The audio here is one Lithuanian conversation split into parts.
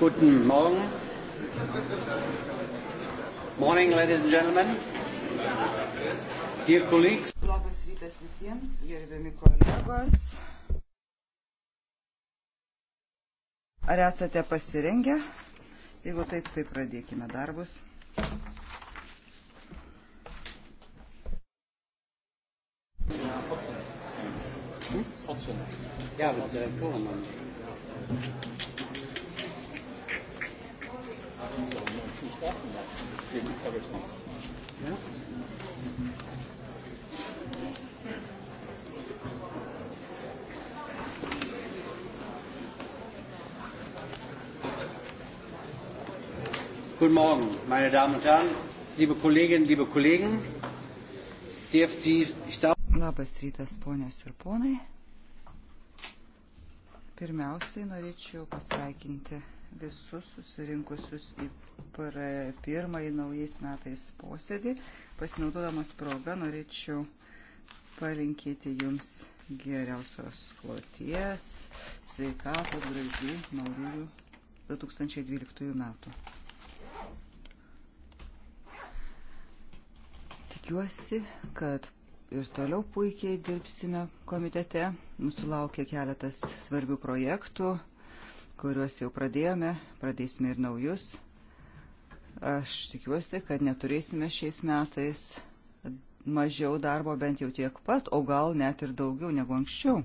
Guten Morgen. Morning, ladies and gentlemen. Dear colleagues. Labas rytas visiems, gerbiami kolegos. Ar esate pasirengę? Jeigu taip, tai pradėkime darbus. Hm? Ja, mit der Vormann. Guten Morgen, meine Damen und Herren, liebe Kolleginnen, liebe Kollegen. DFC Stab. Labas rytas, ponios ir ponai. Pirmiausiai norėčiau pasveikinti visus susirinkusius į pirmąjį naujais metais posėdį. Pasinaudodamas progą norėčiau palinkėti jums geriausios kloties, sveikatos, gražių, naujųjų 2012 metų. Tikiuosi, kad ir toliau puikiai dirbsime komitete. Mūsų laukia keletas svarbių projektų kuriuos jau pradėjome, pradėsime ir naujus. Aš tikiuosi, kad neturėsime šiais metais mažiau darbo bent jau tiek pat, o gal net ir daugiau negu anksčiau.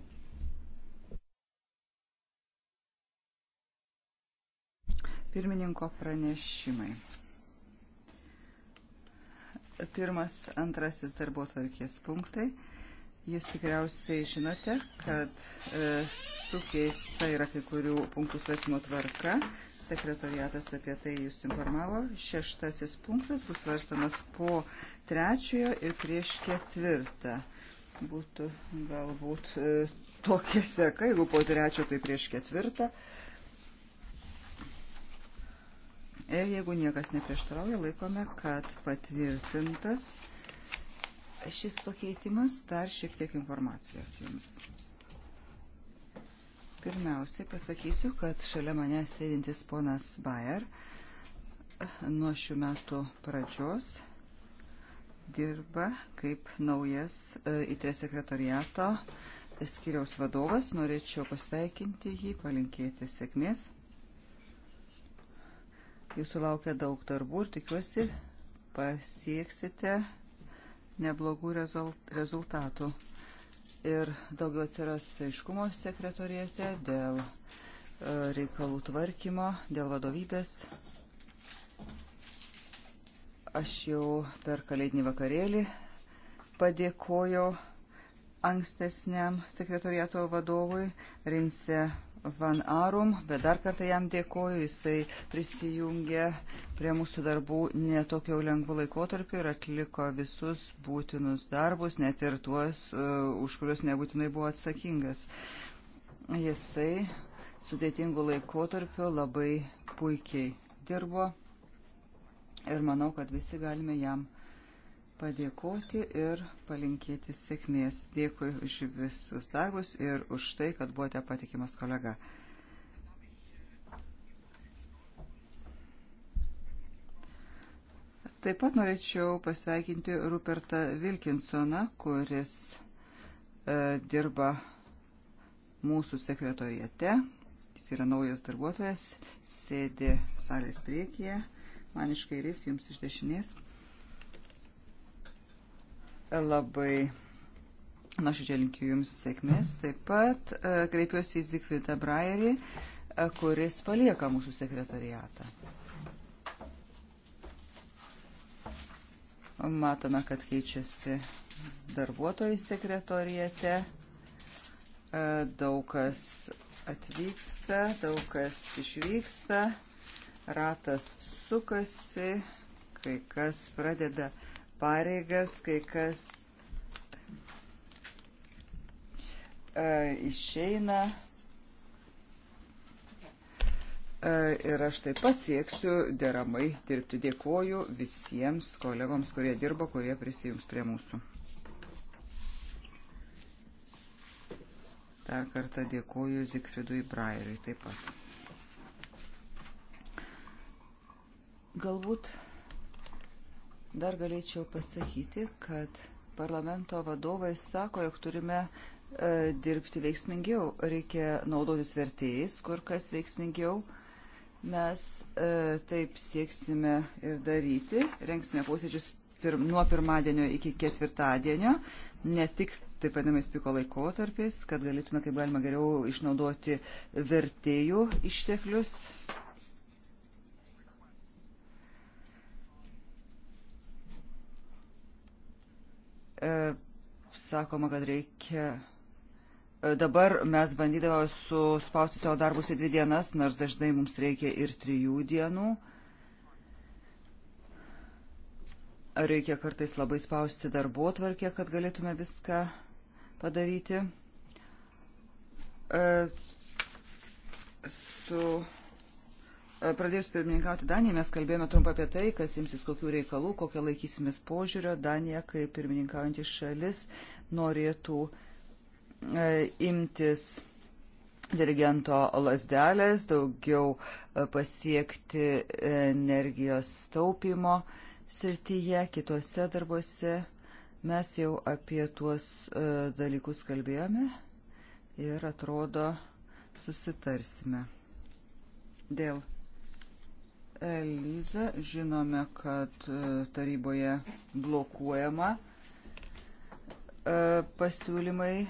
Pirmininko pranešimai. Pirmas, antrasis darbo tvarkės punktai. Jūs tikriausiai žinote, kad e, sukeista yra kai kurių punktų svarstymo tvarka. Sekretariatas apie tai jūs informavo. Šeštasis punktas bus svarstamas po trečiojo ir prieš ketvirtą. Būtų galbūt e, tokia seka, jeigu po trečio, tai prieš ketvirtą. Ir jeigu niekas neprieštrauja, laikome, kad patvirtintas šis pakeitimas, dar šiek tiek informacijos jums. Pirmiausiai pasakysiu, kad šalia manęs sėdintis ponas Bayer eh, nuo šių metų pradžios dirba kaip naujas įtrė eh, sekretoriato skiriaus vadovas. Norėčiau pasveikinti jį, palinkėti sėkmės. Jūsų laukia daug darbų ir tikiuosi pasieksite neblogų rezultatų. Ir daugiau atsiras aiškumo sekretorijate dėl e, reikalų tvarkymo, dėl vadovybės. Aš jau per kalėdinį vakarėlį padėkojau ankstesniam sekretoriato vadovui Rinse Van Arum, bet dar kartą jam dėkoju, jisai prisijungė prie mūsų darbų netokiau lengvų laikotarpių ir atliko visus būtinus darbus, net ir tuos, e, už kuriuos nebūtinai buvo atsakingas. Jisai sudėtingų laikotarpių labai puikiai dirbo ir manau, kad visi galime jam padėkoti ir palinkėti sėkmės. Dėkui už visus darbus ir už tai, kad buvote patikimas kolega. Taip pat norėčiau pasveikinti Rupertą Vilkinsoną, kuris e, dirba mūsų sekretorijate. Jis yra naujas darbuotojas, sėdi salės priekyje, man iš kairės, jums iš dešinės. Labai nuoširdžiai linkiu Jums sėkmės. Taip pat e, kreipiuosi į Zikvidą Braerį, e, kuris palieka mūsų sekretariatą. Matome, kad keičiasi darbuotojai sekretorijate. E, daug kas atvyksta, daug kas išvyksta, ratas sukasi, kai kas pradeda uh, pareigas, kai kas e, išeina. E, ir aš taip pat sieksiu deramai dirbti. Dėkuoju visiems kolegoms, kurie dirbo, kurie prisijungs prie mūsų. Dar kartą dėkuoju Zikfridui Brairiui taip pat. Galbūt Dar galėčiau pasakyti, kad parlamento vadovai sako, jog turime e, dirbti veiksmingiau, reikia naudotis vertėjais, kur kas veiksmingiau. Mes e, taip sieksime ir daryti, rengsime posėdžius pir, nuo pirmadienio iki ketvirtadienio, ne tik taip vadinamais piko laikotarpiais, kad galėtume kaip galima geriau išnaudoti vertėjų išteklius E, sakoma, kad reikia. E, dabar mes bandydavome suspausti savo darbus į dvi dienas, nors dažnai mums reikia ir trijų dienų. Reikia kartais labai spausti darbo tvarkę, kad galėtume viską padaryti. E, su E, pradėjus pirmininkauti Daniją, mes kalbėjome trumpai apie tai, kas imsis kokių reikalų, kokią laikysimės požiūrio. Danija, kaip pirmininkaujantį šalis, norėtų e, imtis dirigento lasdelės, daugiau e, pasiekti energijos taupimo srityje, kitose darbuose. Mes jau apie tuos e, dalykus kalbėjome ir atrodo susitarsime dėl Eliza, žinome, kad e, taryboje blokuojama e, pasiūlymai.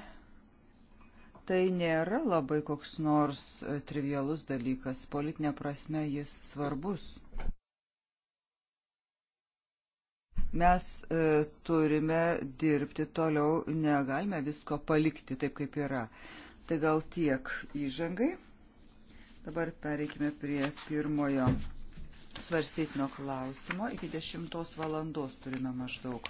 Tai nėra labai koks nors e, trivialus dalykas. Politinė prasme jis svarbus. Mes e, turime dirbti toliau, negalime visko palikti taip, kaip yra. Tai gal tiek įžangai. Dabar pereikime prie pirmojo svarstytino klausimo. Iki 10 valandos turime maždaug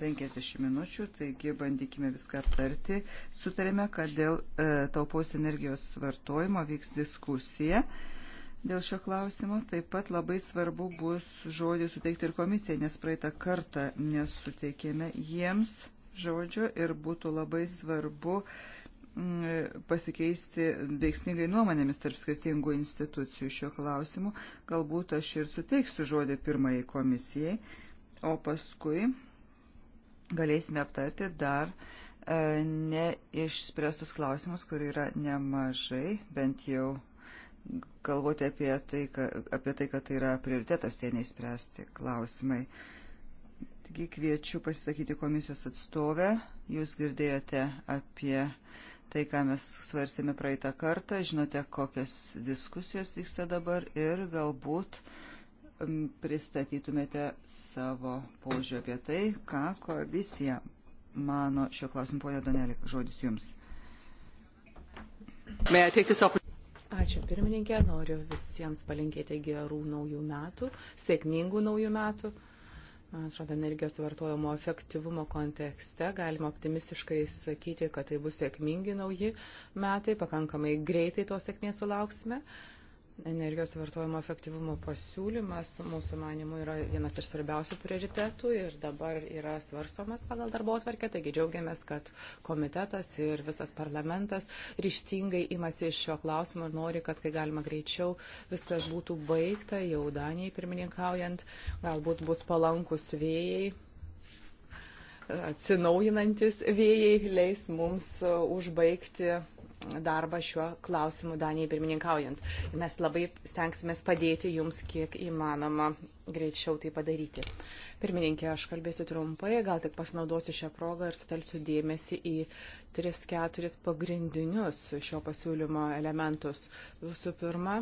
50 minučių, taigi bandykime viską aptarti. Sutarėme, kad dėl e, taupos energijos vartojimo vyks diskusija. Dėl šio klausimo taip pat labai svarbu bus žodį suteikti ir komisijai, nes praeitą kartą nesuteikėme jiems žodžio ir būtų labai svarbu uh, Mm, pasikeisti veiksmingai nuomonėmis tarp skirtingų institucijų šiuo klausimu. Galbūt aš ir suteiksiu žodį pirmai komisijai, o paskui galėsime aptarti dar e, neišspręstus klausimus, kur yra nemažai, bent jau galvoti apie tai, ka, apie tai kad tai yra prioritetas tie neišspręsti klausimai. Taigi kviečiu pasisakyti komisijos atstovę. Jūs girdėjote apie uh, tai, ką mes svarstėme praeitą kartą, žinote, kokios diskusijos vyksta dabar ir galbūt pristatytumėte savo požiūrį apie tai, ką komisija mano šio klausimu, ponia Donelė, žodis jums. Ačiū pirmininkė, noriu visiems palinkėti gerų naujų metų, sėkmingų naujų metų. Man atrodo, energijos vartojimo efektyvumo kontekste galima optimistiškai sakyti, kad tai bus sėkmingi nauji metai, pakankamai greitai tos sėkmės sulauksime. Uh, energijos vartojimo efektyvumo pasiūlymas, mūsų manimų, yra vienas iš svarbiausių prioritetų ir dabar yra svarstomas pagal darbo atvarkę, taigi džiaugiamės, kad komitetas ir visas parlamentas ryštingai imasi iš šio klausimo ir nori, kad kai galima greičiau viskas būtų baigta, jau Danijai pirmininkaujant, galbūt bus palankus vėjai atsinaujinantis vėjai leis mums užbaigti darbą šiuo klausimu Danijai pirmininkaujant. Mes labai stengsimės padėti jums kiek įmanoma greičiau tai padaryti. Pirmininkė, aš kalbėsiu trumpai, gal tik pasinaudosiu šią progą ir sutelksiu dėmesį į 3-4 pagrindinius šio pasiūlymo elementus. Visų pirma,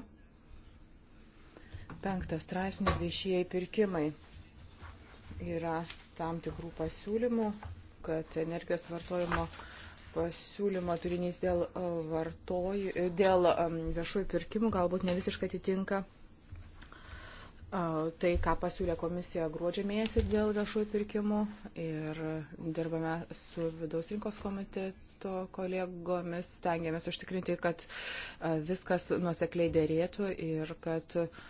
penktas straipsnis viešieji pirkimai. Yra tam tikrų pasiūlymų, kad energijos vartojimo uh, pasiūlymo turinys dėl, e, vartoj, e, dėl e, viešųjų pirkimų galbūt ne visiškai atitinka tai, ką pasiūlė komisija gruodžio mėnesį dėl viešųjų pirkimų ir dirbame su vidaus rinkos komitetu su kolegomis stengiamės užtikrinti, kad viskas nuosekliai dėrėtų ir kad uh,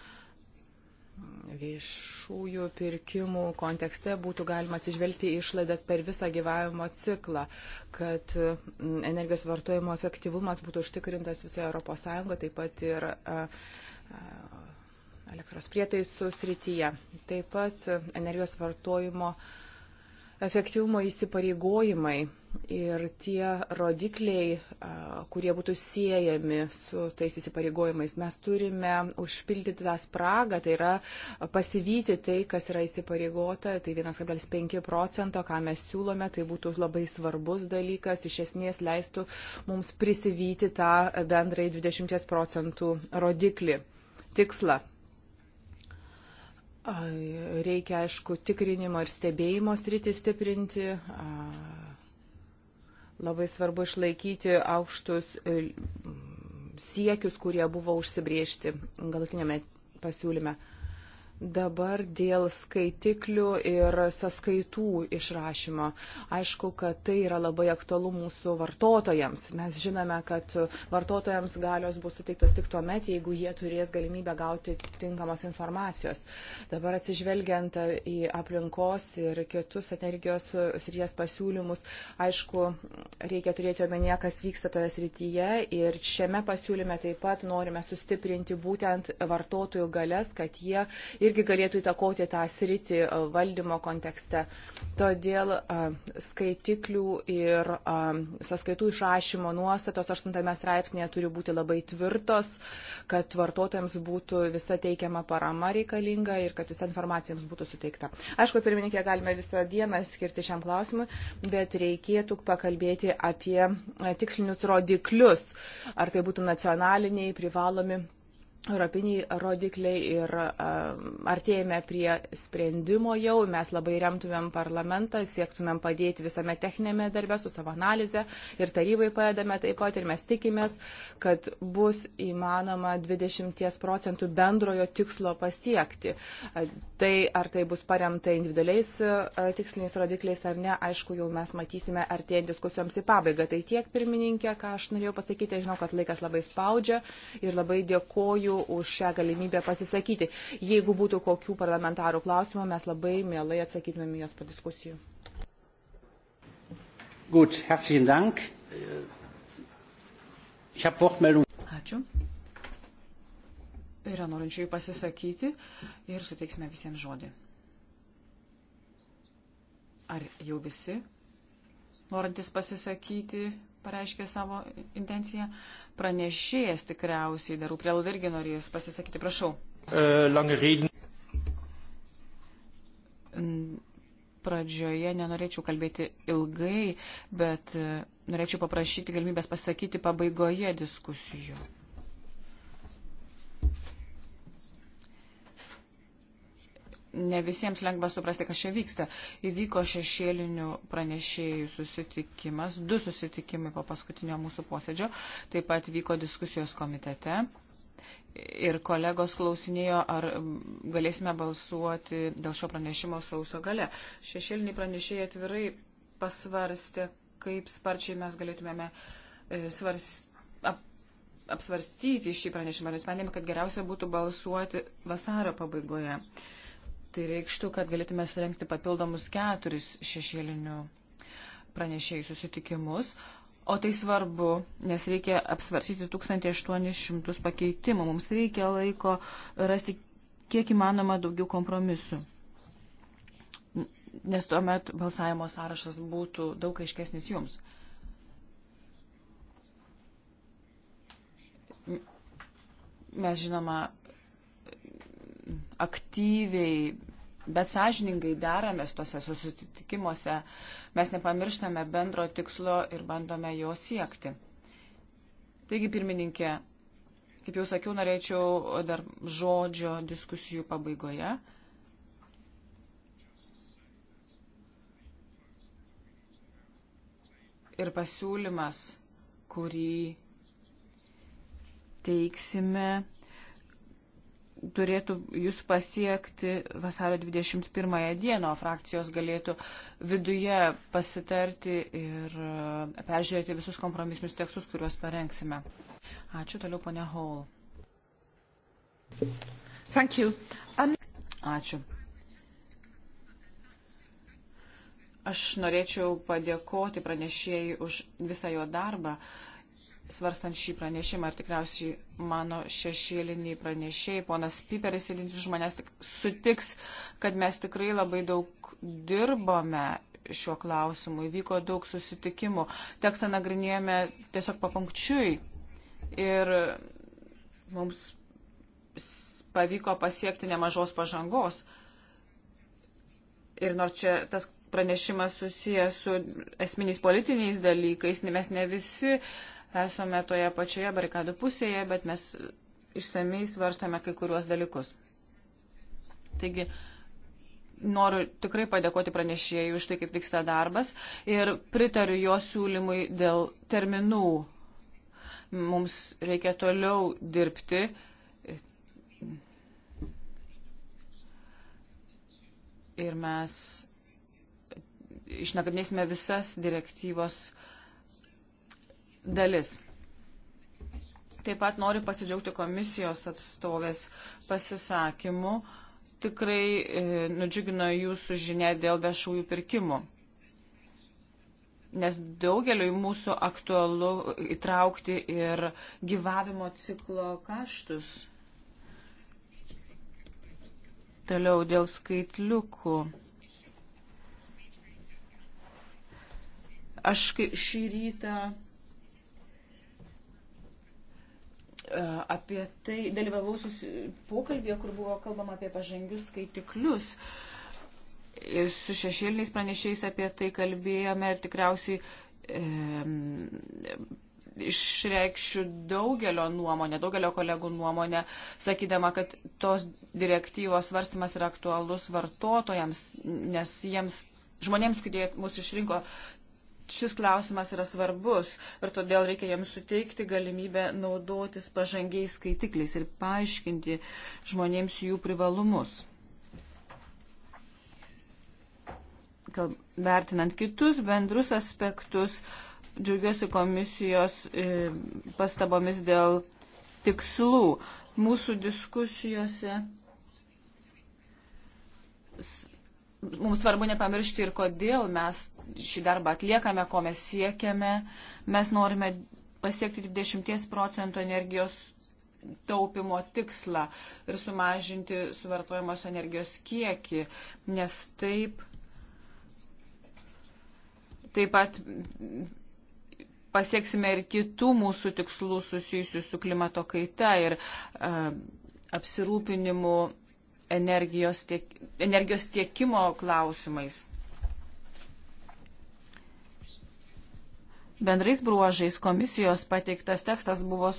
viešųjų pirkimų kontekste būtų galima atsižvelgti išlaidas per visą gyvavimo ciklą, kad mm, energijos vartojimo efektyvumas būtų užtikrintas visoje ES, taip pat ir elektros prietaisų srityje. Taip pat energijos vartojimo efektyvumas efektyvumo įsipareigojimai ir tie rodikliai, kurie būtų siejami su tais įsipareigojimais. Mes turime užpildyti tą spragą, tai yra pasivyti tai, kas yra įsipareigota, tai 1,5 procento, ką mes siūlome, tai būtų labai svarbus dalykas, iš esmės leistų mums prisivyti tą bendrai 20 procentų rodiklį, tikslą. Reikia, aišku, tikrinimo ir stebėjimo sritį stiprinti. Labai svarbu išlaikyti aukštus e, siekius, kurie buvo užsibriežti galutinėme pasiūlyme. Dabar dėl skaitiklių ir sąskaitų išrašymo. Aišku, kad tai yra labai aktualu mūsų vartotojams. Mes žinome, kad vartotojams galios bus suteiktos tik tuo met, jeigu jie turės galimybę gauti tinkamos informacijos. Dabar atsižvelgiant į aplinkos ir kitus energijos srities pasiūlymus, aišku, reikia turėti omenyje, kas vyksta toje srityje. Ir šiame pasiūlyme taip pat norime sustiprinti būtent vartotojų galės, kad jie irgi galėtų įtakoti tą sritį e, valdymo kontekste. Todėl e, skaitiklių ir e, sąskaitų išrašymo nuostatos 8 straipsnėje turi būti labai tvirtos, kad vartotojams būtų visa teikiama parama reikalinga ir kad visa informacija jums būtų suteikta. Aišku, pirmininkė, galime visą dieną skirti šiam klausimui, bet reikėtų pakalbėti apie tikslinius rodiklius, ar tai būtų nacionaliniai, privalomi Europiniai rodikliai ir artėjame prie sprendimo jau, mes labai remtumėm parlamentą, siektumėm padėti visame techninėme darbe su savo analize ir tarybai padedame taip pat ir mes tikimės, kad bus įmanoma 20 procentų bendrojo tikslo pasiekti. Tai ar tai bus paremta individualiais tiksliniais rodikliais ar ne, aišku, jau mes matysime artėjant diskusijoms į pabaigą. Tai tiek pirmininkė, ką aš norėjau pasakyti, žinau, kad laikas labai spaudžia ir labai dėkoju už šią galimybę pasisakyti. Jeigu būtų kokių parlamentarų klausimų, mes labai mielai atsakytumėm juos po diskusijų. Gut, herzlichen Dank. Ich habe Wortmeldung. Ačiū. Yra norinčiųjų pasisakyti ir suteiksime visiems žodį. Ar jau visi norintys pasisakyti pareiškė savo intenciją. Pranešėjas tikriausiai, darų prielaida irgi norėjus pasisakyti, prašau. E, pradžioje nenorėčiau kalbėti ilgai, bet e, norėčiau paprašyti galimybės pasakyti pabaigoje diskusijų. ne visiems lengva suprasti, kas čia vyksta. Įvyko šešėlinių pranešėjų susitikimas, du susitikimai po paskutinio mūsų posėdžio, taip pat vyko diskusijos komitete. Ir kolegos klausinėjo, ar galėsime balsuoti dėl šio pranešimo sauso gale. Šešėliniai pranešėjai atvirai pasvarstė, kaip sparčiai mes galėtumėme e, svarst, ap, apsvarstyti šį pranešimą. Ir mes manėme, kad geriausia būtų balsuoti vasario pabaigoje. Uh, Tai reikštų, kad galėtume surenkti papildomus keturis šešėlinių pranešėjų susitikimus. O tai svarbu, nes reikia apsvarsyti 1800 pakeitimų. Mums reikia laiko rasti kiek įmanoma daugiau kompromisų. Nes tuomet balsavimo sąrašas būtų daug aiškesnis jums. Mes žinoma aktyviai, bet sąžiningai deramės tuose susitikimuose. Mes nepamirštame bendro tikslo ir bandome jo siekti. Taigi, pirmininkė, kaip jau sakiau, norėčiau dar žodžio diskusijų pabaigoje. ir pasiūlymas, kurį teiksime, turėtų jūs pasiekti vasario 21 dieną, o frakcijos galėtų viduje pasitarti ir e, peržiūrėti visus kompromisinius tekstus, kuriuos parengsime. Ačiū toliau, ponia Hall. Thank you. Um... Ačiū. Aš norėčiau padėkoti pranešėjai už visą jo darbą. Uh, svarstant šį pranešimą ir tikriausiai mano šešėliniai pranešėjai, ponas Piperis sėdintis už manęs sutiks, kad mes tikrai labai daug dirbome šiuo klausimu, įvyko daug susitikimų, tekstą nagrinėjome tiesiog papunkčiui ir mums pavyko pasiekti nemažos pažangos. Ir nors čia tas pranešimas susijęs su esminiais politiniais dalykais, mes ne visi uh, esame toje pačioje barikadų pusėje, bet mes išsamei svarstame kai kuriuos dalykus. Taigi, noriu tikrai padėkoti pranešėjai už tai, kaip vyksta darbas ir pritariu jo siūlymui dėl terminų. Mums reikia toliau dirbti. Ir mes išnagrinėsime visas direktyvos dalis. Taip pat noriu pasidžiaugti komisijos atstovės pasisakymu. Tikrai e, nudžiugino jūsų žinia dėl viešųjų pirkimų. Nes daugeliu mūsų aktualu įtraukti ir gyvavimo ciklo kaštus. Toliau dėl skaitliukų. Aš šį rytą E, apie tai, dalyvavau pokalbėje, kur buvo kalbama apie pažangius skaitiklius. Ir su šešėliniais pranešiais apie tai kalbėjome ir tikriausiai e, išreikščiau daugelio nuomonę, daugelio kolegų nuomonę, sakydama, kad tos direktyvos svarstymas yra aktualus vartotojams, nes jiems žmonėms, kurie mūsų išrinko, šis klausimas yra svarbus ir todėl reikia jiems suteikti galimybę naudotis pažangiais skaitikliais ir paaiškinti žmonėms jų privalumus. Kal, vertinant kitus bendrus aspektus, džiaugiuosi komisijos e, pastabomis dėl tikslų. Mūsų diskusijose mums svarbu nepamiršti ir kodėl mes šį darbą atliekame, ko mes siekiame. Mes norime pasiekti 20 procentų energijos taupimo tikslą ir sumažinti suvartojamos energijos kiekį, nes taip taip pat pasieksime ir kitų mūsų tikslų susijusių su klimato kaita ir uh, apsirūpinimu energijos, tiek, energijos tiekimo klausimais. Bendrais bruožais komisijos pateiktas tekstas buvo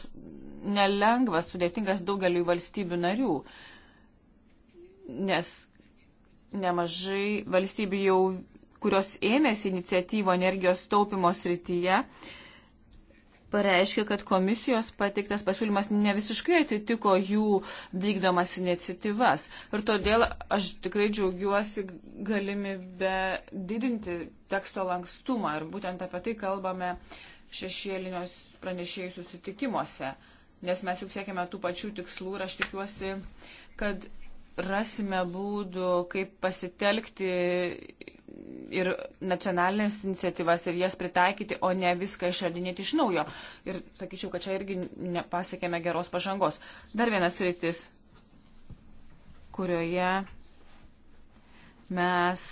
nelengvas, sudėtingas daugeliu valstybių narių, nes nemažai valstybių jau kurios ėmėsi iniciatyvo energijos taupimo srityje, uh, pareiškė, kad komisijos pateiktas pasiūlymas ne visiškai atitiko jų vykdomas iniciatyvas. Ir todėl aš tikrai džiaugiuosi galimybę didinti teksto lankstumą. Ir būtent apie tai kalbame šešėlinios pranešėjų susitikimuose. Nes mes juk siekiame tų pačių tikslų ir aš tikiuosi, kad rasime būdų, kaip pasitelkti ir nacionalinės iniciatyvas ir jas pritaikyti, o ne viską išradinėti iš naujo. Ir sakyčiau, kad čia irgi nepasiekėme geros pažangos. Dar vienas rytis, kurioje mes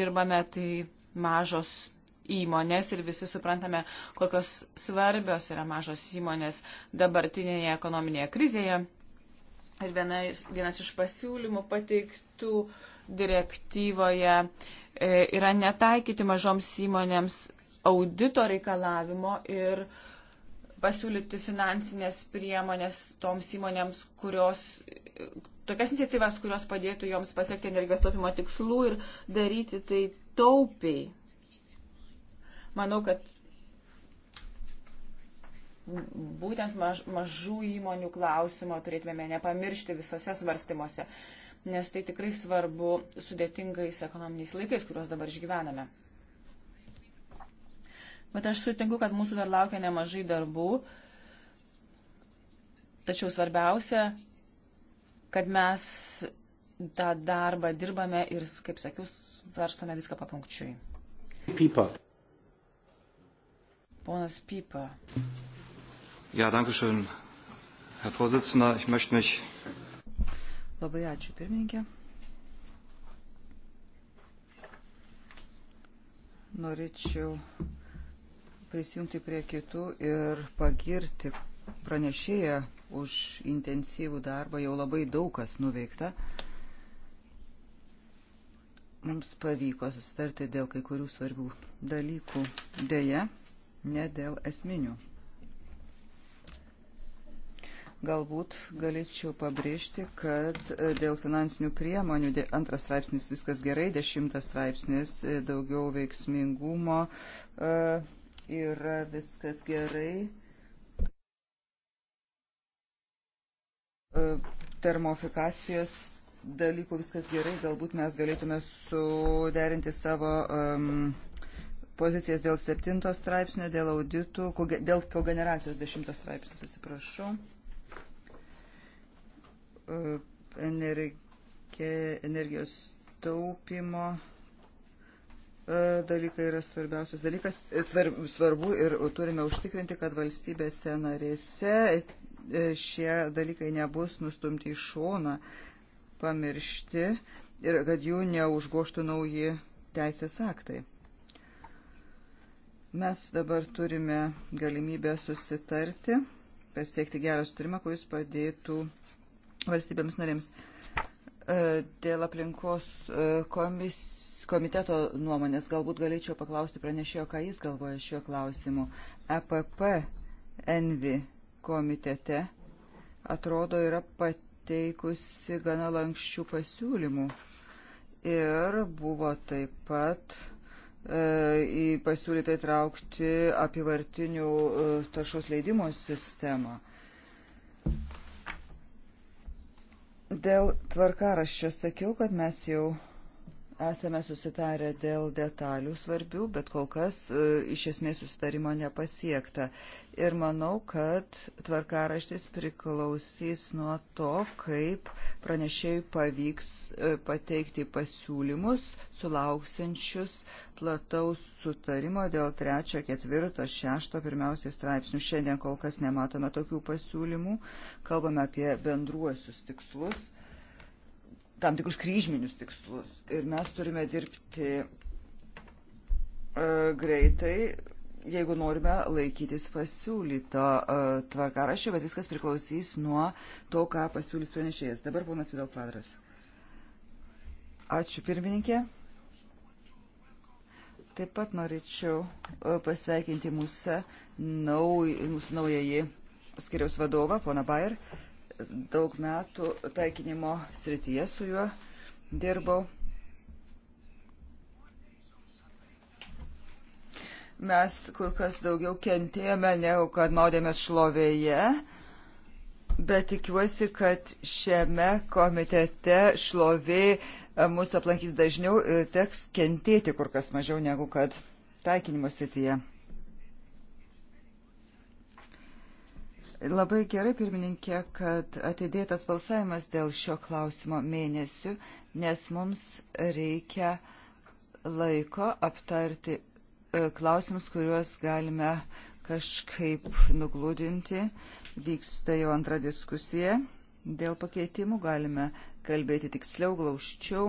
dirbame, tai mažos įmonės ir visi suprantame, kokios svarbios yra mažos įmonės dabartinėje ekonominėje krizėje. Ir viena, vienas iš pasiūlymų pateiktų direktyvoje e, yra netaikyti mažoms įmonėms audito reikalavimo ir pasiūlyti finansinės priemonės toms įmonėms, kurios, tokias iniciatyvas, kurios padėtų joms pasiekti energijos taupimo tikslų ir daryti tai taupiai. Manau, kad būtent maž, mažų įmonių klausimo turėtume nepamiršti visose svarstymuose, nes tai tikrai svarbu sudėtingais ekonominiais laikais, kuriuos dabar išgyvename. Bet aš sutinku, kad mūsų dar laukia nemažai darbų, tačiau svarbiausia, kad mes tą darbą dirbame ir, kaip sakiau, svarstome viską papunkčiui. Pipa. Ponas Pipa. Ja, danke schön, Herr Vorsitzender. Ich möchte mich. Labai ačiū, pirmininkė. Norėčiau prisijungti prie kitų ir pagirti pranešėją už intensyvų darbą. Jau labai daug kas nuveikta mums pavyko susitarti dėl kai kurių svarbių dalykų, dėja, ne dėl esminių. Galbūt galėčiau pabrėžti, kad e, dėl finansinių priemonių antras straipsnis viskas gerai, dešimtas straipsnis e, daugiau veiksmingumo e, yra viskas gerai. Termofikacijos dalykų viskas gerai, galbūt mes galėtume suderinti savo um, pozicijas dėl septinto straipsnio, dėl auditų, dėl kogeneracijos dešimtas straipsnis, atsiprašau. E, energijos taupimo e, dalykai yra svarbiausias dalykas. E, Svarb, svarbu ir turime užtikrinti, kad valstybėse narėse šie dalykai nebus nustumti į šoną, pamiršti ir kad jų neužgoštų nauji teisės aktai. Mes dabar turime galimybę susitarti, pasiekti gerą sutarimą, kuris padėtų valstybėms narėms. E, dėl aplinkos e, komis, komiteto nuomonės galbūt galėčiau paklausti pranešėjo, ką jis galvoja šiuo klausimu. EPP Envi komitete atrodo yra pateikusi gana lankščių pasiūlymų. Ir buvo taip pat e, į pasiūlytą įtraukti apivartinių taršos leidimo sistemą. Dėl tvarkaraščio sakiau, kad mes jau esame susitarę dėl detalių svarbių, bet kol kas e, iš esmės susitarimo nepasiekta ir manau, kad tvarkaraštis priklausys nuo to, kaip pranešėjai pavyks e, pateikti pasiūlymus sulauksinčius plataus sutarimo dėl 3, 4, 6 pirmiausiai straipsnių. Šiandien kol kas nematome tokių pasiūlymų, kalbame apie bendruosius tikslus tam tikrus kryžminius tikslus. Ir mes turime dirbti e, greitai, jeigu norime laikytis pasiūlyto e, tvarkaraščio, bet viskas priklausys nuo to, ką pasiūlys pranešėjas. Dabar ponas Vidal Kvadras. Ačiū pirmininkė. Taip pat norėčiau e, pasveikinti mūsų, nauj, mūsų naująjį skiriaus vadovą, poną Bayer. Daug metų taikinimo srityje su juo dirbau. Mes kur kas daugiau kentėjome, negu kad maudėmės šlovėje, bet tikiuosi, kad šiame komitete šlovė e, mūsų aplankys dažniau ir teks kentėti kur kas mažiau negu kad taikinimo srityje. Labai gerai, pirmininkė, kad atidėtas balsavimas dėl šio klausimo mėnesių, nes mums reikia laiko aptarti E, klausimus, kuriuos galime kažkaip nuglūdinti. Vyksta jau antra diskusija. Dėl pakeitimų galime kalbėti tiksliau, glaučiau.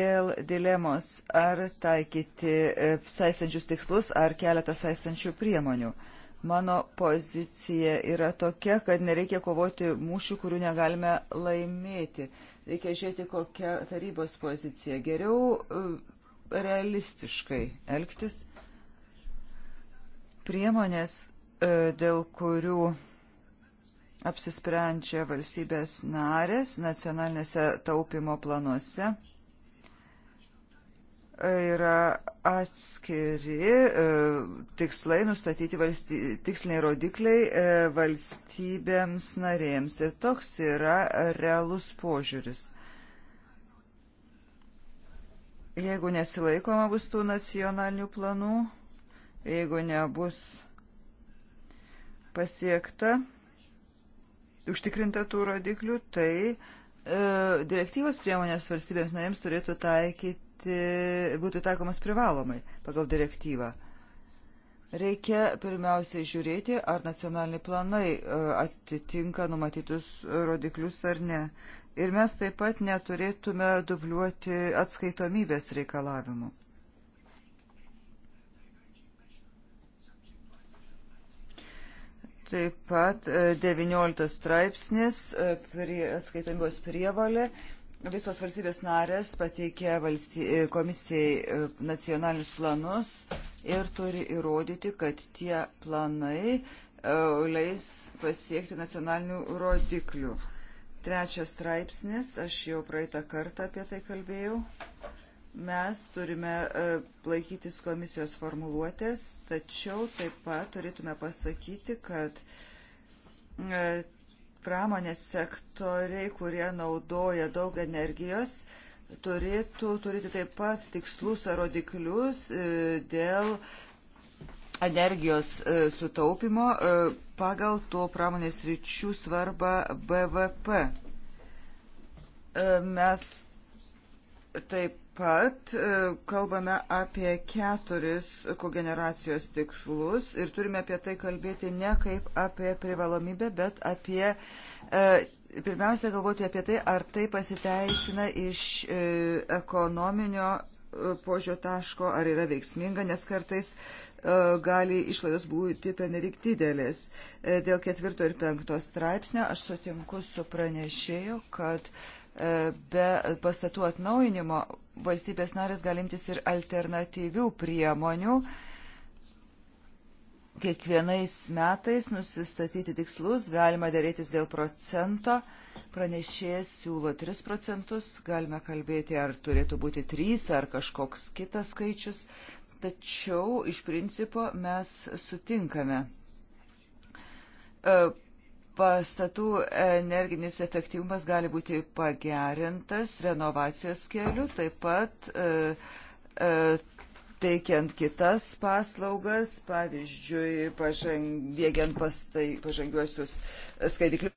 Dėl dilemos, ar taikyti e, saistančius tikslus, ar keletą saistančių priemonių. Mano pozicija yra tokia, kad nereikia kovoti mūšių, kurių negalime laimėti. Reikia žiūrėti, kokia tarybos pozicija. Geriau e, realistiškai elgtis. Priemonės, e, dėl kurių apsisprendžia valstybės narės nacionalinėse taupimo planuose, e, yra atskiri e, tikslai nustatyti valsty, tiksliniai rodikliai e, valstybėms narėms. Ir toks yra realus požiūris. Jeigu nesilaikoma bus tų nacionalinių planų, jeigu nebus pasiekta, užtikrinta tų rodiklių, tai e, direktyvos priemonės valstybėms narėms turėtų taikyti, būtų taikomas privalomai pagal direktyvą. Reikia pirmiausiai žiūrėti, ar nacionaliniai planai e, atitinka numatytus rodiklius ar ne. Ir mes taip pat neturėtume dubliuoti atskaitomybės reikalavimų. Taip pat 19 e, straipsnis e, prie atskaitomybės prievalė. Visos valstybės narės pateikė valsty, e, komisijai nacionalinius planus ir turi įrodyti, kad tie planai leis pasiekti nacionalinių rodiklių. Trečias straipsnis, aš jau praeitą kartą apie tai kalbėjau. Mes turime e, laikytis komisijos formuluotės, tačiau taip pat turėtume pasakyti, kad e, pramonės sektoriai, kurie naudoja daug energijos, turėtų turėti taip pat tikslus ar rodiklius e, dėl energijos e, sutaupimo e, pagal to pramonės ryčių svarbą BVP. E, mes taip pat kalbame apie keturis kogeneracijos tikslus ir turime apie tai kalbėti ne kaip apie privalomybę, bet apie pirmiausia galvoti apie tai, ar tai pasiteisina iš ekonominio požio taško, ar yra veiksminga, nes kartais E, gali išlaidos būti penelik didelės. E, dėl ketvirto ir penkto straipsnio aš sutinku su pranešėju, kad e, be pastatų atnaujinimo valstybės narės galimtis ir alternatyvių priemonių kiekvienais metais nusistatyti tikslus, galima dėrėtis dėl procento, pranešėjas siūlo 3 procentus, galime kalbėti, ar turėtų būti 3 ar kažkoks kitas skaičius, tačiau iš principo mes sutinkame. E, pastatų energinis efektyvumas gali būti pagerintas renovacijos keliu, taip pat e, e, teikiant kitas paslaugas, pavyzdžiui, pažang, dėgiant pastai, pažangiuosius skaitiklius.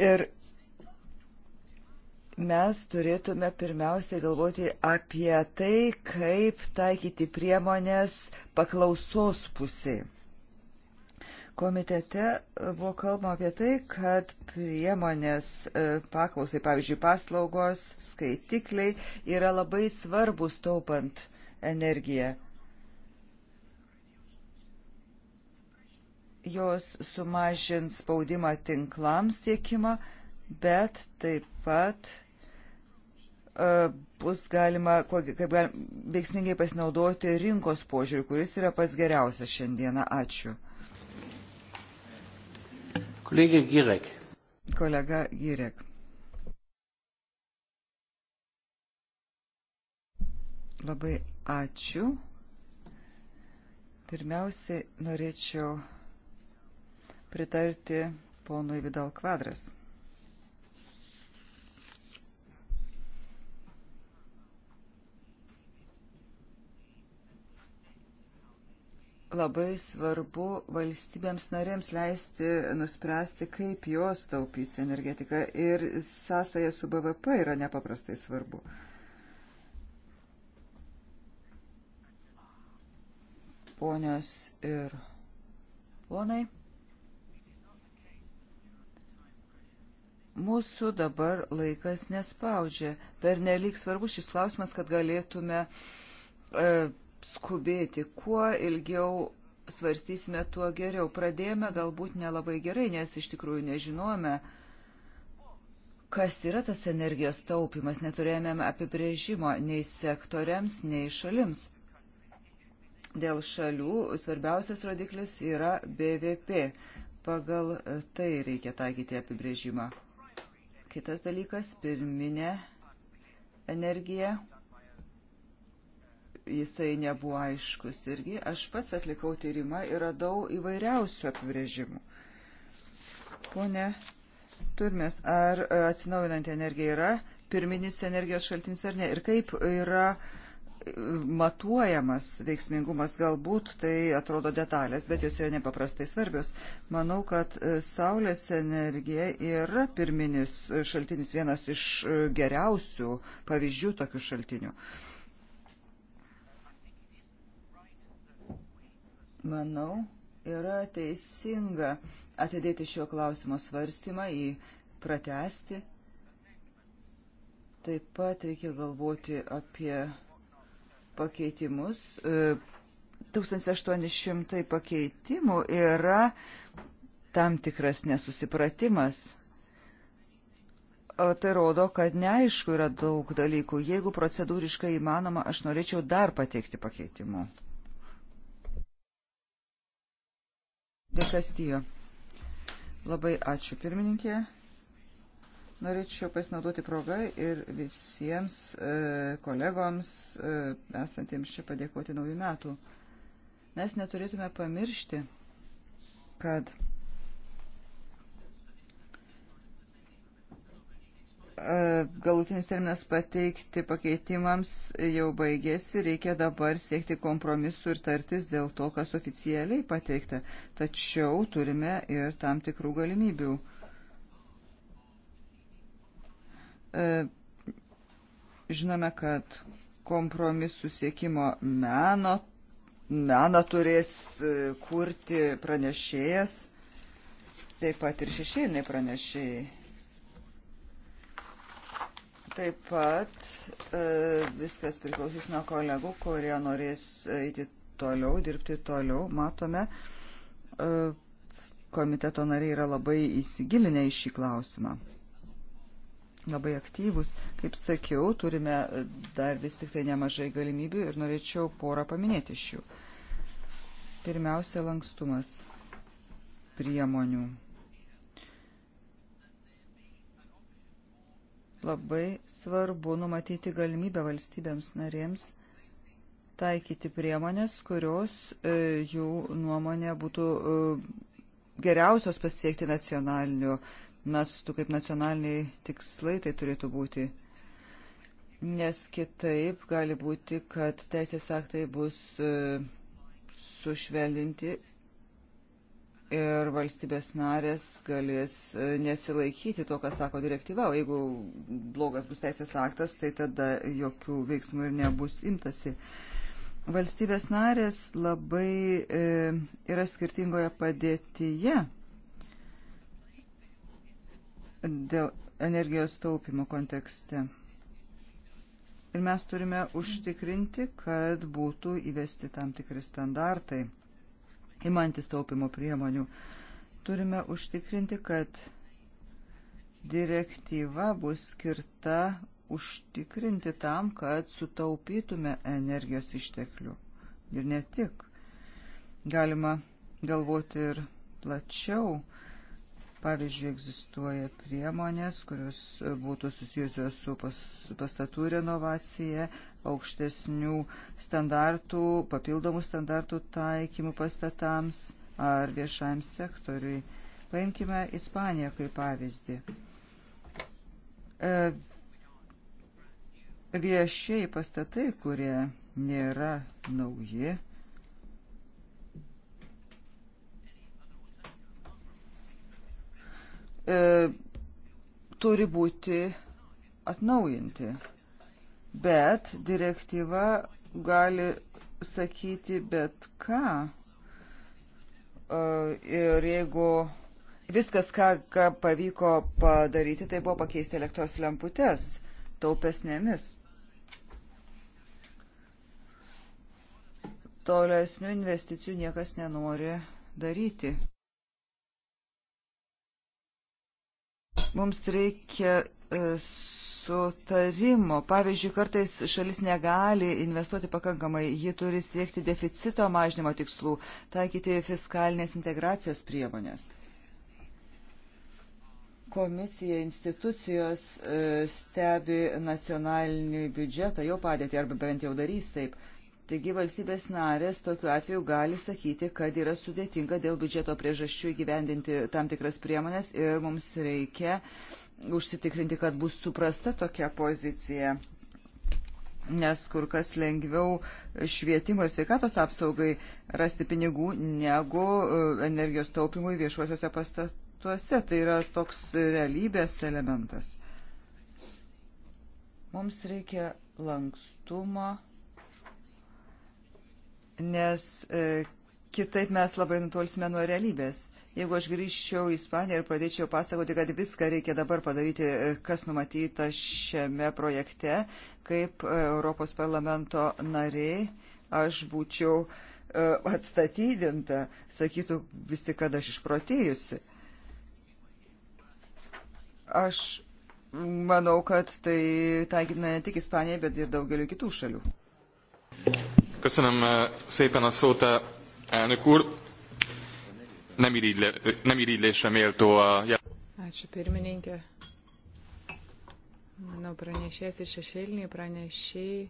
Ir mes turėtume pirmiausiai galvoti apie tai, kaip taikyti priemonės paklausos pusiai. Komitete buvo kalbama apie tai, kad priemonės e, paklausai, pavyzdžiui, paslaugos, skaitikliai yra labai svarbus taupant energiją. Jos sumažins spaudimą tinklams tiekimo bet taip pat E, bus galima, kaip galima, veiksmingai pasinaudoti rinkos požiūrį, kuris yra pats geriausias šiandieną. Ačiū. Kolegė Girek. Kolega Girek. Labai ačiū. Pirmiausiai norėčiau pritarti ponui Vidal Kvadras. labai svarbu valstybėms narėms leisti nuspręsti, kaip jos taupys energetiką ir sąsaja su BVP yra nepaprastai svarbu. Ponios ir ponai, mūsų dabar laikas nespaudžia. Per nelik svarbus šis klausimas, kad galėtume e, skubėti. Kuo ilgiau svarstysime, tuo geriau. Pradėjome galbūt nelabai gerai, nes iš tikrųjų nežinome, kas yra tas energijos taupimas. Neturėjome apibrėžimo nei sektoriams, nei šalims. Dėl šalių svarbiausias rodiklis yra BVP. Pagal tai reikia taikyti apibrėžimą. Kitas dalykas - pirminė energija jisai nebuvo aiškus. Irgi aš pats atlikau tyrimą ir radau įvairiausių apibrėžimų. Pone Turmės, ar e, atsinaujinanti energija yra pirminis energijos šaltinis ar ne? Ir kaip yra e, matuojamas veiksmingumas, galbūt tai atrodo detalės, bet jos yra nepaprastai svarbios. Manau, kad e, saulės energija yra pirminis šaltinis, vienas iš geriausių pavyzdžių tokių šaltinių. Uh, manau, yra teisinga atidėti šio klausimo svarstymą į pratesti. Taip pat reikia galvoti apie pakeitimus. 1800 e, pakeitimų yra tam tikras nesusipratimas. O tai rodo, kad neaišku yra daug dalykų. Jeigu procedūriškai įmanoma, aš norėčiau dar pateikti pakeitimų. Dekastijo. Labai ačiū pirmininkė. Norėčiau pasinaudoti progą ir visiems e, kolegoms e, esantiems čia padėkoti naujų metų. Mes neturėtume pamiršti, kad galutinis terminas pateikti pakeitimams jau baigėsi, reikia dabar siekti kompromisų ir tartis dėl to, kas oficialiai pateikta. Tačiau turime ir tam tikrų galimybių. E, žinome, kad kompromisų siekimo meno, meną turės e, kurti pranešėjas, taip pat ir šešėliniai pranešėjai Taip pat e, viskas priklausys nuo kolegų, kurie norės eiti toliau, dirbti toliau. Matome, e, komiteto nariai yra labai įsigilinę į šį klausimą. Labai aktyvus. Kaip sakiau, turime dar vis tik tai nemažai galimybių ir norėčiau porą paminėti iš jų. Pirmiausia, lankstumas priemonių Labai svarbu numatyti galimybę valstybėms narėms taikyti priemonės, kurios e, jų nuomonė būtų e, geriausios pasiekti nacionaliniu mastu, kaip nacionaliniai tikslai tai turėtų būti. Nes kitaip gali būti, kad teisės aktai bus e, sušvelinti ir valstybės narės galės e, nesilaikyti to, ką sako direktyva. O jeigu blogas bus teisės aktas, tai tada jokių veiksmų ir nebus imtasi. Valstybės narės labai e, yra skirtingoje padėtyje dėl energijos taupimo kontekste. Ir mes turime užtikrinti, kad būtų įvesti tam tikri standartai imantis taupimo priemonių. Turime užtikrinti, kad direktyva bus skirta užtikrinti tam, kad sutaupytume energijos išteklių. Ir ne tik. Galima galvoti ir plačiau. Pavyzdžiui, egzistuoja priemonės, kurios būtų susijusios su pastatų renovacija, aukštesnių standartų, papildomų standartų taikymų pastatams ar viešajam sektoriui. Paimkime Ispaniją kaip pavyzdį. E, Viešiai pastatai, kurie nėra nauji, e, turi būti atnaujinti bet direktyva gali sakyti bet ką. E, ir jeigu viskas, ką, ką pavyko padaryti, tai buvo pakeisti elektros lemputes taupesnėmis. Tolesnių investicijų niekas nenori daryti. Mums reikia e, sutarimo. Pavyzdžiui, kartais šalis negali investuoti pakankamai, ji turi siekti deficito mažnymo tikslų, taikyti fiskalinės integracijos priemonės. Komisija institucijos e, stebi nacionalinį biudžetą, jo padėtį arba bent jau darys taip. Taigi valstybės narės tokiu atveju gali sakyti, kad yra sudėtinga dėl biudžeto priežasčių įgyvendinti tam tikras priemonės ir mums reikia uh, užsitikrinti, kad bus suprasta tokia pozicija, nes kur kas lengviau švietimo ir sveikatos apsaugai rasti pinigų negu e, energijos taupimui viešuosiuose pastatuose. Tai yra toks realybės elementas. Mums reikia lankstumo, nes e, kitaip mes labai nutolsime nuo realybės. E, Jeigu aš grįžčiau į Ispaniją ir pradėčiau pasakoti, kad viską reikia dabar padaryti, e, kas numatyta šiame projekte, kaip e, Europos parlamento nariai, aš būčiau e, atstatydinta, sakytų vis tik, kad aš išprotėjusi. Aš manau, kad tai taikina ne tik Ispanijai, bet ir daugeliu kitų šalių. Köszönöm szépen a szót, elnök úr nem, irigyle, nem irigylésre méltó a... Ačiū pirmininkė. Manau, pranešėjas ir šešėliniai pranešėjai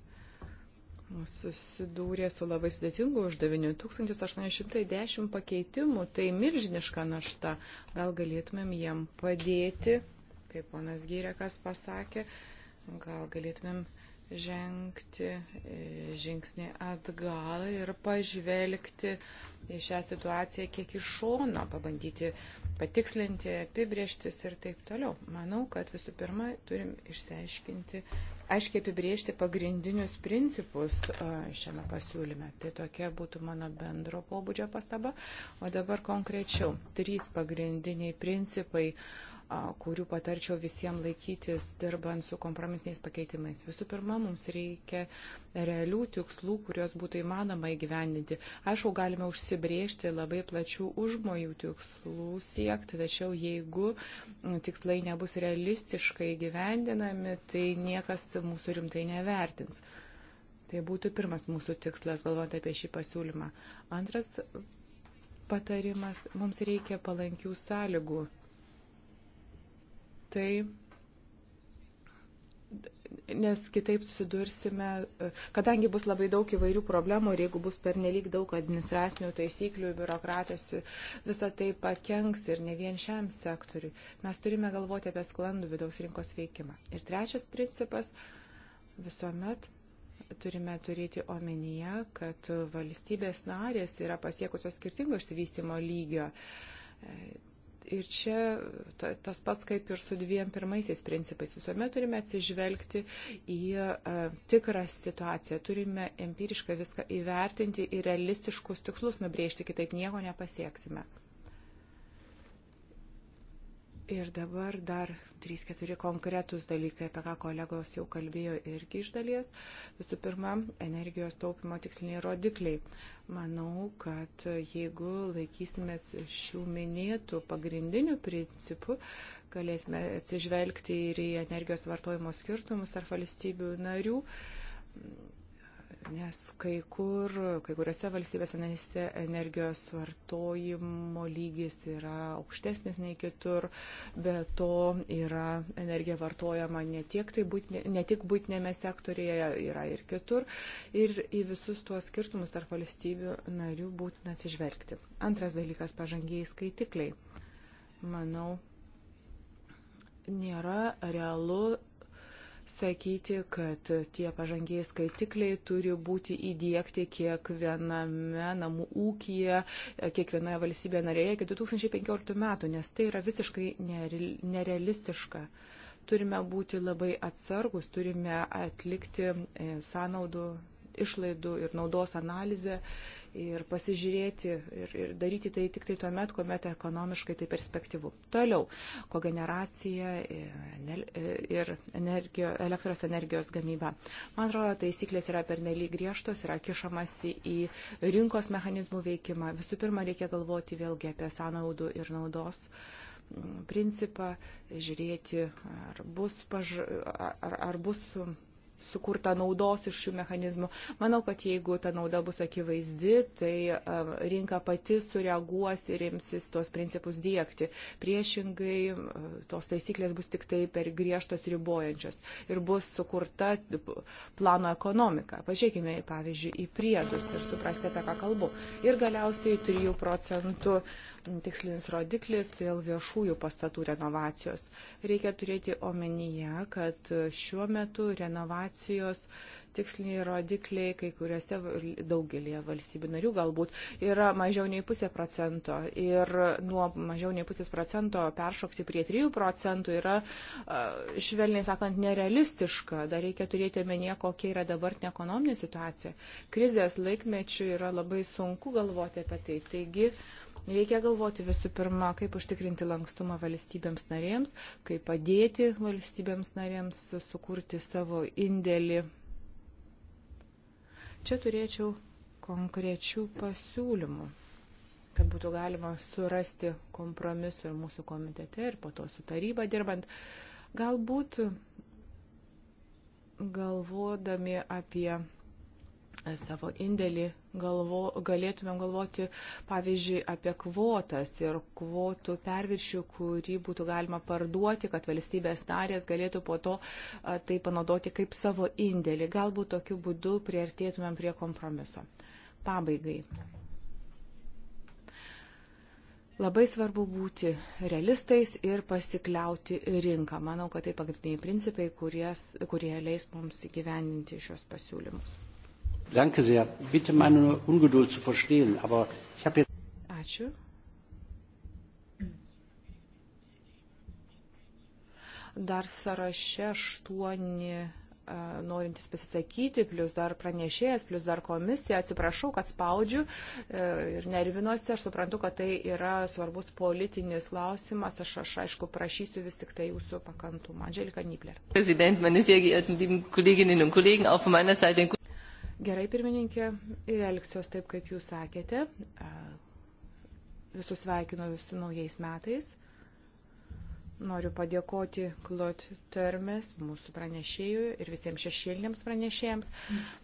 susidūrė su labai sudėtingu uždaviniu 1810 pakeitimų, tai milžiniška našta. Gal galėtumėm jiem padėti, kaip ponas Gyrekas pasakė, gal galėtumėm žengti e, žingsnį atgal ir pažvelgti į šią situaciją kiek iš šono, pabandyti patikslinti, apibrieštis ir taip toliau. Manau, kad visų pirma turim išsiaiškinti, aiškiai apibriežti pagrindinius principus e, šiame pasiūlyme. Tai tokia būtų mano bendro pobūdžio pastaba. O dabar konkrečiau, trys pagrindiniai principai. Uh, kurių patarčiau visiems laikytis, dirbant su kompromisiniais pakeitimais. Visų pirma, mums reikia realių tikslų, kuriuos būtų įmanoma įgyvendinti. Aišku, galime užsibriežti labai plačių užmojų tikslų siekti, tačiau jeigu tikslai nebus realistiškai gyvendinami, tai niekas mūsų rimtai nevertins. Tai būtų pirmas mūsų tikslas, galvojant apie šį pasiūlymą. Antras patarimas, mums reikia palankių sąlygų tai nes kitaip susidursime, kadangi bus labai daug įvairių problemų ir jeigu bus pernelyg daug administracinių taisyklių, biurokratijos, visa tai pakenks ir ne vien šiam sektoriui. Mes turime galvoti apie sklandų vidaus rinkos veikimą. Ir trečias principas - visuomet turime turėti omenyje, kad valstybės narės yra pasiekusios skirtingo išsivystimo lygio Ir čia ta, tas pats kaip ir su dviem pirmaisiais principais. Visuomet turime atsižvelgti į a, e, tikrą situaciją, turime empiriškai viską įvertinti ir realistiškus tikslus nubrėžti, kitaip nieko nepasieksime. Ir dabar dar 3-4 konkretūs dalykai, apie ką kolegos jau kalbėjo irgi iš dalies. Visų pirma, energijos taupimo tiksliniai rodikliai. Manau, kad jeigu laikysimės šių minėtų pagrindinių principų, galėsime atsižvelgti ir į energijos vartojimo skirtumus ar valstybių narių nes kai kur, kai kuriuose valstybės analizėse energijos vartojimo lygis yra aukštesnis nei kitur, bet to yra energija vartojama ne, tiek, tai būtinė, ne tik būtinėme sektorėje, yra ir kitur. Ir į visus tuos skirtumus tarp valstybių narių būtina atsižvelgti. Antras dalykas - pažangiai skaitikliai. Manau, nėra realu sakyti, kad tie pažangiai skaitikliai turi būti įdėkti kiekviename namų ūkija, kiekvienoje valstybėje narėje iki 2015 metų, nes tai yra visiškai nerealistiška. Turime būti labai atsargus, turime atlikti e, sąnaudų, išlaidų ir naudos analizę ir pasižiūrėti ir, ir daryti tai tik tai tuo met, kuomet ekonomiškai tai perspektyvu. Toliau, kogeneracija e, e, ir energijo, elektros energijos gamyba. Man atrodo, taisyklės yra pernelyg griežtos, yra kišamasi į rinkos mechanizmų veikimą. Visų pirma, reikia galvoti vėlgi apie sąnaudų ir naudos principą, žiūrėti, ar bus, paž... ar, ar bus sukurta naudos iš šių mechanizmų. Manau, kad jeigu ta nauda bus akivaizdi, tai um, rinka pati sureaguos ir imsis tuos principus dėkti. Priešingai, uh, tos taisyklės bus tik tai per griežtos ribojančios ir bus sukurta plano ekonomika. Pažiūrėkime, pavyzdžiui, į priedus ir suprasti, apie ką kalbu. Ir galiausiai 3 procentų uh, tikslinis rodiklis dėl viešųjų pastatų renovacijos. Reikia turėti omenyje, kad šiuo metu renovacijos tiksliniai rodikliai kai kuriuose daugelėje valstybių narių galbūt yra mažiau nei pusė procento ir nuo mažiau nei pusės procento peršokti prie 3 procentų yra, švelniai sakant, nerealistiška. Dar reikia turėti omenyje, kokia yra dabartinė ekonominė situacija. Krizės laikmečių yra labai sunku galvoti apie tai. Taigi, uh, Reikia galvoti visų pirma, kaip užtikrinti lankstumą valstybėms narėms, kaip padėti valstybėms narėms sukurti savo indėlį. Čia turėčiau konkrečių pasiūlymų, kad būtų galima surasti kompromisų ir mūsų komitete, ir po to su taryba dirbant. Galbūt galvodami apie E, savo indėlį galvo, galėtumėm galvoti, pavyzdžiui, apie kvotas ir kvotų perviršių, kurį būtų galima parduoti, kad valstybės narės galėtų po to a, e, tai panaudoti kaip savo indėlį. Galbūt tokiu būdu priartėtumėm prie kompromiso. Pabaigai. Labai svarbu būti realistais ir pasikliauti rinką. Manau, kad tai pagrindiniai principai, kuries, kurie leis mums įgyvendinti šios pasiūlymus. Danke sehr. Bitte meine Ungeduld zu verstehen, aber ich habe jetzt. Ačiū. Dar sąraše aštuoni e, norintys pasisakyti, plus dar pranešėjas, plus dar komisija. Atsiprašau, kad spaudžiu e, ir nervinuosi. Aš suprantu, kad tai yra svarbus politinis klausimas. Aš, aš aišku, prašysiu vis tik tai jūsų pakantumą. Angelika Nibler. Gerai, pirmininkė, ir elgsiuos taip, kaip jūs sakėte. Visus sveikinu su naujais metais. Noriu padėkoti Klot Termes, mūsų pranešėjų ir visiems šešėliniams pranešėjams.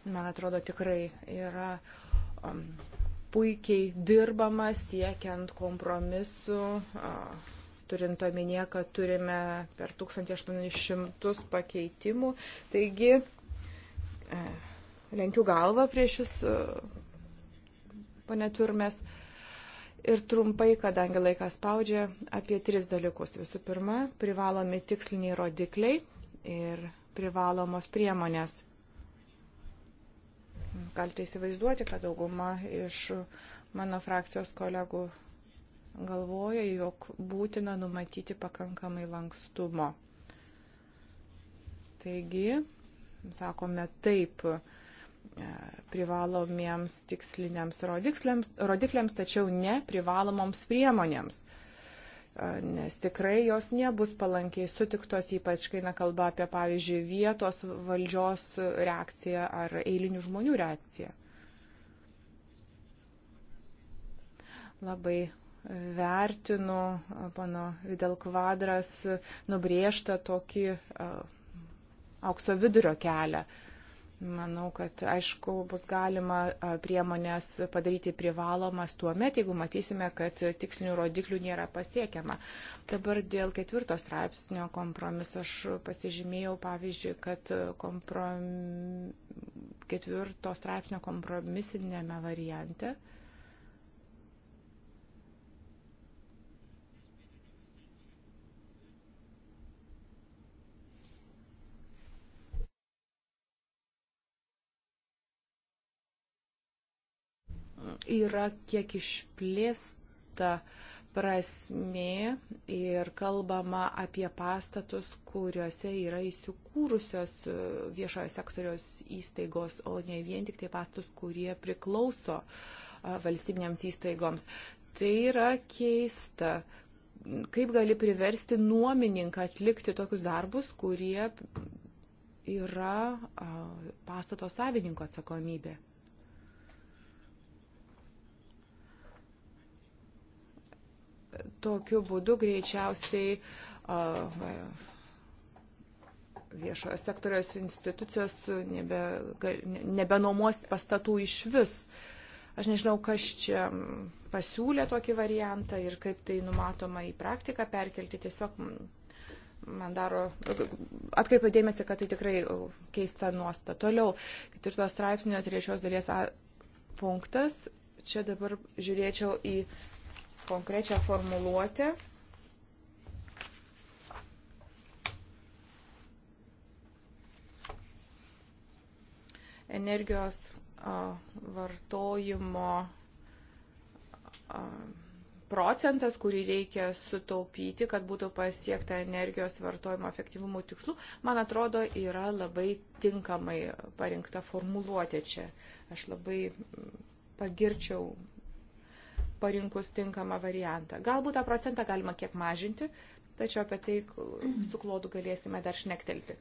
Man atrodo, tikrai yra um, puikiai dirbama siekiant kompromisu, uh, turint omenyje, kad turime per 1800 pakeitimų. Taigi, uh, lenkiu galvą prieš jūs, pane Turmes. Ir trumpai, kadangi laikas spaudžia, apie tris dalykus. Visų pirma, privalomi tiksliniai rodikliai ir privalomos priemonės. Galite įsivaizduoti, kad dauguma iš mano frakcijos kolegų galvoja, jog būtina numatyti pakankamai lankstumo. Taigi, sakome taip E, privalomiems tiksliniams rodikliams, tačiau ne privalomoms priemonėms e, nes tikrai jos nebus palankiai sutiktos, ypač kai nekalba apie, pavyzdžiui, vietos valdžios reakciją ar eilinių žmonių reakciją. Labai vertinu e, pano Vidal Kvadras nubrėžtą tokį aukso vidurio kelią. Uh, Manau, kad aišku bus galima priemonės padaryti privalomas tuo met, jeigu matysime, kad tikslinių rodiklių nėra pasiekiama. Dabar dėl ketvirto straipsnio kompromiso aš pasižymėjau, pavyzdžiui, kad komprom... ketvirto straipsnio kompromisinėme variante. yra kiek išplėsta prasmė ir kalbama apie pastatus, kuriuose yra įsikūrusios e, viešojo sektoriaus įstaigos, o ne vien tik tai pastatus, kurie priklauso e, valstybinėms įstaigoms. Tai yra keista, kaip gali priversti nuomininką atlikti tokius darbus, kurie yra pastato savininko atsakomybė. tokiu būdu greičiausiai viešojo sektoriaus institucijos nebe, nebenuomos pastatų iš vis. Aš nežinau, kas čia pasiūlė tokį variantą ir kaip tai numatoma į praktiką perkelti. Tiesiog man daro, atkreipiu dėmesį, kad tai tikrai keista nuosta. Toliau, ketvirtos straipsnio trečios dalies A punktas. Čia dabar žiūrėčiau į konkrečią formuluotę. Energijos vartojimo procentas, kurį reikia sutaupyti, kad būtų pasiekta energijos vartojimo efektyvumo tikslų, man atrodo, yra labai tinkamai parinkta formuluotė čia. Aš labai pagirčiau parinkus tinkamą variantą. Galbūt tą procentą galima kiek mažinti, tačiau apie tai su klodu galėsime dar šnektelti.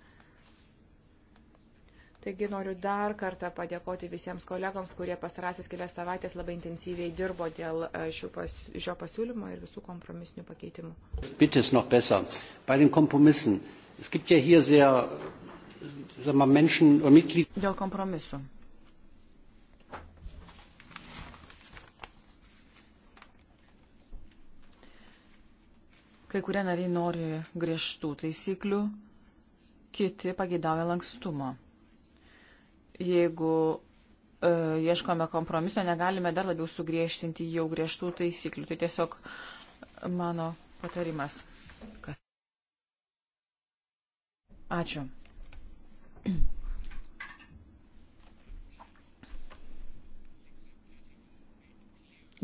Taigi noriu dar kartą padėkoti visiems kolegoms, kurie pasarasis kelias savaitės labai intensyviai dirbo dėl e, pas, šio pasiūlymo ir visų kompromisinių pakeitimų. Bitis noch besser. Bei den Kompromissen. Es gibt ja hier sehr, sagen wir, Menschen und Mitglieder. Dėl kompromisų. Kai kurie nariai nori griežtų taisyklių, kiti pagėdavė lankstumo. Jeigu e, ieškome kompromiso, negalime dar labiau sugriežtinti jau griežtų taisyklių. Tai tiesiog mano patarimas. Kad... Ačiū.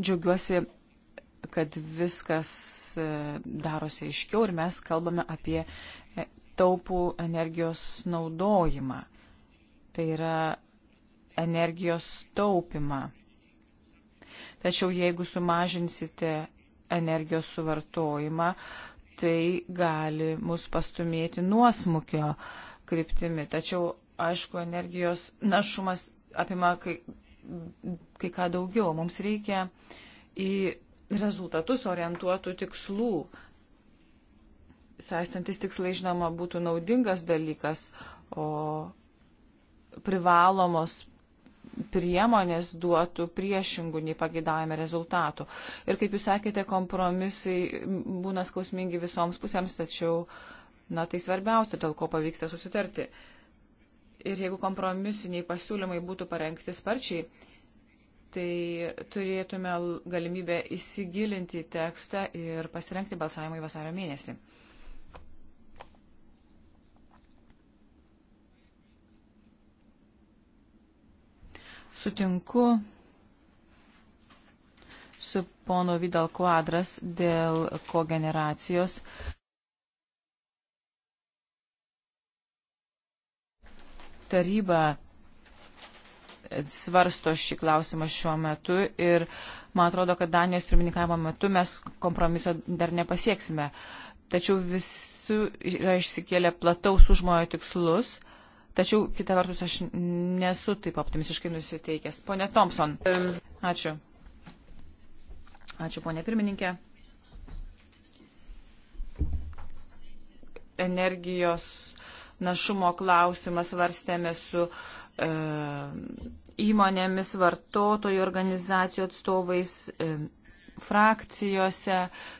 Džiaugiuosi kad viskas e, darosi aiškiau ir mes kalbame apie e, taupų energijos naudojimą. Tai yra energijos taupimą. Tačiau jeigu sumažinsite energijos suvartojimą, tai gali mus pastumėti nuosmukio kryptimi. Tačiau, aišku, energijos našumas apima kai, kai ką daugiau. Mums reikia į rezultatus orientuotų tikslų. Saistantis tikslai, žinoma, būtų naudingas dalykas, o privalomos priemonės duotų priešingų nei pagidavime rezultatų. Ir kaip jūs sakėte, kompromisai būna skausmingi visoms pusėms, tačiau, na, tai svarbiausia, dėl ko pavyksta susitarti. Ir jeigu kompromisiniai pasiūlymai būtų parengti sparčiai, tai turėtume galimybę įsigilinti į tekstą ir pasirenkti balsavimui vasario mėnesį. Sutinku su pono Vidal Quadras dėl kogeneracijos. Taryba svarsto šį klausimą šiuo metu ir man atrodo, kad Danijos pirmininkavimo metu mes kompromiso dar nepasieksime. Tačiau visi yra išsikėlę plataus užmojo tikslus. Tačiau, kita vertus, aš nesu taip optimistiškai nusiteikęs. Pone Thompson. Ačiū. Ačiū, ponė pirmininkė. Energijos našumo klausimas varstėme su uh, E, įmonėmis, vartotojų organizacijų atstovais, e, frakcijose,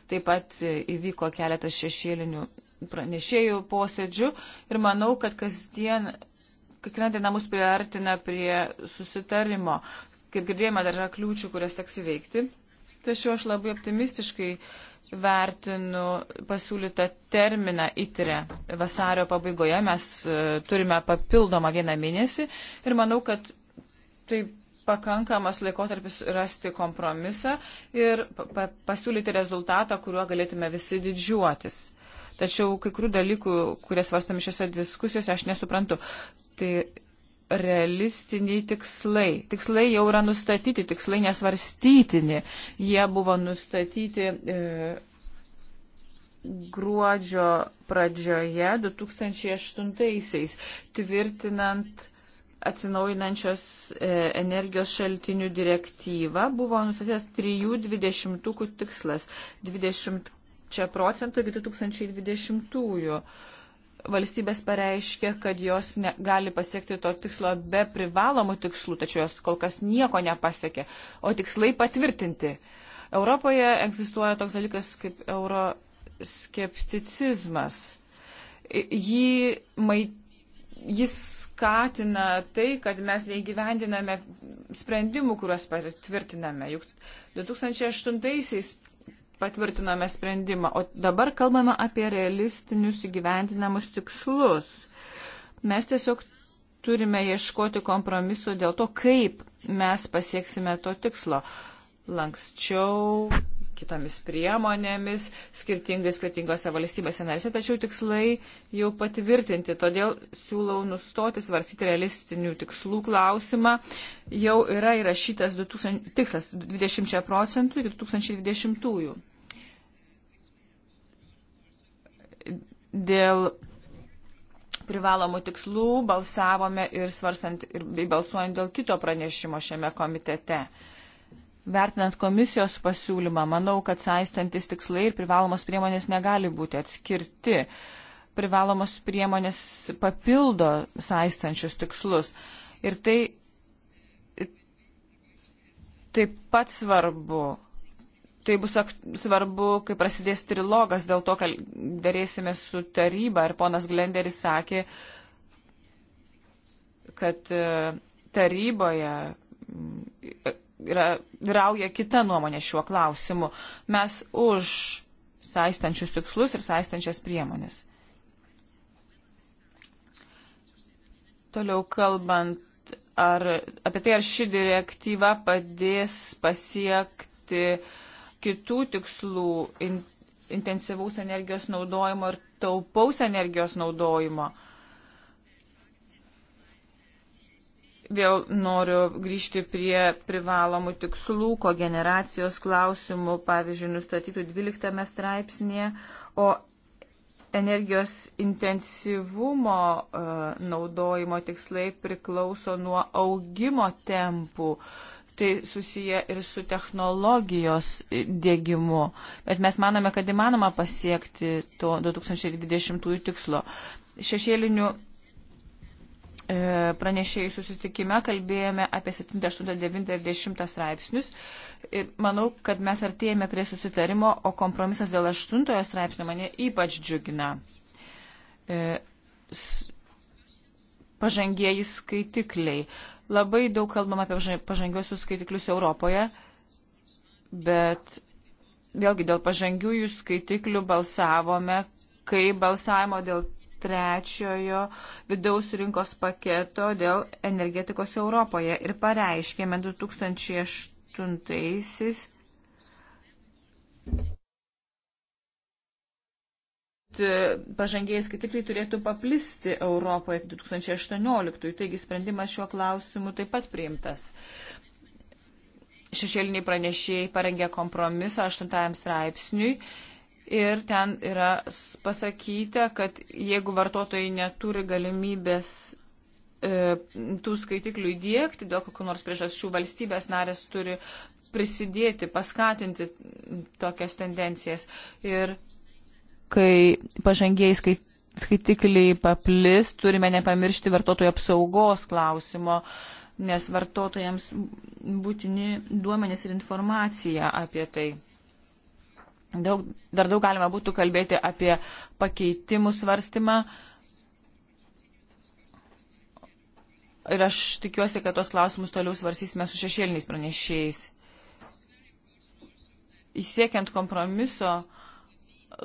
taip pat įvyko keletas šešėlinių pranešėjų posėdžių ir manau, kad kasdien, kiekviena diena mus priartina prie susitarimo. Kaip girdėjome, dar yra kliūčių, kurias teks įveikti. Tačiau aš labai optimistiškai uh, vertinu pasiūlytą terminą įtrę vasario pabaigoje. Mes e, turime papildomą vieną mėnesį ir manau, kad tai pakankamas laikotarpis rasti kompromisą ir pa pasiūlyti rezultatą, kuriuo galėtume visi didžiuotis. Tačiau kai kurių dalykų, kurias vastami šiose diskusijose, aš nesuprantu. Tai realistiniai tikslai. Tikslai jau yra nustatyti, tikslai nesvarstytini. Jie buvo nustatyti e, gruodžio pradžioje 2008-aisiais, tvirtinant atsinaujinančios e, energijos šaltinių direktyvą, buvo nustatytas 3,20 tikslas - 20 procentų iki 2020. -ųjų valstybės pareiškia, kad jos ne, gali pasiekti to tikslo be privalomų tikslų, tačiau jos kol kas nieko nepasiekė, o tikslai patvirtinti. Europoje egzistuoja toks dalykas kaip euroskepticizmas. Jį maitina jis skatina tai, kad mes neįgyvendiname sprendimų, kuriuos patvirtiname. Juk 2008-aisiais patvirtinome sprendimą, o dabar kalbame apie realistinius įgyvendinamus tikslus. Mes tiesiog turime ieškoti kompromiso dėl to, kaip mes pasieksime to tikslo. Lankščiau, kitomis priemonėmis, skirtingai skirtingose valstybėse narėse, tačiau tikslai jau patvirtinti. Todėl siūlau nustoti svarsyti realistinių tikslų klausimą. Jau yra įrašytas 2000, tikslas 20 procentų iki 2020. -ųjų. Dėl privalomų tikslų balsavome ir svarstant ir balsuojant dėl kito pranešimo šiame komitete. Vertinant komisijos pasiūlymą, manau, kad saistantis tikslai ir privalomos priemonės negali būti atskirti. Privalomos priemonės papildo saistančius tikslus. Ir tai taip pat svarbu. Tai bus svarbu, kai prasidės trilogas, dėl to, kad darėsime su taryba ir ponas Glenderis sakė, kad e, taryboje yra, vyrauja kita nuomonė šiuo klausimu. Mes už saistančius tikslus ir saistančias priemonės. Toliau kalbant ar, apie tai, ar ši direktyva padės pasiekti kitų tikslų in, intensyvaus energijos naudojimo ir taupaus energijos naudojimo. Uh, vėl noriu grįžti prie privalomų tikslų, ko generacijos klausimų, pavyzdžiui, nustatytų 12 straipsnėje, o energijos intensyvumo e, naudojimo tikslai priklauso nuo augimo tempų. Tai susiję ir su technologijos dėgymu. Bet mes manome, kad įmanoma pasiekti to 2020 tikslo. Šešėlinių E, pranešėjų susitikime kalbėjome apie 7, 8, 9 ir 10 straipsnius. Ir manau, kad mes artėjame prie susitarimo, o kompromisas dėl 8 straipsnio mane ypač džiugina. E, pažangieji skaitikliai. Labai daug kalbam apie pažangiosius skaitiklius Europoje, bet vėlgi dėl pažangiųjų skaitiklių balsavome, kai balsavimo dėl trečiojo vidaus rinkos paketo dėl energetikos Europoje ir pareiškėme 2008-aisiais pažangiai skaitikliai turėtų paplisti Europoje 2018, taigi sprendimas šiuo klausimu taip pat priimtas. Šešėliniai pranešėjai parengė kompromisą 8 straipsniui Ir ten yra pasakyta, kad jeigu vartotojai neturi galimybės e, tų skaitiklių įdėkti dėl kokių nors priežasčių, valstybės narės turi prisidėti, paskatinti tokias tendencijas. Ir kai pažangiai skait, skaitikliai paplis, turime nepamiršti vartotojų apsaugos klausimo, nes vartotojams būtini duomenys ir informacija apie tai. Daug, dar daug galima būtų kalbėti apie pakeitimų svarstymą. Ir aš tikiuosi, kad tos klausimus toliau svarsysime su šešėliniais pranešėjais. Įsiekiant kompromiso,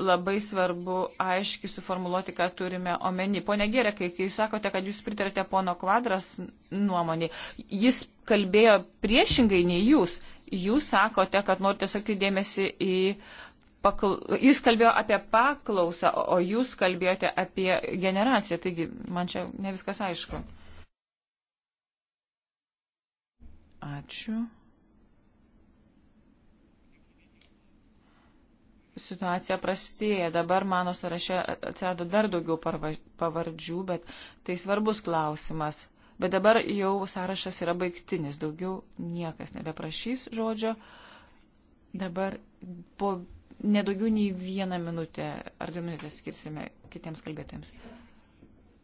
labai svarbu aiškiai suformuluoti, ką turime omeny. Pone Gerė, kai, kai jūs sakote, kad jūs pritarėte pono kvadras nuomonį, jis kalbėjo priešingai nei jūs. Jūs sakote, kad norite sakti dėmesį į uh, pakl... jis kalbėjo apie paklausą, o jūs kalbėjote apie generaciją, taigi man čia ne viskas aišku. Ačiū. situacija prastėja. Dabar mano sąraše atsirado dar daugiau pavardžių, bet tai svarbus klausimas. Bet dabar jau sąrašas yra baigtinis, daugiau niekas nebeprašys žodžio. Dabar po nedaugiau nei vieną minutę ar dvi minutės skirsime kitiems kalbėtojams.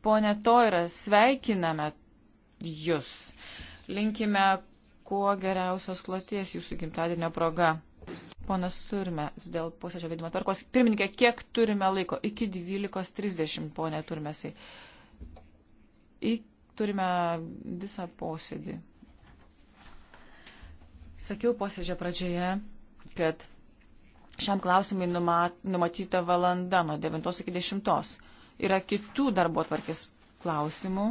Pone Toiras, sveikiname Jūs. Linkime kuo geriausios kloties Jūsų gimtadienio proga. Ponas Turmes, dėl posėdžio vedimo tvarkos. Pirmininkė, kiek turime laiko? Iki 12.30, ponė Turmesai. I, turime visą posėdį. Sakiau posėdžio pradžioje, kad Šiam klausimui numatyta valanda nuo 9 iki 10. Yra kitų darbo atvarkės klausimų,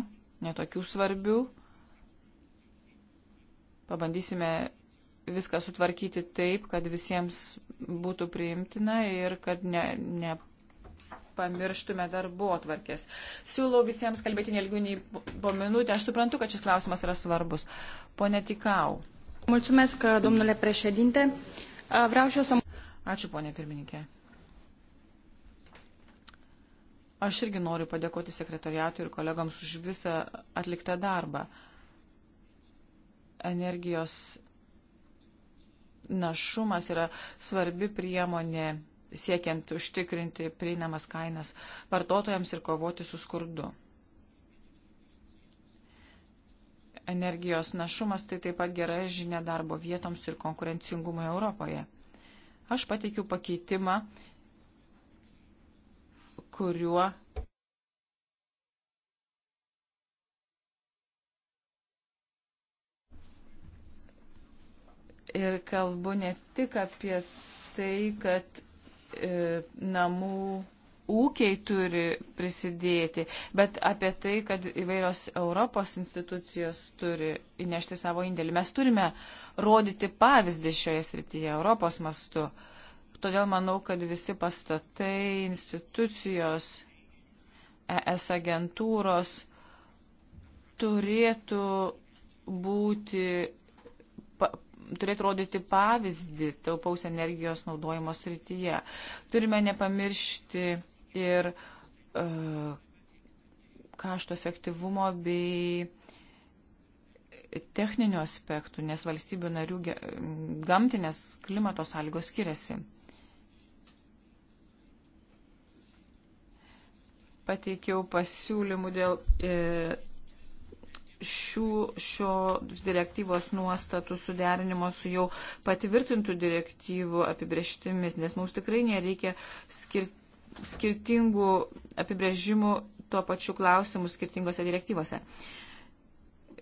netokių svarbių. Pabandysime viską sutvarkyti taip, kad visiems būtų priimtina ir kad ne, ne pamirštume darbo atvarkės. Siūlau visiems kalbėti nelgiau nei po minutę. Aš suprantu, kad šis klausimas yra svarbus. Pone Tikau. Mulțumesc, domnule președinte. Vreau și eu să Ačiū, ponė pirmininkė. Aš irgi noriu padėkoti sekretariatui ir kolegams už visą atliktą darbą. Energijos našumas yra svarbi priemonė siekiant užtikrinti prieinamas kainas vartotojams ir kovoti su skurdu. Energijos našumas tai taip pat gera žinia darbo vietoms ir konkurencingumui Europoje. Aš pateikiu pakeitimą, kuriuo ir kalbu ne tik apie tai, kad e, namų ūkiai turi prisidėti, bet apie tai, kad įvairios Europos institucijos turi įnešti savo indėlį. Mes turime rodyti pavyzdį šioje srityje Europos mastu. Todėl manau, kad visi pastatai, institucijos, ES agentūros turėtų būti turėtų rodyti pavyzdį taupaus energijos naudojimo srityje. Turime nepamiršti ir uh, kašto efektyvumo bei techninių aspektų, nes valstybių narių gamtinės klimato sąlygos skiriasi. Pateikiau pasiūlymų dėl e, šių, šio direktyvos nuostatų suderinimo su jau patvirtintų direktyvų apibrieštimis, nes mums tikrai nereikia skirti skirtingų apibrėžimų tuo pačiu klausimu skirtingose direktyvose.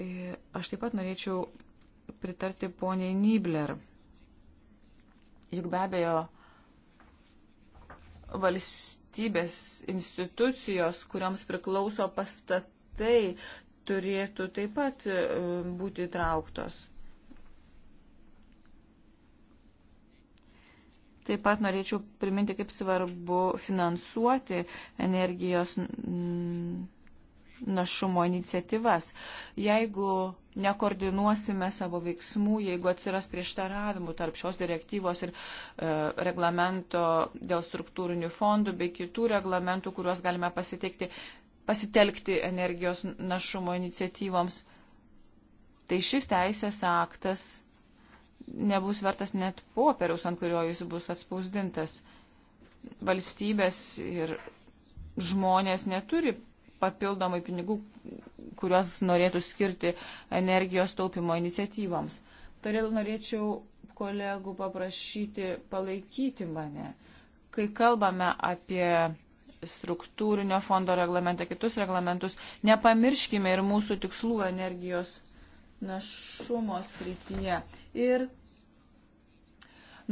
E, aš taip pat norėčiau pritarti poniai Nibler. Juk be abejo valstybės institucijos, kurioms priklauso pastatai, turėtų taip pat e, būti įtrauktos. Taip pat norėčiau priminti, kaip svarbu finansuoti energijos našumo iniciatyvas. Jeigu nekoordinuosime savo veiksmų, jeigu atsiras prieštaravimų tarp šios direktyvos ir e, reglamento dėl struktūrinių fondų bei kitų reglamentų, kuriuos galime pasitikti, pasitelkti energijos našumo iniciatyvoms, tai šis teisės aktas nebus vertas net popieriaus, ant kurio jis bus atspausdintas. Valstybės ir žmonės neturi papildomai pinigų, kuriuos norėtų skirti energijos taupimo iniciatyvams. Todėl norėčiau kolegų paprašyti palaikyti mane. Kai kalbame apie struktūrinio fondo reglamentą, kitus reglamentus, nepamirškime ir mūsų tikslų energijos našumo srityje. Ir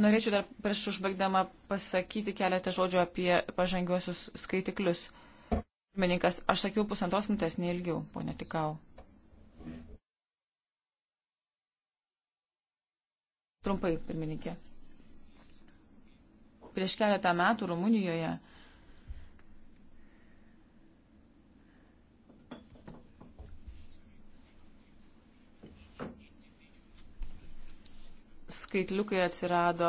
norėčiau dar prieš užbaigdama pasakyti keletą žodžių apie pažangiuosius skaitiklius. Pirmininkas, aš sakiau pusantros minutės, neilgiau, ponė Tikau. Trumpai, pirmininkė. Prieš keletą metų Rumunijoje skaitliukai atsirado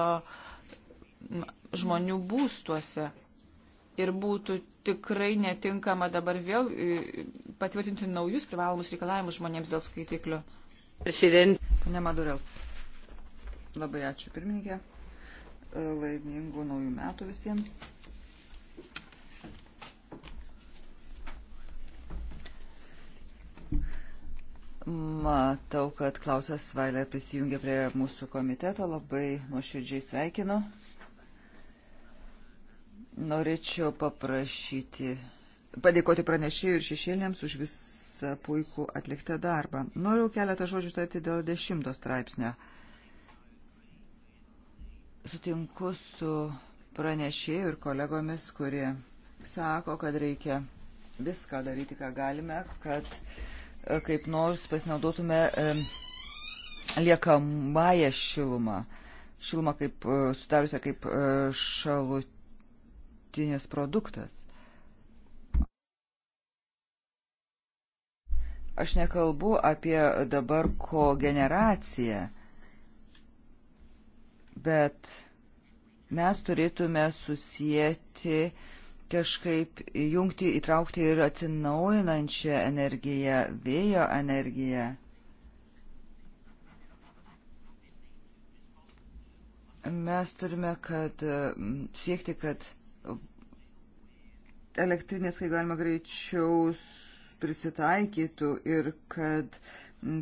žmonių būstuose. Ir būtų tikrai netinkama dabar vėl patvirtinti naujus privalomus reikalavimus žmonėms dėl skaitiklio. President. Pane Madurel. Labai ačiū pirmininkė. Laimingų naujų metų visiems. Matau, kad Klausas Vailė prisijungė prie mūsų komiteto, labai nuoširdžiai sveikinu. Norėčiau paprašyti, padėkoti pranešėjų ir šešėlėms už visą puikų atliktą darbą. Noriu keletą žodžių tarti dėl dešimto straipsnio. Sutinku su pranešėjų ir kolegomis, kurie sako, kad reikia viską daryti, ką galime, kad uh, E, kaip nors pasinaudotume e, liekamąją šilumą. Šilumą kaip e, sudariusią kaip šalutinės produktas. Aš nekalbu apie dabar kogeneraciją, bet mes turėtume susijęti uh, kažkaip jungti, įtraukti ir atsinaujinančią energiją, vėjo energiją. Mes turime kad, siekti, kad elektrinės, kai galima greičiau prisitaikytų ir kad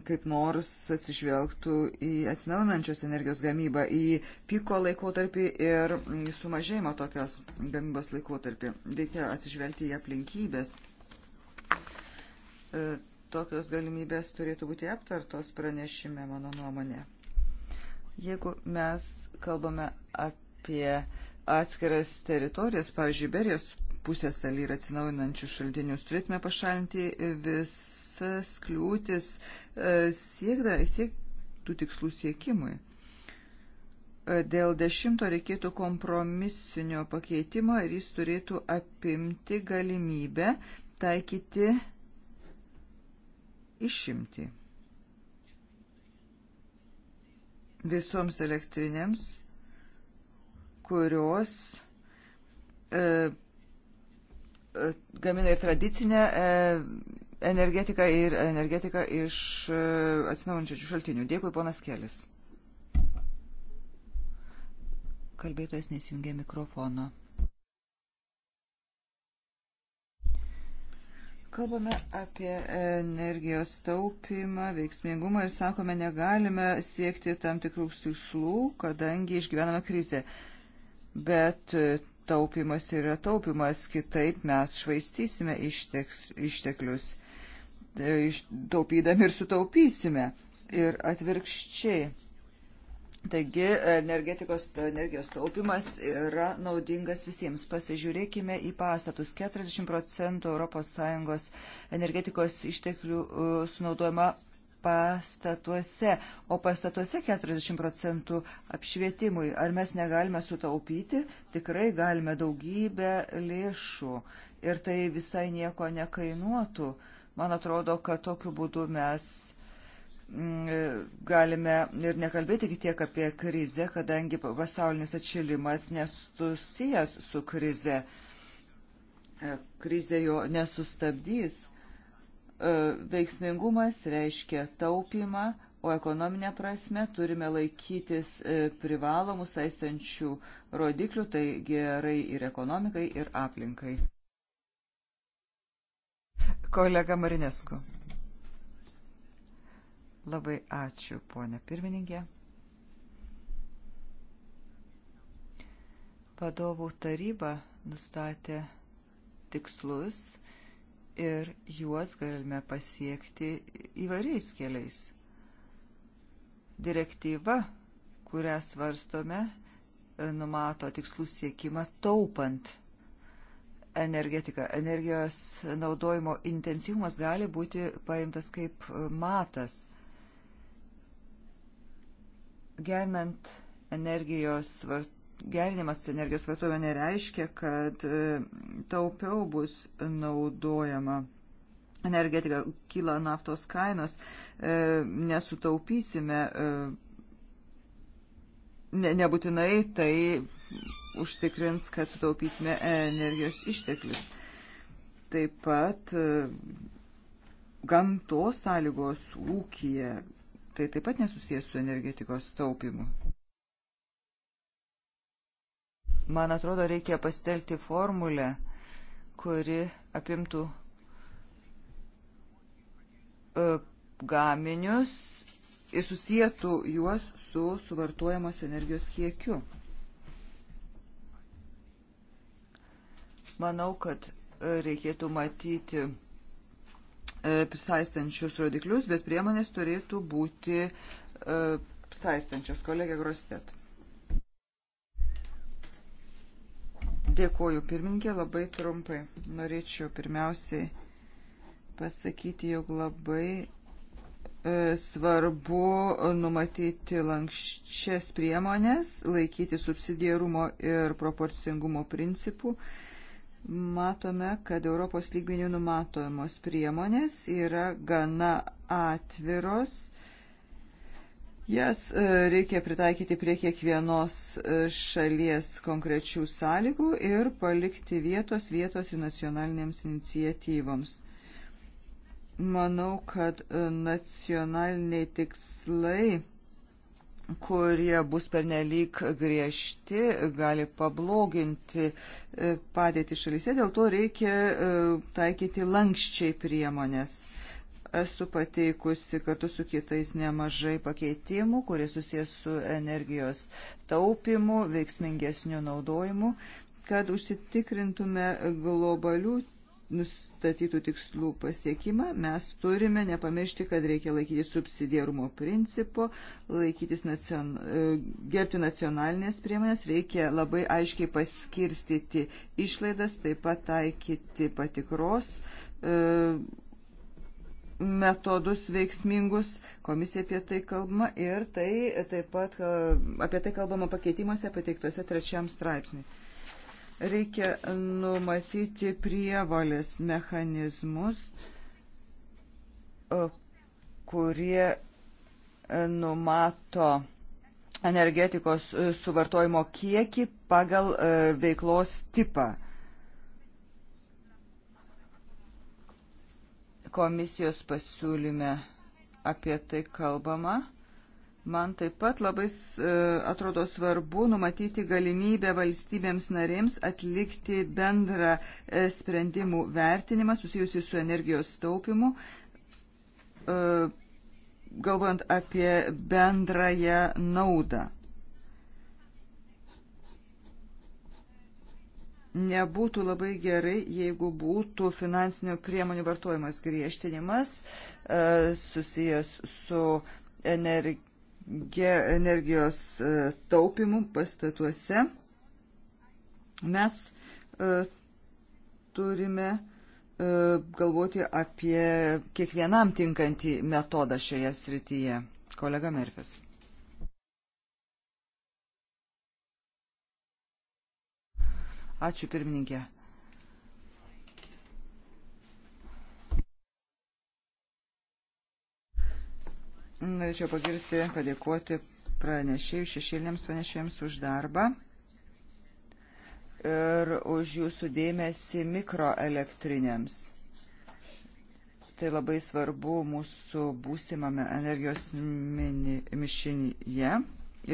kaip nors atsižvelgtų į atsinaunančios energijos gamybą, į piko laikotarpį ir sumažėjimo tokios gamybos laikotarpį. Reikia atsižvelgti į aplinkybės. E, tokios galimybės turėtų būti aptartos pranešime, mano nuomonė. Jeigu mes kalbame apie atskiras teritorijas, pavyzdžiui, Berijos pusės salį ir atsinaujinančių šaltinius, turėtume pašalinti vis visas kliūtis e, siekda, siek tų tikslų siekimui. E, dėl dešimto reikėtų kompromisinio pakeitimo ir jis turėtų apimti galimybę taikyti išimti visoms elektrinėms, kurios e, e, gamina ir tradicinę e, energetika ir energetika iš e, atsinaujančių šaltinių. Dėkui, ponas Kelis. Kalbėtojas nesijungia mikrofono. Kalbame apie energijos taupimą, veiksmingumą ir sakome, negalime siekti tam tikrų tikslų, kadangi išgyvename krizę. Bet taupimas yra taupimas, kitaip mes švaistysime ištek, išteklius. E, taupydami ir sutaupysime. Ir atvirkščiai. Taigi energetikos energijos taupimas yra naudingas visiems. Pasižiūrėkime į pastatus. 40 procentų ES energetikos išteklių e, sunaudojama pastatuose, o pastatuose 40 procentų apšvietimui. Ar mes negalime sutaupyti? Tikrai galime daugybę lėšų ir tai visai nieko nekainuotų. Uh, Man atrodo, kad tokiu būdu mes mm, galime ir nekalbėti tik tiek apie krizę, kadangi pasaulinis atšilimas nesusijęs su krize. E, krize jo nesustabdys. E, veiksmingumas reiškia taupimą, o ekonominė prasme turime laikytis e, privalomų saistančių rodiklių, tai gerai ir ekonomikai, ir aplinkai. Kolega Marinesku. Labai ačiū, ponė pirmininkė. Vadovų taryba nustatė tikslus ir juos galime pasiekti įvairiais keliais. Direktyva, kurią svarstome, numato tikslų siekimą taupant energetika. Energijos naudojimo intensyvumas gali būti paimtas kaip matas. Gernant energijos vartojimą gerinimas energijos vartojimo nereiškia, kad e, taupiau bus naudojama energetika, kyla naftos kainos, e, nesutaupysime, e, ne, nebūtinai tai užtikrins, kad sutaupysime energijos išteklius. Taip pat e, gamtos sąlygos ūkija, tai taip pat nesusijęs su energetikos taupimu. Man atrodo, reikia pastelti formulę, kuri apimtų e, gaminius ir susijėtų juos su suvartojamos energijos kiekiu. Manau, kad e, reikėtų matyti e, saistančius rodiklius, bet priemonės turėtų būti e, saistančios. Kolegė Grostet. Dėkuoju pirmininkė, labai trumpai. Norėčiau pirmiausiai pasakyti, jog labai svarbu numatyti lankščias priemonės, laikyti subsidiarumo ir proporcingumo principų. E, matome, kad Europos lygmenių numatojamos priemonės yra gana atviros. Jas e, reikia pritaikyti prie kiekvienos e, šalies konkrečių sąlygų ir palikti vietos vietos ir nacionalinėms inicijatyvoms. Manau, kad e, nacionaliniai tikslai kurie bus pernelyg griežti, gali pabloginti e, padėti šalyse, dėl to reikia e, taikyti lankščiai priemonės. Esu pateikusi kartu su kitais nemažai pakeitimų, kurie susijęs su energijos taupimu, veiksmingesniu naudojimu, kad užsitikrintume globalių nustatytų tikslų pasiekimą, mes turime nepamiršti, kad reikia laikytis subsidiarumo principo, laikytis nacion... E, gerbti nacionalinės priemonės, reikia labai aiškiai paskirstyti išlaidas, taip pat taikyti patikros e, metodus veiksmingus, komisija apie tai kalbama ir tai taip pat e, apie tai kalbama pakeitimuose pateiktuose trečiam straipsniui. Reikia numatyti prievalės mechanizmus, e, kurie e, numato energetikos e, suvartojimo kiekį pagal veiklos tipą. Komisijos pasiūlyme apie tai kalbama. Man taip pat labai e, atrodo svarbu numatyti galimybę valstybėms narėms atlikti bendrą e, sprendimų vertinimą susijusi su energijos taupimu, e, galvojant apie bendrąją naudą. nebūtų labai gerai, jeigu būtų finansinių priemonių vartojimas griežtinimas susijęs su energi energijos e, taupimų pastatuose, mes e, turime e, galvoti apie kiekvienam tinkantį metodą šioje srityje. Kolega Merfis. Ačiū pirmininkė. Norėčiau pagirti, padėkoti pranešėjų šešėlėms pranešėjams už darbą ir už jūsų dėmesį mikroelektrinėms. Tai labai svarbu mūsų būsimame energijos mini, mišinyje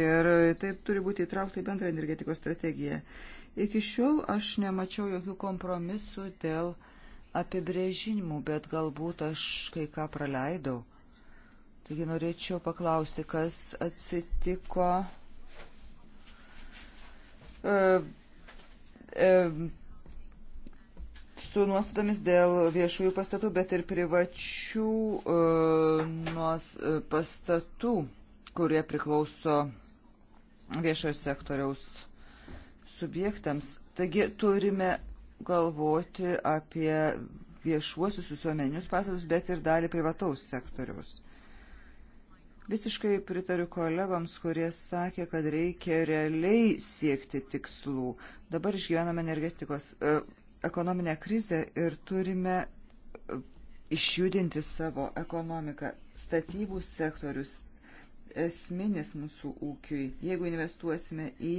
ir tai turi būti įtraukta į bendrą energetikos strategiją. Iki šiol aš nemačiau jokių kompromisų dėl apibrėžinimų, bet galbūt aš kai ką praleidau Taigi norėčiau paklausti, kas atsitiko e, e, su nuostatomis dėl viešųjų pastatų, bet ir privačių e, nuos, e, pastatų, kurie priklauso viešojo sektoriaus subjektams. Taigi turime galvoti apie viešuosius visuomenius pastatus, bet ir dalį privataus sektoriaus. Visiškai pritariu kolegoms, kurie sakė, kad reikia realiai siekti tikslų. Dabar išgyvename energetikos e, ekonominę krizę ir turime e, išjudinti savo ekonomiką. Statybų sektorius esminis mūsų ūkiui. Jeigu investuosime į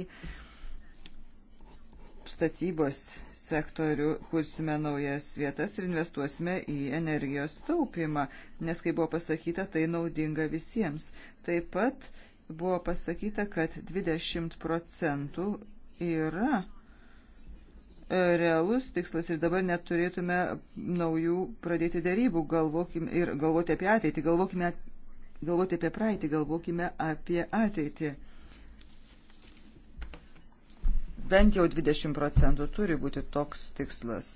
statybos sektorių, kursime naujas vietas ir investuosime į energijos taupimą, nes, kaip buvo pasakyta, tai naudinga visiems. Taip pat buvo pasakyta, kad 20 procentų yra e, realus tikslas ir dabar neturėtume naujų pradėti darybų galvokim, ir galvoti apie ateitį, galvokime, galvoti apie praeitį, galvokime apie ateitį bent jau 20 procentų turi būti toks tikslas.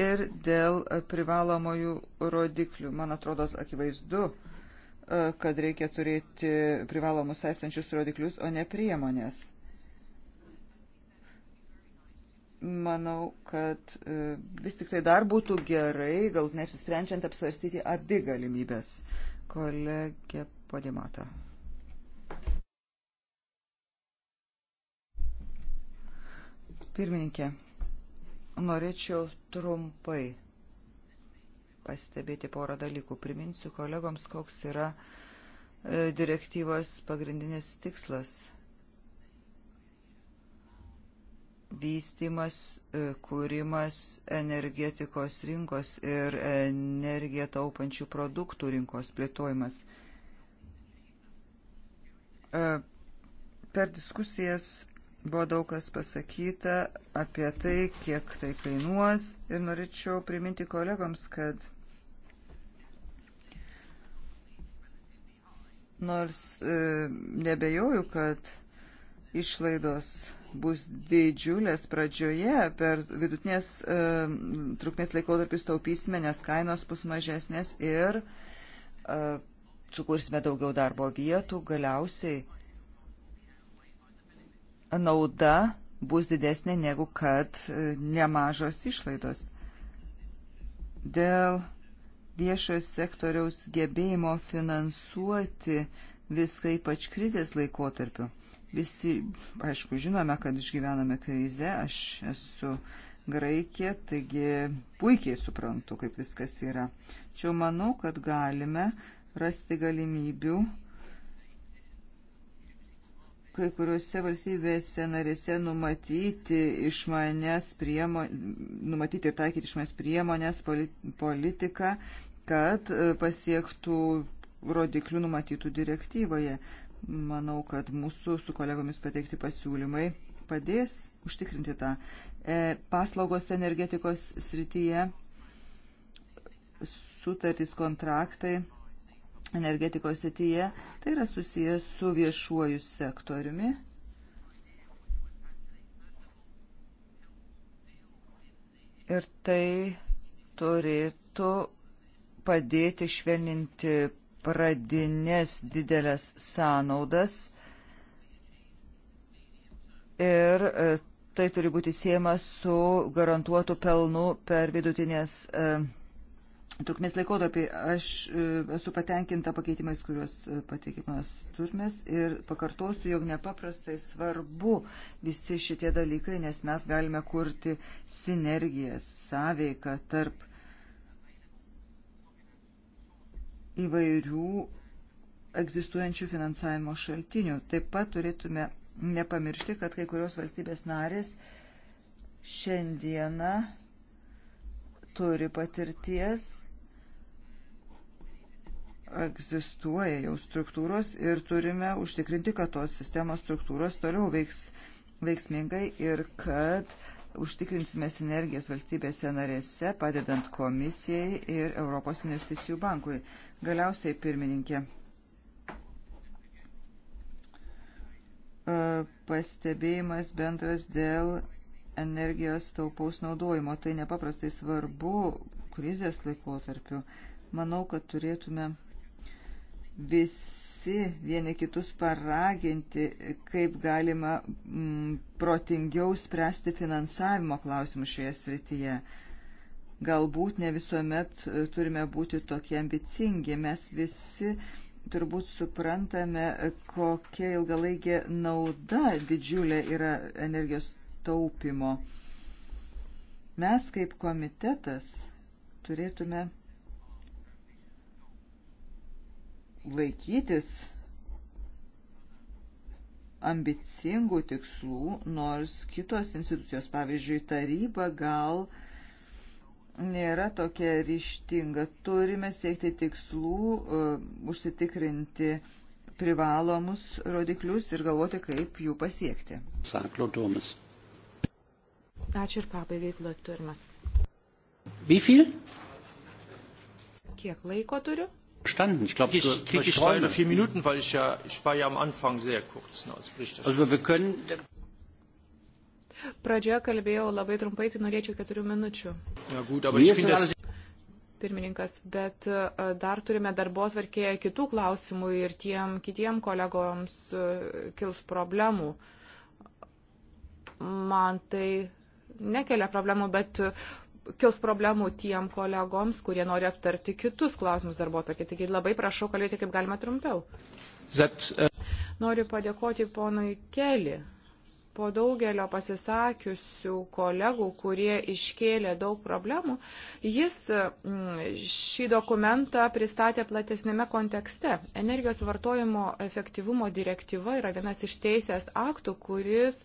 Ir dėl privalomojų rodiklių, man atrodo, akivaizdu, e, kad reikia turėti privalomus esančius rodiklius, o ne priemonės. Manau, kad e, vis tik tai dar būtų gerai, galbūt neapsisprendžiant apsvarstyti abi galimybės. Kolegė Podimata. Pirmininkė, norėčiau trumpai pastebėti porą dalykų. Priminsiu kolegoms, koks yra e, direktyvos pagrindinis tikslas. Vystimas, e, kūrimas energetikos rinkos ir energiją taupančių produktų rinkos plėtojimas. E, per diskusijas Buvo daug kas pasakyta apie tai, kiek tai kainuos ir norėčiau priminti kolegoms, kad nors e, nebejoju, kad išlaidos bus didžiulės pradžioje, per vidutinės e, trukmės laikotarpį staupysime, nes kainos bus mažesnės ir e, sukursime daugiau darbo vietų, galiausiai nauda bus didesnė negu kad e, nemažos išlaidos. Dėl viešojo sektoriaus gebėjimo finansuoti viską ypač krizės laikotarpiu. Visi, aišku, žinome, kad išgyvename krizę, aš esu Graikija, taigi puikiai suprantu, kaip viskas yra. Čia manau, kad galime rasti galimybių uh, kai kuriuose valstybėse narėse numatyti iš manęs priemonės, numatyti ir taikyti iš manęs priemonės politiką, kad e, pasiektų rodiklių numatytų direktyvoje. Manau, kad mūsų su kolegomis pateikti pasiūlymai padės užtikrinti tą. E, paslaugos energetikos srityje sutartys kontraktai energetikos srityje, tai yra susijęs su viešuoju sektoriumi. Ir tai turėtų padėti švelninti pradinės didelės sąnaudas ir e, tai turi būti siejama su garantuotu pelnu per vidutinės uh, trukmės laikotarpį. Aš e, esu patenkinta pakeitimais, kuriuos e, pateikimas turmes ir pakartosiu, jog nepaprastai svarbu visi šitie dalykai, nes mes galime kurti sinergijas, sąveiką tarp įvairių egzistuojančių finansavimo šaltinių. Taip pat turėtume nepamiršti, kad kai kurios valstybės narės šiandieną turi patirties egzistuoja jau struktūros ir turime užtikrinti, kad tos sistemos struktūros toliau veiks veiksmingai ir kad užtikrinsime sinergijas valstybėse narėse, padedant komisijai ir Europos investicijų bankui. Galiausiai, pirmininkė, e, pastebėjimas bendras dėl energijos taupaus naudojimo. Tai nepaprastai svarbu krizės laikotarpiu. Manau, kad turėtume visi vieni kitus paraginti, kaip galima mm, protingiau spręsti finansavimo klausimus šioje srityje. Galbūt ne visuomet e, turime būti tokie ambicingi. Mes visi turbūt suprantame, e, kokia ilgalaikė nauda didžiulė yra energijos taupimo. Mes kaip komitetas turėtume laikytis ambicingų tikslų, nors kitos institucijos, pavyzdžiui, taryba gal nėra tokia ryštinga. Turime siekti tikslų, uh, užsitikrinti privalomus rodiklius ir galvoti, kaip jų pasiekti. Saklodomas. Ačiū ir pabaigai, Kloturmas. Bifil? Kiek laiko turiu? bestanden. Ich glaube, ich kriege ich leider vier Minuten, weil ich ja, ich war ja am Anfang sehr kurz ne, als Berichterstatter. Also wir können. Pradžioje kalbėjau labai trumpai, tai norėčiau keturių minučių. Ja, gut, aber ich finde das... Pirmininkas, bet dar turime darbo atvarkėje kitų klausimų ir tiem kitiem kolegoms kils problemų. Man tai nekelia problemų, bet kils problemų tiem kolegoms, kurie nori aptarti kitus klausimus darbo tokie. Taigi labai prašau kalbėti kaip galima trumpiau. That, uh... Noriu padėkoti ponui Keli po daugelio pasisakiusių kolegų, kurie iškėlė daug problemų, jis mm, šį dokumentą pristatė platesnėme kontekste. Energijos vartojimo efektyvumo direktyva yra vienas iš teisės aktų, kuris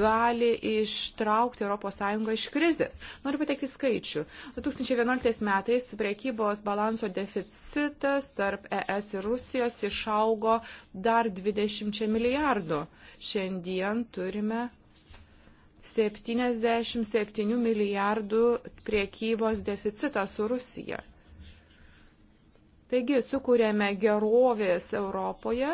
gali ištraukti ES iš krizės. Noriu pateikti skaičių. 2011 metais priekybos balanso deficitas tarp ES ir Rusijos išaugo dar 20 milijardų. Šiandien turime turime 77 milijardų priekybos deficitą su Rusija. Taigi sukūrėme gerovės Europoje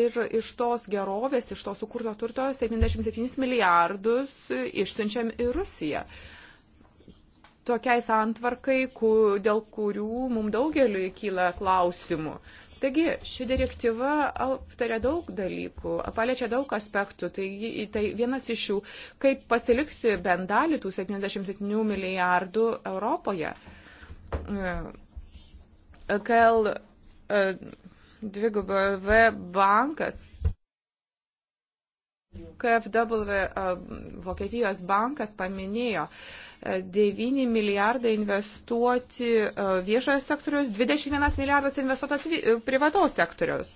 ir iš tos gerovės, iš to sukurto turto 77 milijardus išsiunčiam į Rusiją. Tokiai santvarkai, dėl kurių mums daugeliu kyla klausimų. Uh, Taigi, ši direktyva aptarė daug dalykų, paliečia daug aspektų. Tai, tai vienas iš jų, kaip pasilikti bent dalį tų 77 milijardų Europoje. E, KL e, dvigubą V bankas KFW Vokietijos bankas paminėjo 9 e, milijardai investuoti e, viešojo sektoriaus, 21 milijardas investuotas e, privataus sektoriaus,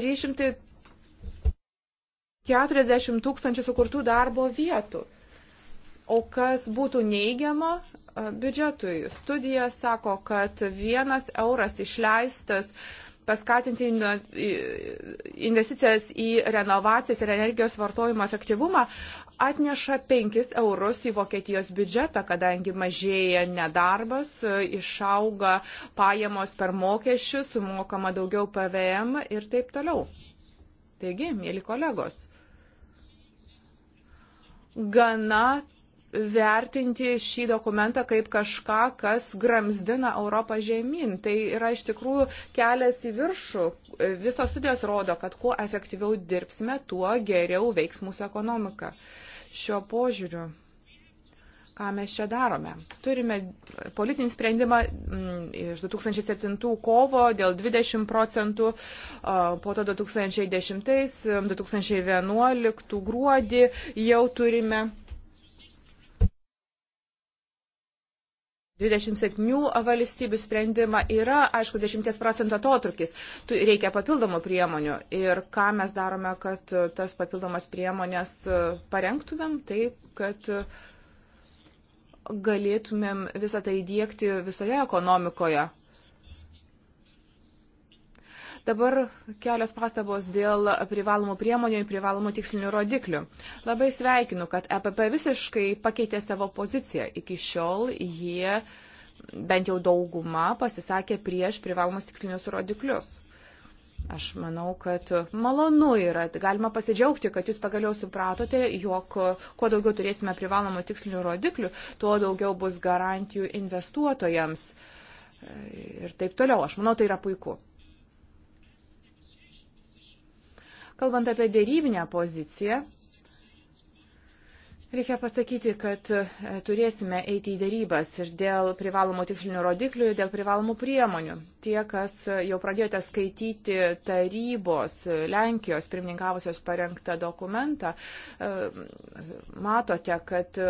340 tūkstančių sukurtų darbo vietų. O kas būtų neigiama biudžetui? Studija sako, kad vienas euras išleistas uh, paskatinti investicijas į renovacijas ir energijos vartojimo efektyvumą atneša 5 eurus į Vokietijos biudžetą, kadangi mažėja nedarbas, išauga pajamos per mokesčius, sumokama daugiau PVM ir taip toliau. Taigi, mėly kolegos, gana vertinti šį dokumentą kaip kažką, kas gramzdina Europą žemyn. Tai yra iš tikrųjų kelias į viršų. Visos studijos rodo, kad kuo efektyviau dirbsime, tuo geriau veiks mūsų ekonomika. Šiuo požiūriu, ką mes čia darome? Turime politinį sprendimą mm, iš 2007 kovo dėl 20 procentų, po to 2010, 2011 gruodį jau turime 27 valstybių sprendimą yra, aišku, 10 procentų atotrukis. Tu reikia papildomų priemonių. Ir ką mes darome, kad uh, tas papildomas priemonės uh, parengtumėm taip, kad uh, galėtumėm visą tai įdėkti visoje ekonomikoje. Dabar kelios pastabos dėl privalomų priemonių ir privalomų tikslinių rodiklių. Labai sveikinu, kad EPP visiškai pakeitė savo poziciją. Iki šiol jie bent jau dauguma pasisakė prieš privalomus tikslinius rodiklius. Aš manau, kad malonu yra, galima pasidžiaugti, kad jūs pagaliau supratote, jog kuo daugiau turėsime privalomų tikslinių rodiklių, tuo daugiau bus garantijų investuotojams. E, ir taip toliau. Aš manau, tai yra puiku. Kalbant apie dėrybinę poziciją, Reikia pasakyti, kad e, turėsime eiti į dėrybas ir dėl privalomų tikslinių rodiklių, ir dėl privalomų priemonių. Tie, kas e, jau pradėjote skaityti tarybos e, Lenkijos pirmininkavusios parengtą dokumentą, matote, kad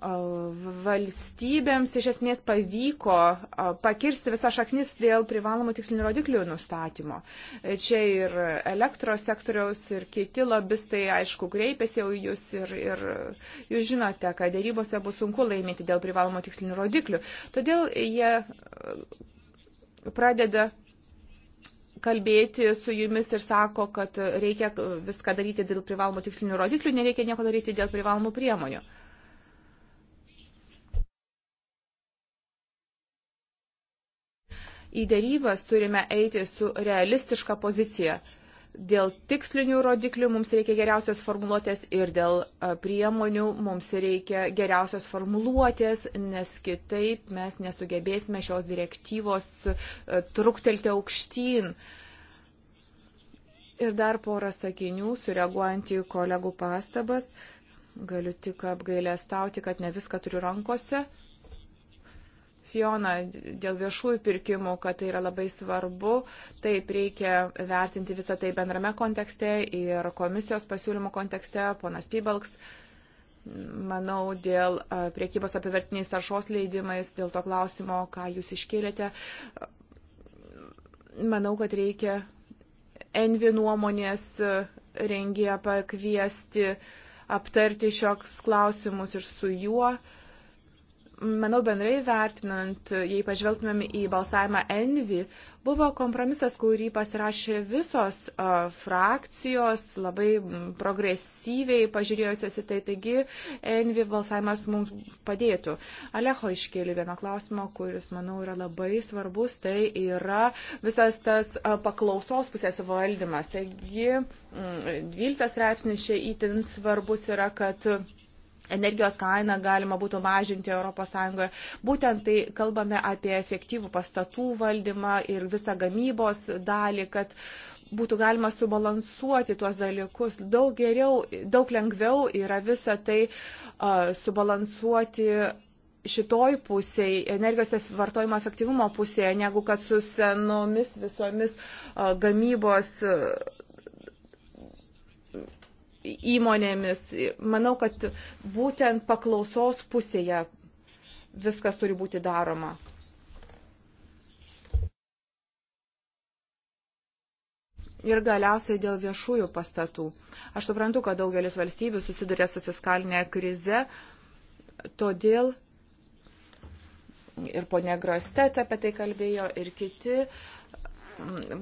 valstybėms iš esmės pavyko pakirsti visą šaknis dėl privalomų tikslinių rodiklių nustatymo. Čia ir elektros sektoriaus, ir kiti lobistai, aišku, kreipėsi jau jūs ir, ir jūs žinote, kad dėrybose bus sunku laimėti dėl privalomų tikslinių rodiklių. Todėl jie pradeda kalbėti su jumis ir sako, kad reikia viską daryti dėl privalomų tikslinių rodiklių, nereikia nieko daryti dėl privalomų priemonių. Uh, į dėrybas turime eiti su realistiška pozicija. Dėl tikslinių rodiklių mums reikia geriausios formuluotės ir dėl priemonių mums reikia geriausios formuluotės, nes kitaip mes nesugebėsime šios direktyvos truktelti aukštyn. Ir dar porą sakinių, sureaguojant į kolegų pastabas. Galiu tik apgailę stauti, kad ne viską turiu rankose, Fiona dėl viešųjų pirkimų, kad tai yra labai svarbu. Taip reikia vertinti visą tai bendrame kontekste ir komisijos pasiūlymų kontekste, ponas Pybalks. Manau, dėl priekybos apivertiniais taršos leidimais, dėl to klausimo, ką jūs iškėlėte, manau, kad reikia Envi nuomonės rengėją pakviesti, aptarti šioks klausimus ir su juo. Uh, manau, bendrai vertinant, jei pažvelgtumėm į balsavimą Envi, buvo kompromisas, kurį pasirašė visos uh, frakcijos, labai progresyviai pažiūrėjusios į tai, taigi Envi balsavimas mums padėtų. Aleho iškėlė vieną klausimą, kuris, manau, yra labai svarbus, tai yra visas tas uh, paklausos pusės valdymas. Taigi, mm, 12 straipsnis čia įtin svarbus yra, kad uh, energijos kainą galima būtų mažinti ES. Būtent tai kalbame apie efektyvų pastatų valdymą ir visą gamybos dalį, kad būtų galima subalansuoti tuos dalykus. Daug geriau, daug lengviau yra visą tai uh, subalansuoti šitoj pusėj, energijos vartojimo efektyvumo pusėje, negu kad su senomis visomis uh, gamybos uh, įmonėmis. Manau, kad būtent paklausos pusėje viskas turi būti daroma. ir galiausiai dėl viešųjų pastatų. Aš suprantu, kad daugelis valstybių susiduria su fiskalinė krize, todėl ir ponė Grostet apie tai kalbėjo, ir kiti.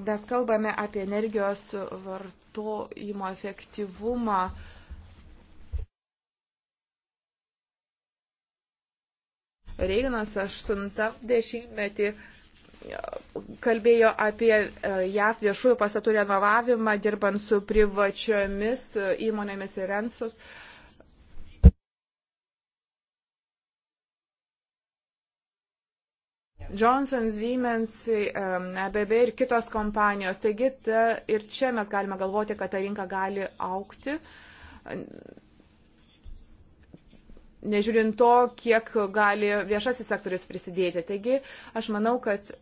Mes kalbame apie energijos vartotojų vartojimo efektyvumą. Reiganas 80-metį kalbėjo apie e, JAV viešųjų pastatų renovavimą, dirbant su privačiomis e, įmonėmis ir rensus. Uh, Johnson, Siemens, ABB ir kitos kompanijos. Taigi ta, ir čia mes galime galvoti, kad ta rinka gali aukti. Nežiūrint to, kiek gali viešasis sektorius prisidėti. Taigi aš manau, kad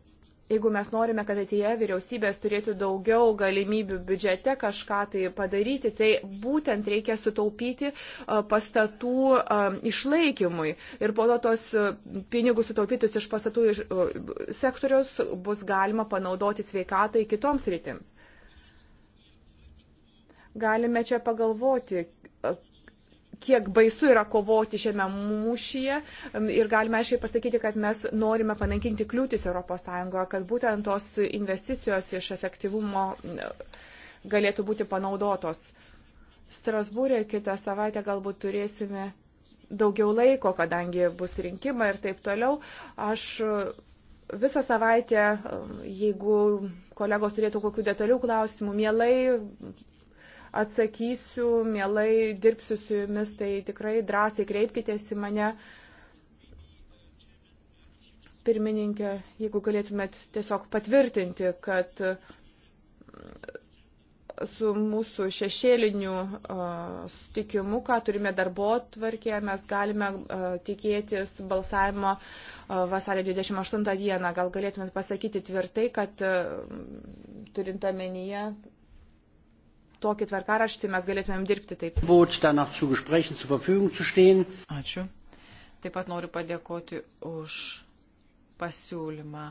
jeigu mes norime, kad ateityje vyriausybės turėtų daugiau galimybių biudžete kažką tai padaryti, tai būtent reikia sutaupyti pastatų išlaikymui. Ir po to tos pinigus sutaupytus iš pastatų sektorius bus galima panaudoti sveikatai kitoms rytims. Galime čia pagalvoti, kiek baisu yra kovoti šiame mūšyje ir galime aiškiai pasakyti, kad mes norime panaikinti kliūtis ES, kad būtent tos investicijos iš efektyvumo galėtų būti panaudotos. Strasbūrė kitą savaitę galbūt turėsime daugiau laiko, kadangi bus rinkimai ir taip toliau. Aš e, visą savaitę, jeigu kolegos turėtų kokių detalių klausimų, mielai atsakysiu, mielai dirbsiu su jumis, tai tikrai drąsiai kreipkitės į mane. Pirmininkė, jeigu galėtumėt tiesiog patvirtinti, kad mm, su mūsų šešėliniu uh, sutikimu, ką turime darbo tvarkėje, mes galime uh, tikėtis balsavimo uh, vasario 28 dieną. Gal galėtumėt pasakyti tvirtai, kad mm, turint omenyje tokį tvarkaraštį mes galėtumėm dirbti taip. Ačiū. Taip pat noriu padėkoti už pasiūlymą,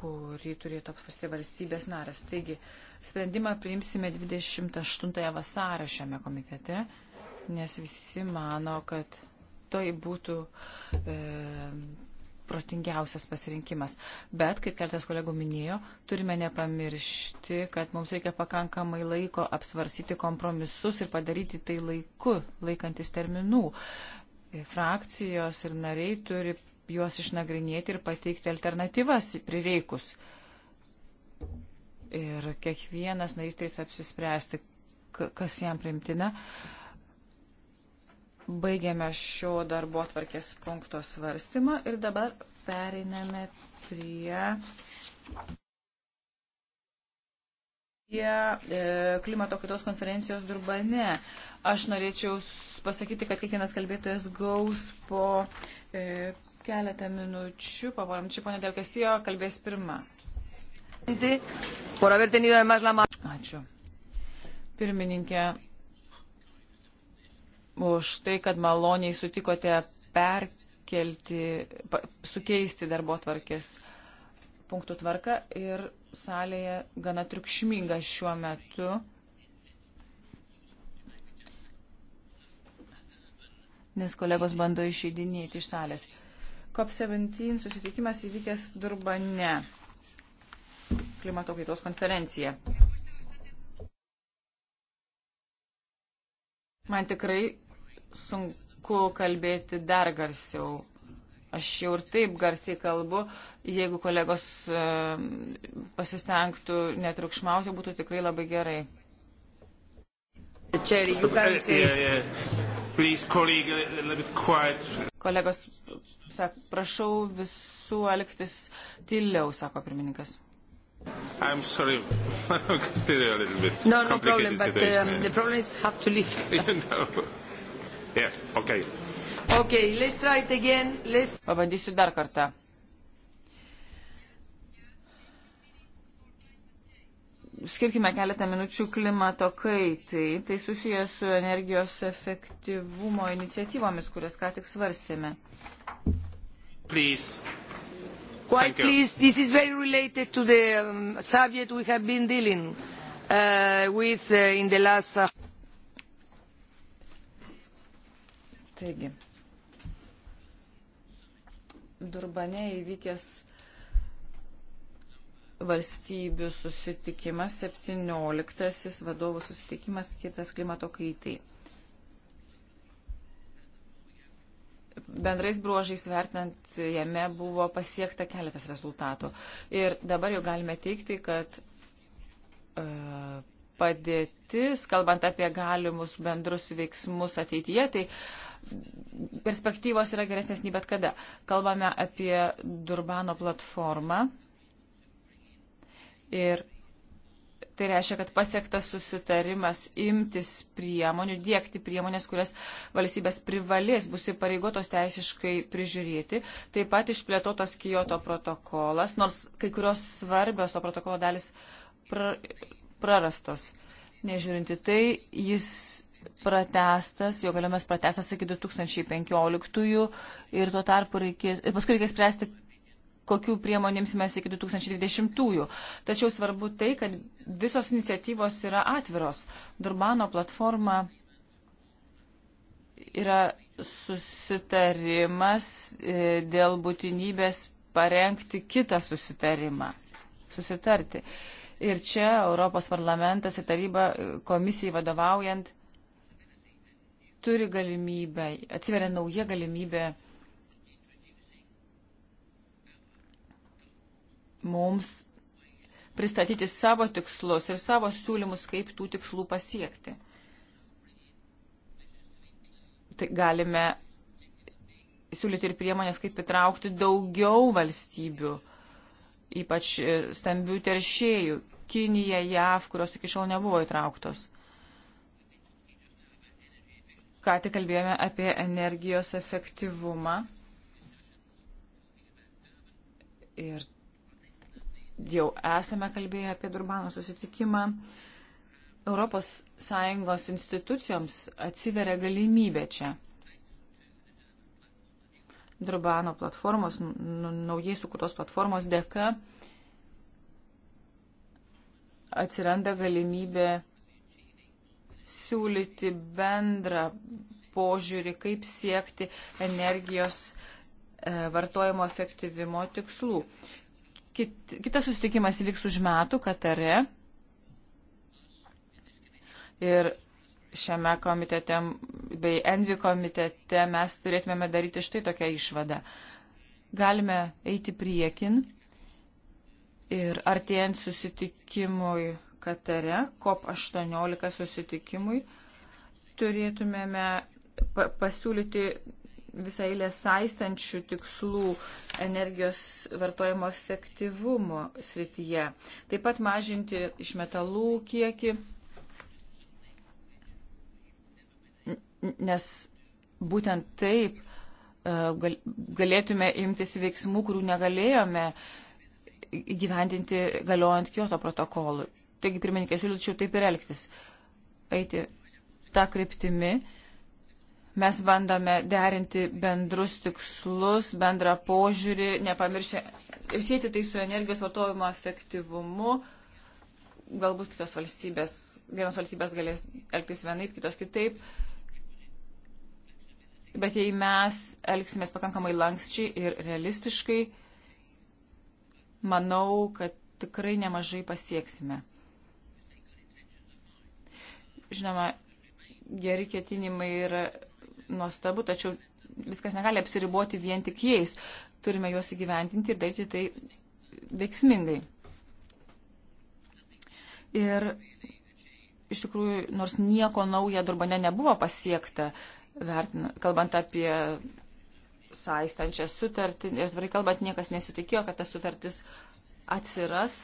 kurį turėtų apsvarstyti valstybės narės. Taigi, sprendimą priimsime 28 vasarą šiame komitete, nes visi mano, kad tai būtų e, protingiausias pasirinkimas. Bet, kaip keltas kolegų minėjo, turime nepamiršti, kad mums reikia pakankamai laiko apsvarsyti kompromisus ir padaryti tai laiku, laikantis terminų. Frakcijos ir nariai turi juos išnagrinėti ir pateikti alternatyvas prireikus. Ir kiekvienas narys turės apsispręsti, kas jam primtina. Uh, Baigėme šio darbo atvarkės punkto svarstymą ir dabar pereiname prie, prie e, klimato kaitos konferencijos Durbane. Aš norėčiau pasakyti, kad kiekvienas kalbėtojas gaus po e, keletą minučių. Pavorom, čia ponė Delkestijo kalbės pirma. Ačiū. Pirmininkė, už tai, kad maloniai sutikote perkelti, sukeisti darbo tvarkės punktų tvarką ir salėje gana triukšminga šiuo metu. Nes kolegos bando išeidinėti iš salės. COP17 susitikimas įvykęs Durbane. Klimato kaitos konferencija. Man tikrai sunku kalbėti dar garsiau. Aš jau ir taip garsiai kalbu, jeigu kolegos e, pasistengtų netrukšmauti, būtų tikrai labai gerai. Cherry, you can say. Yeah, yeah. Please, colleague, a little bit quiet. Kolegos, sak, prašau visų elgtis tyliau, sako pirmininkas. I'm sorry, I'm still a little bit. No, no problem, but um, the problem is have to leave. you know. Yeah, okay. Okay, let's try it again. Let's... Pabandysiu dar kartą. Skirkime keletą minučių klimato kaitai. Tai susijęs su energijos efektyvumo iniciatyvomis, kurias ką tik svarstėme. Please. Quite please, this is very related to the um, subject we have been dealing uh, with uh, in the last. Uh... Taigi, Durbane įvykęs valstybių susitikimas, 17 vadovų susitikimas skirtas klimato kaitai. Bendrais bruožais vertinant jame buvo pasiekta keletas rezultatų. Ir dabar jau galime teikti, kad e, padėtis, kalbant apie galimus bendrus veiksmus ateityje, tai perspektyvos yra geresnės nei bet kada. Kalbame apie Durbano platformą ir tai reiškia, kad pasiektas susitarimas imtis priemonių, dėkti priemonės, kurias valstybės privalės bus įpareigotos teisiškai prižiūrėti. Taip pat išplėtotas Kyoto protokolas, nors kai kurios svarbios to protokolo dalis pra, prarastos. Nežiūrinti tai, jis pratestas, jo galiojimas pratestas iki 2015 ir tuo tarpu reikės, ir paskui reikės spręsti, kokiu priemonėms mes iki 2020-ųjų. Tačiau svarbu tai, kad visos iniciatyvos yra atviros. Durbano platforma yra susitarimas e, dėl būtinybės parengti kitą susitarimą, susitarti. Ir čia Europos parlamentas ir taryba e, komisijai vadovaujant turi galimybę, atsiveria nauja galimybė mums pristatyti savo tikslus ir savo siūlymus, kaip tų tikslų pasiekti. Tai galime siūlyti ir priemonės, kaip įtraukti daugiau valstybių, ypač stambių teršėjų - Kinija, JAV, kurios iki šiol nebuvo įtrauktos ką tik kalbėjome apie energijos efektyvumą. Ir jau esame kalbėję apie Durbano susitikimą. ES institucijoms atsiveria galimybė čia. Durbano platformos, nu, naujai sukurtos platformos dėka atsiranda galimybė siūlyti bendrą požiūrį, kaip siekti energijos e, vartojimo efektyvimo tikslų. Kit, kitas susitikimas vyks už metų Katare. Ir šiame komitete bei Envi komitete mes turėtumėme daryti štai tokią išvadą. Galime eiti priekin ir artėjant susitikimui Katare COP18 susitikimui turėtumėme pasiūlyti visą eilę saistančių tikslų energijos vartojimo efektyvumo srityje. Taip pat mažinti iš metalų kiekį, nes būtent taip e, galėtume imtis veiksmų, kurių negalėjome gyvendinti galiojant Kyoto protokolui. Taigi, pirmininkė, siūlyčiau taip ir elgtis. Eiti tą kryptimį. Mes bandome derinti bendrus tikslus, bendrą požiūrį, nepamiršę ir sėti tai su energijos vartojimo efektyvumu. Galbūt kitos valstybės, vienos valstybės galės elgtis vienaip, kitos kitaip. Bet jei mes elgsimės pakankamai lankščiai ir realistiškai, manau, kad tikrai nemažai pasieksime. Žinoma, geri ketinimai yra nuostabu, tačiau viskas negali apsiriboti vien tik jais. Turime juos įgyventinti ir daryti tai veiksmingai. Ir iš tikrųjų, nors nieko nauja Durbane nebuvo pasiekta, vertina, kalbant apie saistančią sutartį, ir tvarai kalbant, niekas nesitikėjo, kad ta sutartis atsiras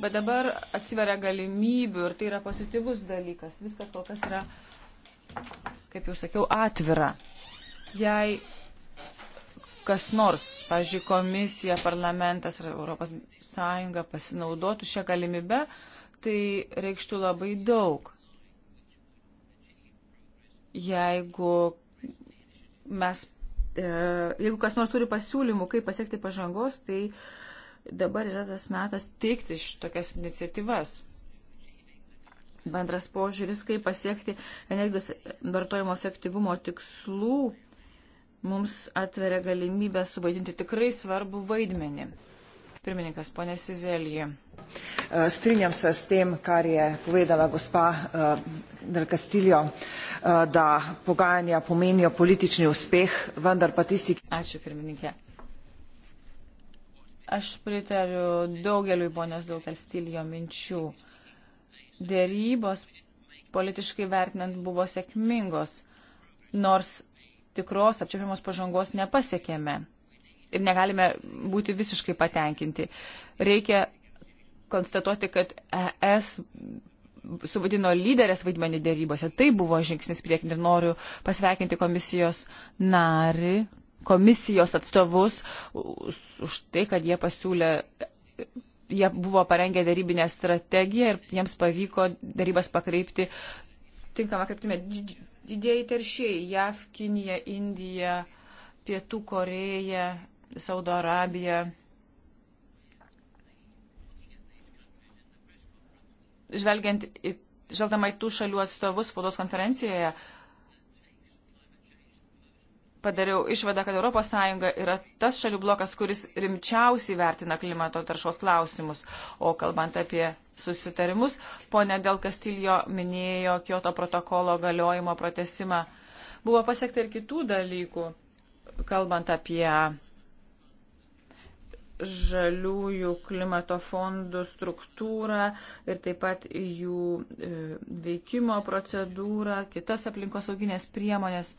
Bet dabar atsiveria galimybių ir tai yra pozityvus dalykas. Viskas kol kas yra, kaip jau sakiau, atvira. Jei kas nors, pavyzdžiui, komisija, parlamentas ar Europos Sąjunga pasinaudotų šią galimybę, tai reikštų labai daug. Jeigu mes, e, jeigu kas nors turi pasiūlymų, kaip pasiekti pažangos, tai uh, dabar yra tas metas teikti šitokias iniciatyvas. Bendras požiūris, kaip pasiekti energijos vartojimo efektyvumo tikslų, mums atveria galimybę suvaidinti tikrai svarbų vaidmenį. Pirmininkas, ponė Sizelija. E, strinjam se s tem, kar je povedala gospa e, Del Castillo, e, da pogajanja pomenijo politični uspeh, vendar pa tisti. Ačiū, pirmininkė. Aš pritariu daugeliu ponios daugel stilijo minčių. Dėrybos politiškai vertinant buvo sėkmingos, nors tikros apčiopiamos pažangos nepasiekėme ir negalime būti visiškai patenkinti. Reikia konstatuoti, kad ES suvadino lyderės vaidmenį dėrybose. Tai buvo žingsnis priekin ir noriu pasveikinti komisijos narį, komisijos atstovus už tai, kad jie pasiūlė, jie buvo parengę darybinę strategiją ir jiems pavyko darybas pakreipti tinkamą kryptimę. Didėjai teršėjai - JAV, Kinija, Indija, Pietų Koreja, Saudo Arabija. Žvelgiant į, žvelgdama į tų šalių atstovus spaudos konferencijoje, uh, padariau išvadą, kad ES yra tas šalių blokas, kuris rimčiausiai vertina klimato taršos klausimus. O kalbant apie susitarimus, ponė Del Castillo minėjo Kyoto protokolo galiojimo protesimą. Buvo pasiekta ir kitų dalykų, kalbant apie žaliųjų klimato fondų struktūrą ir taip pat jų e, veikimo procedūrą, kitas aplinkosauginės priemonės.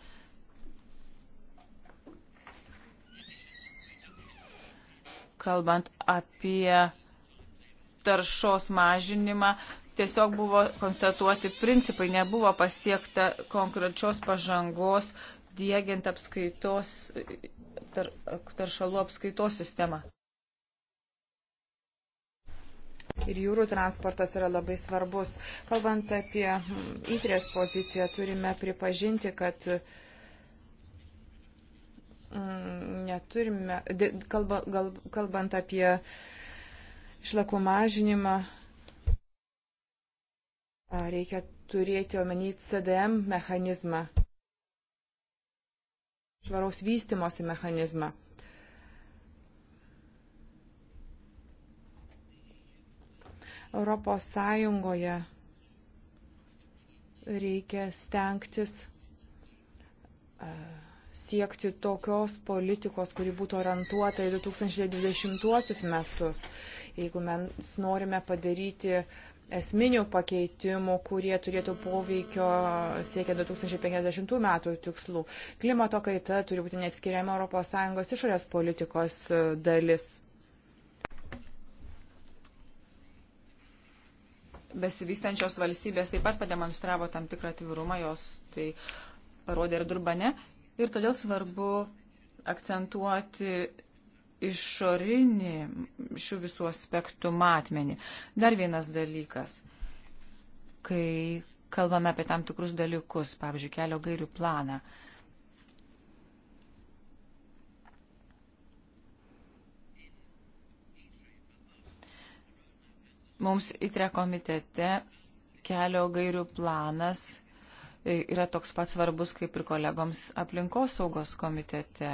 kalbant apie taršos mažinimą, tiesiog buvo konstatuoti principai, nebuvo pasiekta konkrečios pažangos dėgiant apskaitos, tar, taršalų apskaitos sistemą. Ir jūrų transportas yra labai svarbus. Kalbant apie įtrės poziciją, turime pripažinti, kad uh, Mm, neturime, kalba, gal, kalbant apie išlakų mažinimą, reikia turėti omeny CDM mechanizmą, švaraus vystimosi mechanizmą. Europos Sąjungoje reikia stengtis uh, siekti tokios politikos, kuri būtų orientuota į 2020 metus. Jeigu mes norime padaryti esminių pakeitimų, kurie turėtų poveikio siekia 2050 metų tikslų. Klimato kaita turi būti neatskiriama ES išorės politikos dalis. Besivystančios valstybės taip pat pademonstravo tam tikrą atvirumą, jos tai parodė ir Durbane. Ir todėl svarbu akcentuoti išorinį šių visų aspektų matmenį. Dar vienas dalykas, kai kalbame apie tam tikrus dalykus, pavyzdžiui, kelio gairių planą. Mums įtre komitete kelio gairių planas E, yra toks pat svarbus kaip ir kolegoms aplinkosaugos komitete.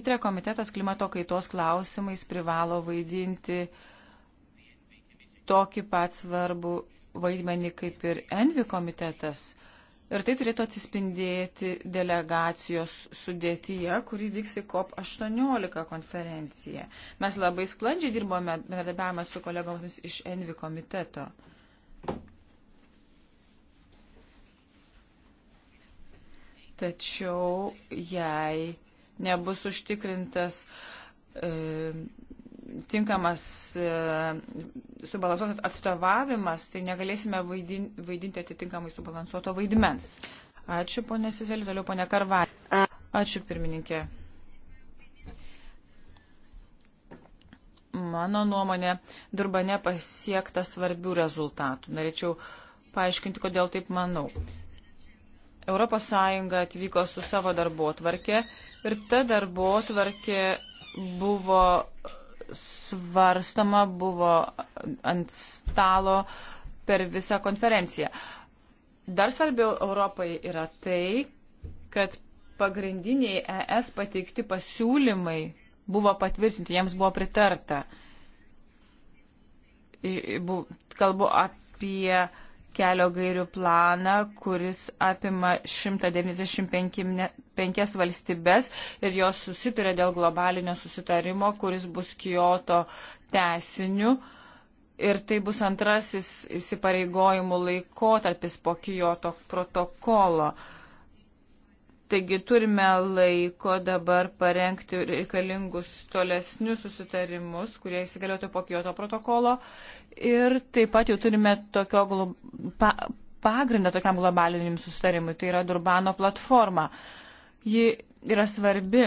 ITRE komitetas klimato kaitos klausimais privalo vaidinti tokį pat svarbų vaidmenį kaip ir Envi komitetas. Ir tai turėtų atsispindėti delegacijos sudėtyje, kuri vyks į COP18 konferenciją. Mes labai sklandžiai dirbome bendradarbiavimą su kolegomis iš Envi komiteto. Tačiau jei nebus užtikrintas e, tinkamas e, subalansuotas atstovavimas, tai negalėsime vaidin, vaidinti atitinkamai subalansuoto vaidmens. Ačiū, ponė Siselė, toliau ponė Karva. Ačiū, pirmininkė. Mano nuomonė, Durbane pasiektas svarbių rezultatų. Norėčiau paaiškinti, kodėl taip manau. ES atvyko su savo darbo tvarkė ir ta darbo tvarkė buvo svarstama, buvo ant stalo per visą konferenciją. Dar svarbiau Europai yra tai, kad pagrindiniai ES pateikti pasiūlymai buvo patvirtinti, jiems buvo pritarta. Kalbu apie kelio gairių planą, kuris apima 195 valstybės ir jos susituria dėl globalinio susitarimo, kuris bus Kyoto tesiniu. Ir tai bus antrasis įsipareigojimų laikotarpis po Kyoto protokolo. Uh, Taigi turime laiko dabar parengti reikalingus tolesnius susitarimus, kurie įsigaliotų po Kyoto protokolo. Ir taip pat jau turime tokio pa pagrindą tokiam globaliniam susitarimui, tai yra Durbano platforma. Ji yra svarbi,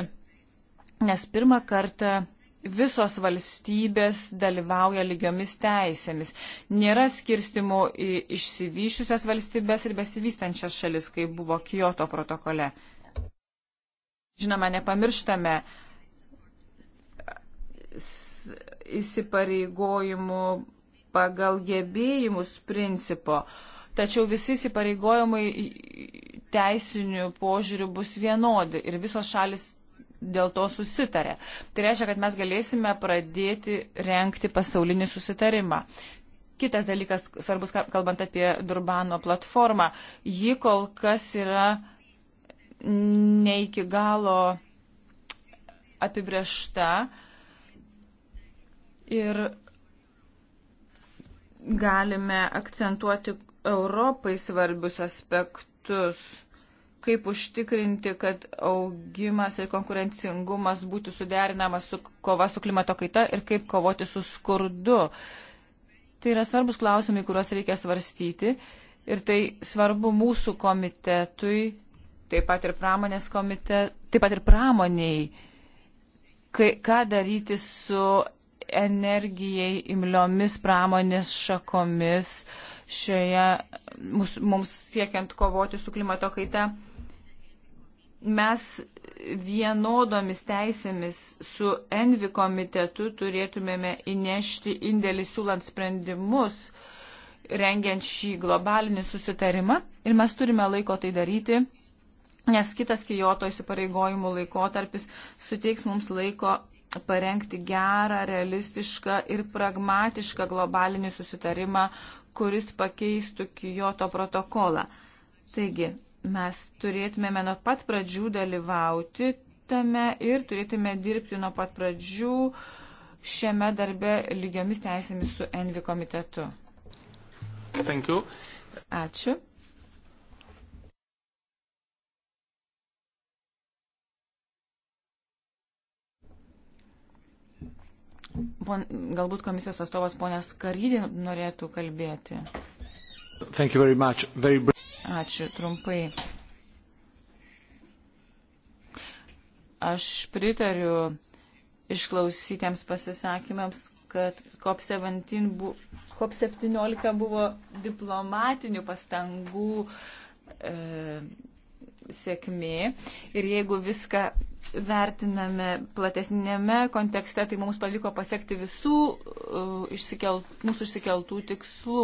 nes pirmą kartą visos valstybės dalyvauja lygiomis teisėmis. Nėra skirstimų į išsivyšiusias valstybės ir besivystančias šalis, kaip buvo Kyoto protokole. Žinoma, nepamirštame įsipareigojimų pagal gebėjimus principo, tačiau visi įsipareigojimai teisinių požiūrių bus vienodi ir visos šalis dėl to susitarė. Tai reiškia, kad mes galėsime pradėti renkti pasaulinį susitarimą. Kitas dalykas, svarbus kalbant apie Durbano platformą, ji kol kas yra ne iki galo apibriešta ir galime akcentuoti Europai svarbius aspektus kaip užtikrinti, kad augimas ir konkurencingumas būtų suderinamas su kova su klimato kaita ir kaip kovoti su skurdu. Tai yra svarbus klausimai, kuriuos reikia svarstyti ir tai svarbu mūsų komitetui, taip pat ir pramonės komitetui, taip pat ir pramoniai, kai, ką daryti su energijai imliomis pramonės šakomis šioje mums, mums siekiant kovoti su klimato kaita mes vienodomis teisėmis su Envi komitetu turėtumėme įnešti indėlį siūlant sprendimus, rengiant šį globalinį susitarimą ir mes turime laiko tai daryti, nes kitas Kijoto įsipareigojimų laikotarpis suteiks mums laiko parengti gerą, realistišką ir pragmatišką globalinį susitarimą, kuris pakeistų Kijoto protokolą. Taigi, mes turėtumėme nuo pat pradžių dalyvauti tame ir turėtume dirbti nuo pat pradžių šiame darbe lygiomis teisėmis su Envi komitetu. Thank you. Ačiū. Pon, galbūt komisijos atstovas ponas Karydė norėtų kalbėti. Very much, very Ačiū trumpai. Aš pritariu išklausytiems pasisakymams, kad COP17 bu, COP buvo diplomatinių pastangų e, sėkmė ir jeigu viską vertiname platesnėme kontekste, tai mums pavyko pasiekti visų uh, išsikelt, mūsų išsikeltų tikslų.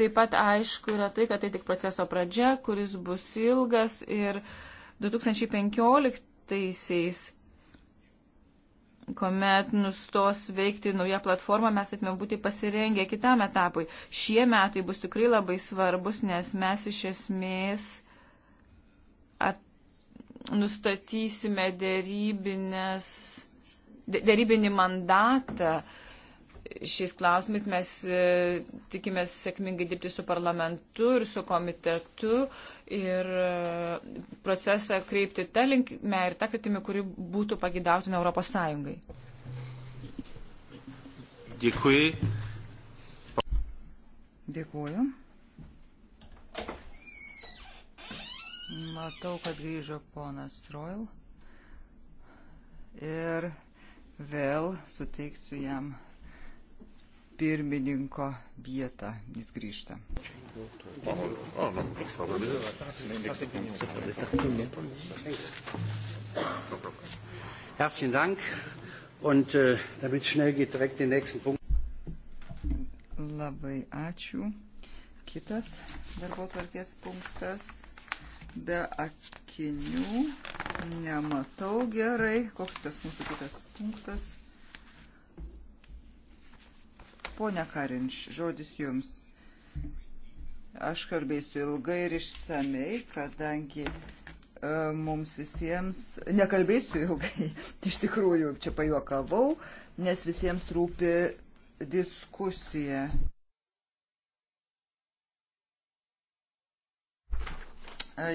Taip pat aišku yra tai, kad tai tik proceso pradžia, kuris bus ilgas ir 2015-aisiais, kuomet nustos veikti nauja platforma, mes atmėm būti pasirengę kitam etapui. Šie metai bus tikrai labai svarbus, nes mes iš esmės apie nustatysime dėrybinį mandatą, šiais klausimais mes e, tikimės sėkmingai dirbti su parlamentu ir su komitetu ir e, procesą kreipti tą linkme ir tą kryptimį, kuri būtų pagidautina Europos Sąjungai. Dėkui. Dėkuoju. Matau, kad grįžo ponas Royal. Ir vėl suteiksiu jam pirmininko vietą. Jis grįžta. Herzlichen Dank und äh, damit schnell geht direkt den nächsten Punkt. Labai ačiū. Kitas darbo tvarkės punktas be akinių nematau gerai. Koks tas mūsų kitas punktas? Pone Karinč, žodis jums. Aš kalbėsiu ilgai ir išsamei, kadangi e, mums visiems, nekalbėsiu ilgai, iš tikrųjų čia pajokavau, nes visiems rūpi diskusija.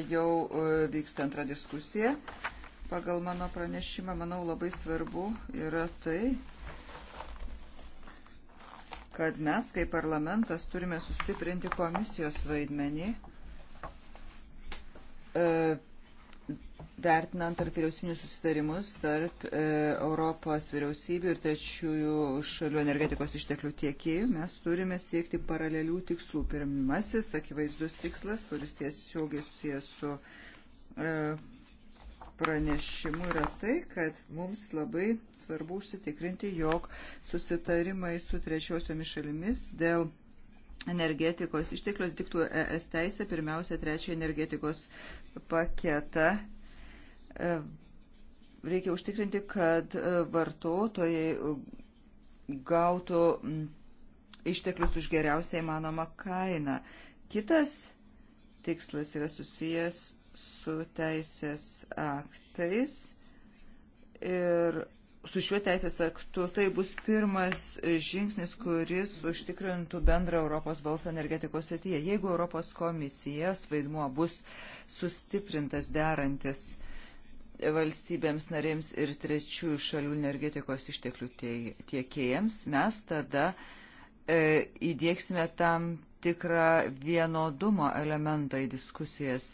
jau vyksta antra diskusija. Pagal mano pranešimą, manau, labai svarbu yra tai, kad mes kaip parlamentas turime sustiprinti komisijos vaidmenį vertinant tarp vyriausybinius susitarimus tarp e, Europos vyriausybių ir trečiųjų šalių energetikos išteklių tiekėjų, mes turime siekti paralelių tikslų. Pirmasis akivaizdus tikslas, kuris tiesiogiai susijęs su e, pranešimu, yra tai, kad mums labai svarbu užsitikrinti, jog susitarimai su trečiosiomis šalimis dėl energetikos išteklių atitiktų ES teisę, pirmiausia, trečią energetikos paketą E, reikia užtikrinti, kad e, vartotojai e, gautų išteklius už geriausiai manomą kainą. Kitas tikslas yra susijęs su teisės aktais ir su šiuo teisės aktu tai bus pirmas žingsnis, kuris užtikrintų bendrą Europos balsą energetikos srityje. Jeigu Europos komisijos vaidmuo bus sustiprintas derantis valstybėms narėms ir trečiųjų šalių energetikos išteklių tiekėjams, mes tada e, įdėksime tam tikrą vienodumo elementą į diskusijas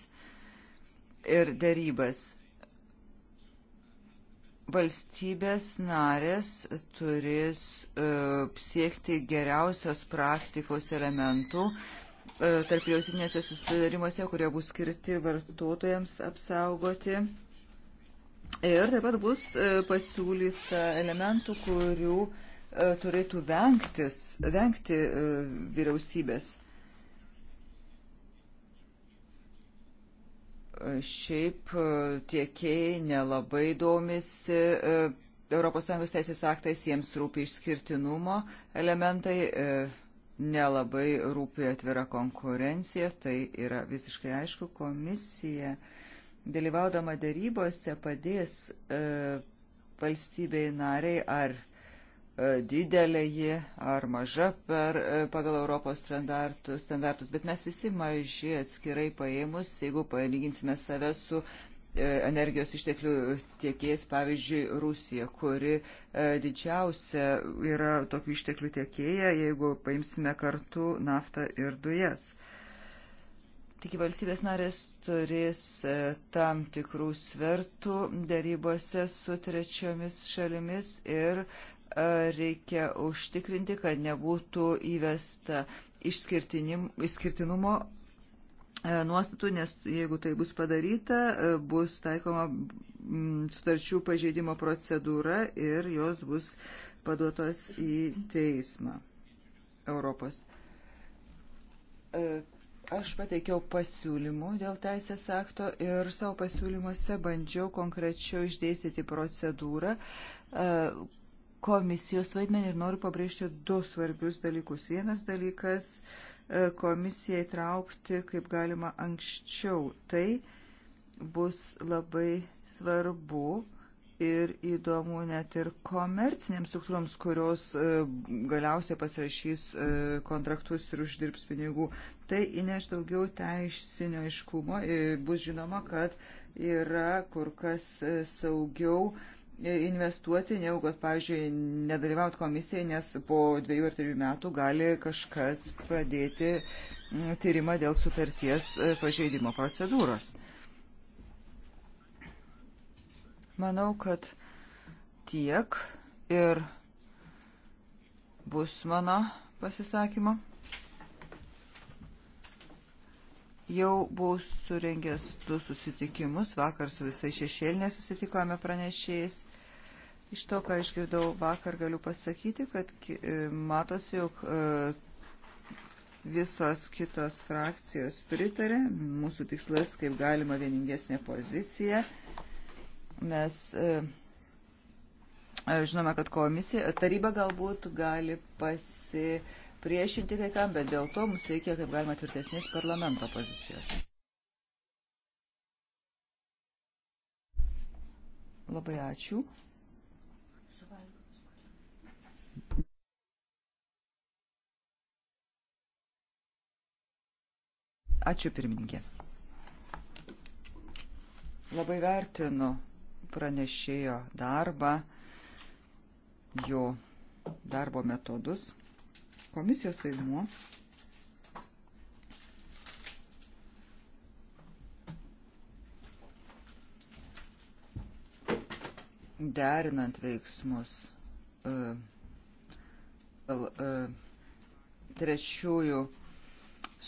ir dėrybas. Valstybės narės turės e, siekti geriausios praktikos elementų, e, tarp jausinėse susidarimuose, kurie bus skirti vartotojams apsaugoti Ir taip pat bus e, pasiūlyta elementų, kurių e, turėtų vengtis, vengti e, vyriausybės. Šiaip tiekėjai nelabai domisi ES teisės aktais, jiems rūpi išskirtinumo elementai, nelabai rūpi atvira konkurencija, tai yra visiškai aišku, komisija uh, dalyvaudama darybose padės e, valstybei nariai ar e, didelė ji ar maža per, e, pagal Europos standartus, standartus, bet mes visi maži atskirai paėmus, jeigu palyginsime save su e, energijos išteklių tiekėjais, pavyzdžiui, Rusija, kuri didžiausia yra tokių išteklių tiekėja, jeigu paimsime kartu naftą ir dujas. Tik valstybės narės turės e, tam tikrų svertų darybose su trečiomis šalimis ir e, reikia užtikrinti, kad nebūtų įvesta išskirtinumo e, nuostatų, nes jeigu tai bus padaryta, bus taikoma sutarčių pažeidimo procedūra ir jos bus paduotos į teismą Europos Aš pateikiau pasiūlymų dėl teisės akto ir savo pasiūlymuose bandžiau konkrečiau išdėstyti procedūrą e, komisijos vaidmenį ir noriu pabrėžti du svarbius dalykus. Vienas dalykas e, - komisiją įtraukti kaip galima anksčiau. Tai bus labai svarbu ir įdomu net ir komercinėms struktūroms, kurios e, galiausiai pasirašys e, kontraktus ir uždirbs pinigų. Tai įneš daugiau teisinio iškumo ir bus žinoma, kad yra kur kas e, saugiau investuoti, negu kad, pavyzdžiui, nedalyvaut komisijai, nes po dviejų ar trijų metų gali kažkas pradėti tyrimą dėl sutarties pažeidimo procedūros. Manau, kad tiek ir bus mano pasisakymo. Jau buvau surengęs du susitikimus, vakar su visai šešėlinė susitikome pranešėjais. Iš to, ką išgirdau vakar, galiu pasakyti, kad e, matosi, jog e, visos kitos frakcijos pritarė, mūsų tikslas kaip galima vieningesnė pozicija Mes e, e, žinome, kad komisija, taryba galbūt gali pasipriešinti kai kam, bet dėl to mums reikia kaip galima tvirtesnės parlamento pozicijos. Labai ačiū. Ačiū pirmininkė. Labai vertinu pranešėjo darbą, jo darbo metodus, komisijos vaidmuo. Derinant veiksmus dėl e, e, trečiųjų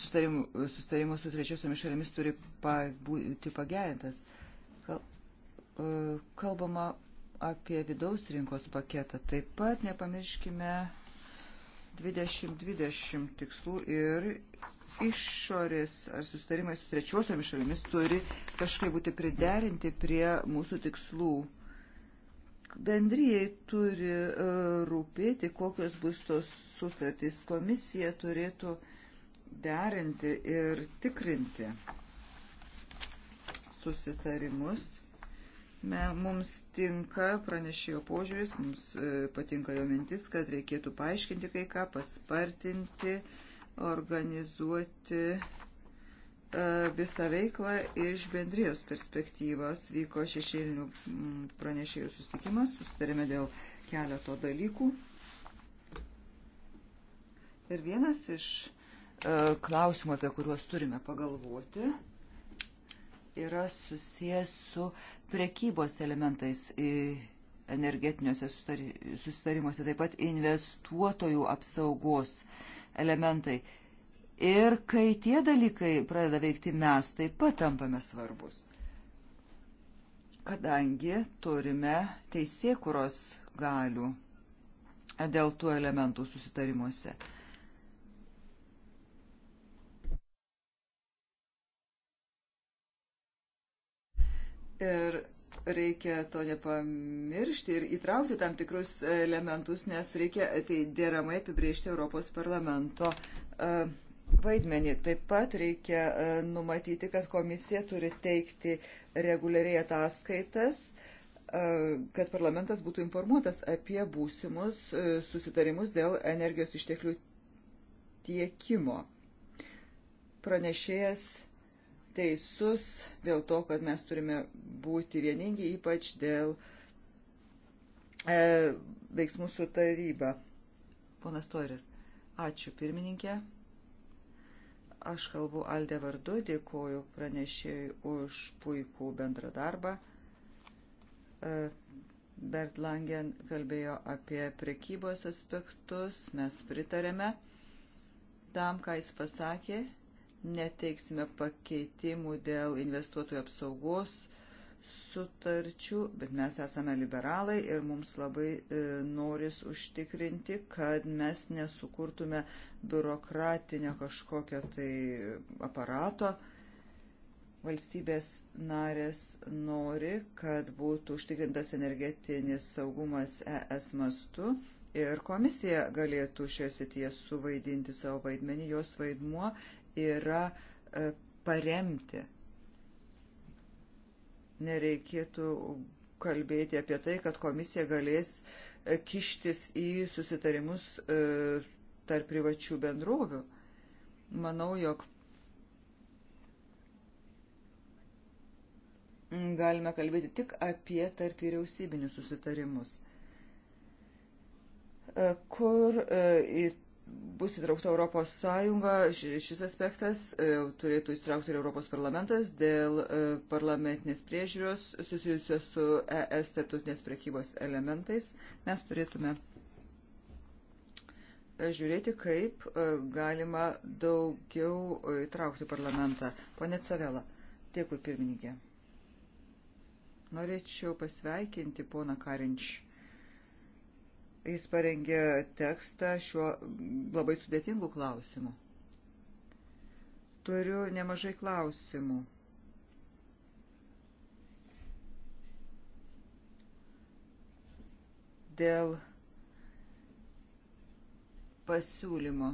sustarimų su trečiosiomis šalimis turi būti pagerintas. E, kalbama apie vidaus rinkos paketą. Taip pat nepamirškime 2020 tikslų ir išorės ar sustarimai su trečiosiomis šalimis turi kažkaip būti priderinti prie mūsų tikslų. Bendrijai turi e, rūpėti, kokios bus tos sutartys. Komisija turėtų derinti ir tikrinti susitarimus Mums tinka pranešėjo požiūris, mums e, patinka jo mintis, kad reikėtų paaiškinti kai ką, paspartinti, organizuoti e, visą veiklą iš bendrijos perspektyvos. Vyko šešėlinių pranešėjų susitikimas, susitarėme dėl keleto dalykų. Ir vienas iš e, klausimų, apie kuriuos turime pagalvoti, yra susijęs su prekybos elementais energetiniuose susitarimuose, taip pat investuotojų apsaugos elementai. Ir kai tie dalykai pradeda veikti, mes taip pat tampame svarbus. Kadangi turime teisėkuros galių dėl tų elementų susitarimuose. Ir reikia to nepamiršti ir įtraukti tam tikrus elementus, nes reikia tai deramai apibriežti Europos parlamento e, vaidmenį. Taip pat reikia e, numatyti, kad komisija turi teikti reguliariai ataskaitas e, kad parlamentas būtų informuotas apie būsimus susitarimus dėl energijos išteklių tiekimo. Pranešėjas teisus dėl to, kad mes turime būti vieningi, ypač dėl e, veiksmų su taryba. Ponas Toirer, ačiū pirmininkė. Aš kalbu Aldė vardu, dėkoju pranešėjai už puikų bendrą darbą. E, Bert Langen kalbėjo apie prekybos aspektus, mes pritarėme tam, ką jis pasakė neteiksime pakeitimų dėl investuotojų apsaugos sutarčių, bet mes esame liberalai ir mums labai e, noris užtikrinti, kad mes nesukurtume biurokratinio kažkokio tai aparato. Valstybės narės nori, kad būtų užtikrintas energetinis saugumas ES mastu ir komisija galėtų šioje sityje suvaidinti savo vaidmenį, jos vaidmuo yra e, paremti. Nereikėtų kalbėti apie tai, kad komisija galės e, kištis į susitarimus e, tarp privačių bendrovių. Manau, jog galime kalbėti tik apie tarp vyriausybinius susitarimus, kur bus įtraukta Europos Sąjunga, šis aspektas e, turėtų įstraukti ir Europos parlamentas dėl e, parlamentinės priežiūros susijusios su ES tarptautinės prekybos elementais. Mes turėtume e, žiūrėti, kaip galima daugiau įtraukti parlamentą. Pone Cavela, dėkui pirmininkė. Norėčiau pasveikinti poną Karinčių Jis parengė tekstą šiuo labai sudėtingu klausimu. Turiu nemažai klausimų. Dėl pasiūlymo.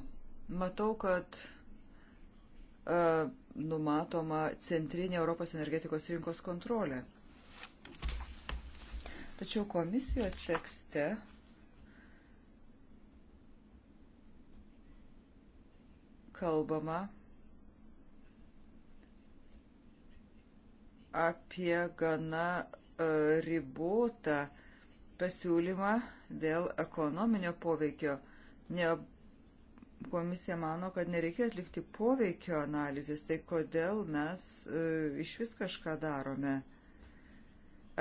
Matau, kad a, e, numatoma centrinė Europos energetikos rinkos kontrolė. Tačiau komisijos tekste kalbama apie gana e, ribotą pasiūlymą dėl ekonominio poveikio. Ne, komisija mano, kad nereikia atlikti poveikio analizės, tai kodėl mes e, iš vis kažką darome.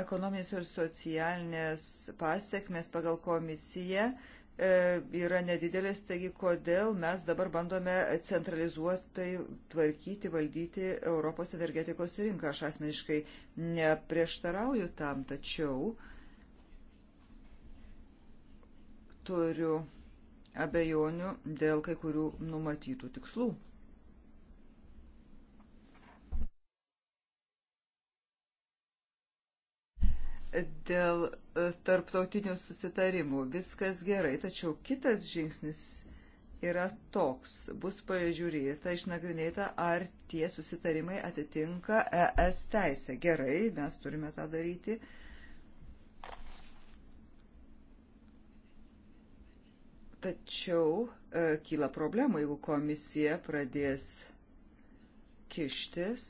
Ekonominės ir socialinės pasiekmes pagal komisiją E, yra nedidelės, taigi kodėl mes dabar bandome centralizuotai tvarkyti, valdyti Europos energetikos rinką. Aš asmeniškai neprieštarauju tam, tačiau turiu abejonių dėl kai kurių numatytų tikslų. dėl e, tarptautinių susitarimų. Viskas gerai, tačiau kitas žingsnis yra toks. Bus pažiūrėta, išnagrinėta, ar tie susitarimai atitinka ES teisę. Gerai, mes turime tą daryti. Tačiau e, kyla problemų, jeigu komisija pradės kištis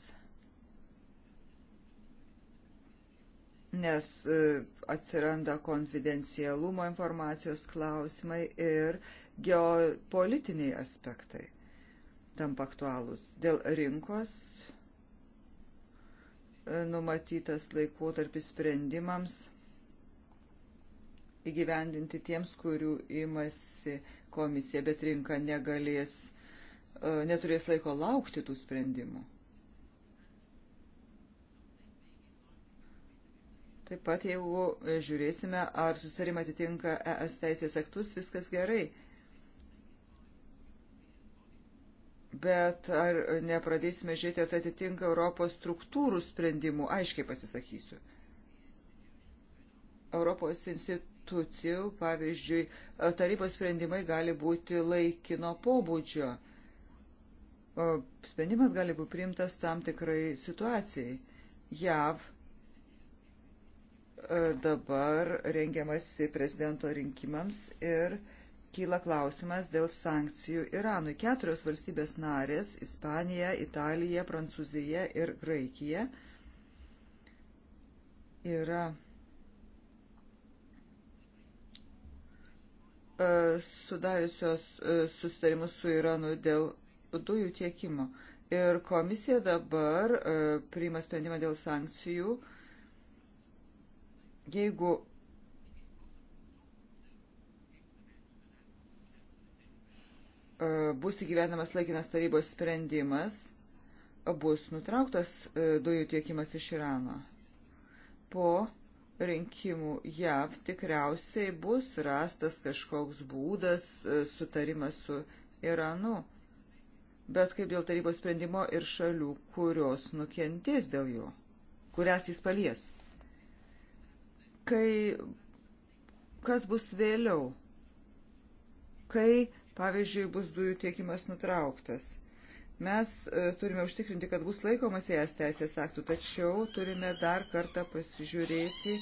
nes e, atsiranda konfidencialumo informacijos klausimai ir geopolitiniai aspektai tampa aktualūs. Dėl rinkos e, numatytas laikotarpis sprendimams įgyvendinti tiems, kurių imasi komisija, bet rinka negalės, e, neturės laiko laukti tų sprendimų. Taip pat, jeigu e, žiūrėsime, ar susitarimą atitinka ES teisės aktus, viskas gerai. Bet ar nepradėsime žiūrėti, ar tai atitinka Europos struktūrų sprendimų, aiškiai pasisakysiu. Europos institucijų, pavyzdžiui, e, tarybos sprendimai gali būti laikino pobūdžio. E, sprendimas gali būti priimtas tam tikrai situacijai. JAV dabar rengiamasi prezidento rinkimams ir kyla klausimas dėl sankcijų Iranui. Keturios valstybės narės - Ispanija, Italija, Prancūzija ir Graikija - yra e, sudariusios e, sustarimus su Iranu dėl dujų tiekimo. Ir komisija dabar e, priima sprendimą dėl sankcijų Jeigu e, bus įgyvenamas laikinas tarybos sprendimas, bus nutrauktas e, dujų tiekimas iš Irano. Po rinkimų JAV tikriausiai bus rastas kažkoks būdas e, sutarimas su Iranu. Bet kaip dėl tarybos sprendimo ir šalių, kurios nukentės dėl jo, kurias jis palies kai kas bus vėliau, kai, pavyzdžiui, bus dujų tiekimas nutrauktas. Mes e, turime užtikrinti, kad bus laikomas ES teisės aktų, tačiau turime dar kartą pasižiūrėti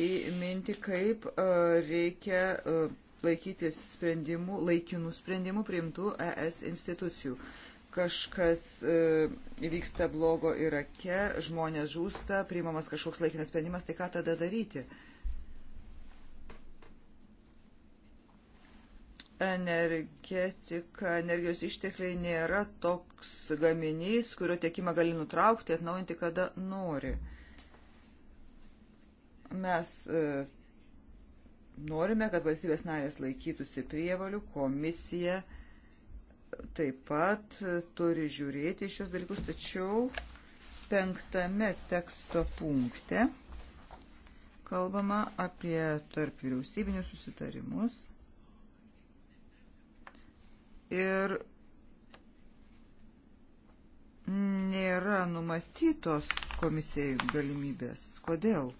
į mintį, kaip e, reikia e, laikytis sprendimų, laikinų sprendimų priimtų ES institucijų kažkas e, įvyksta blogo Irake, žmonės žūsta, priimamas kažkoks laikinas sprendimas, tai ką tada daryti? Energetika, energijos ištekliai nėra toks gaminys, kurio tiekimą gali nutraukti, atnaujinti kada nori. Mes e, norime, kad valstybės narės laikytųsi prievalių, komisija, komisija taip pat turi žiūrėti šios dalykus, tačiau penktame teksto punkte kalbama apie tarp vyriausybinius susitarimus ir nėra numatytos komisijai galimybės. Kodėl?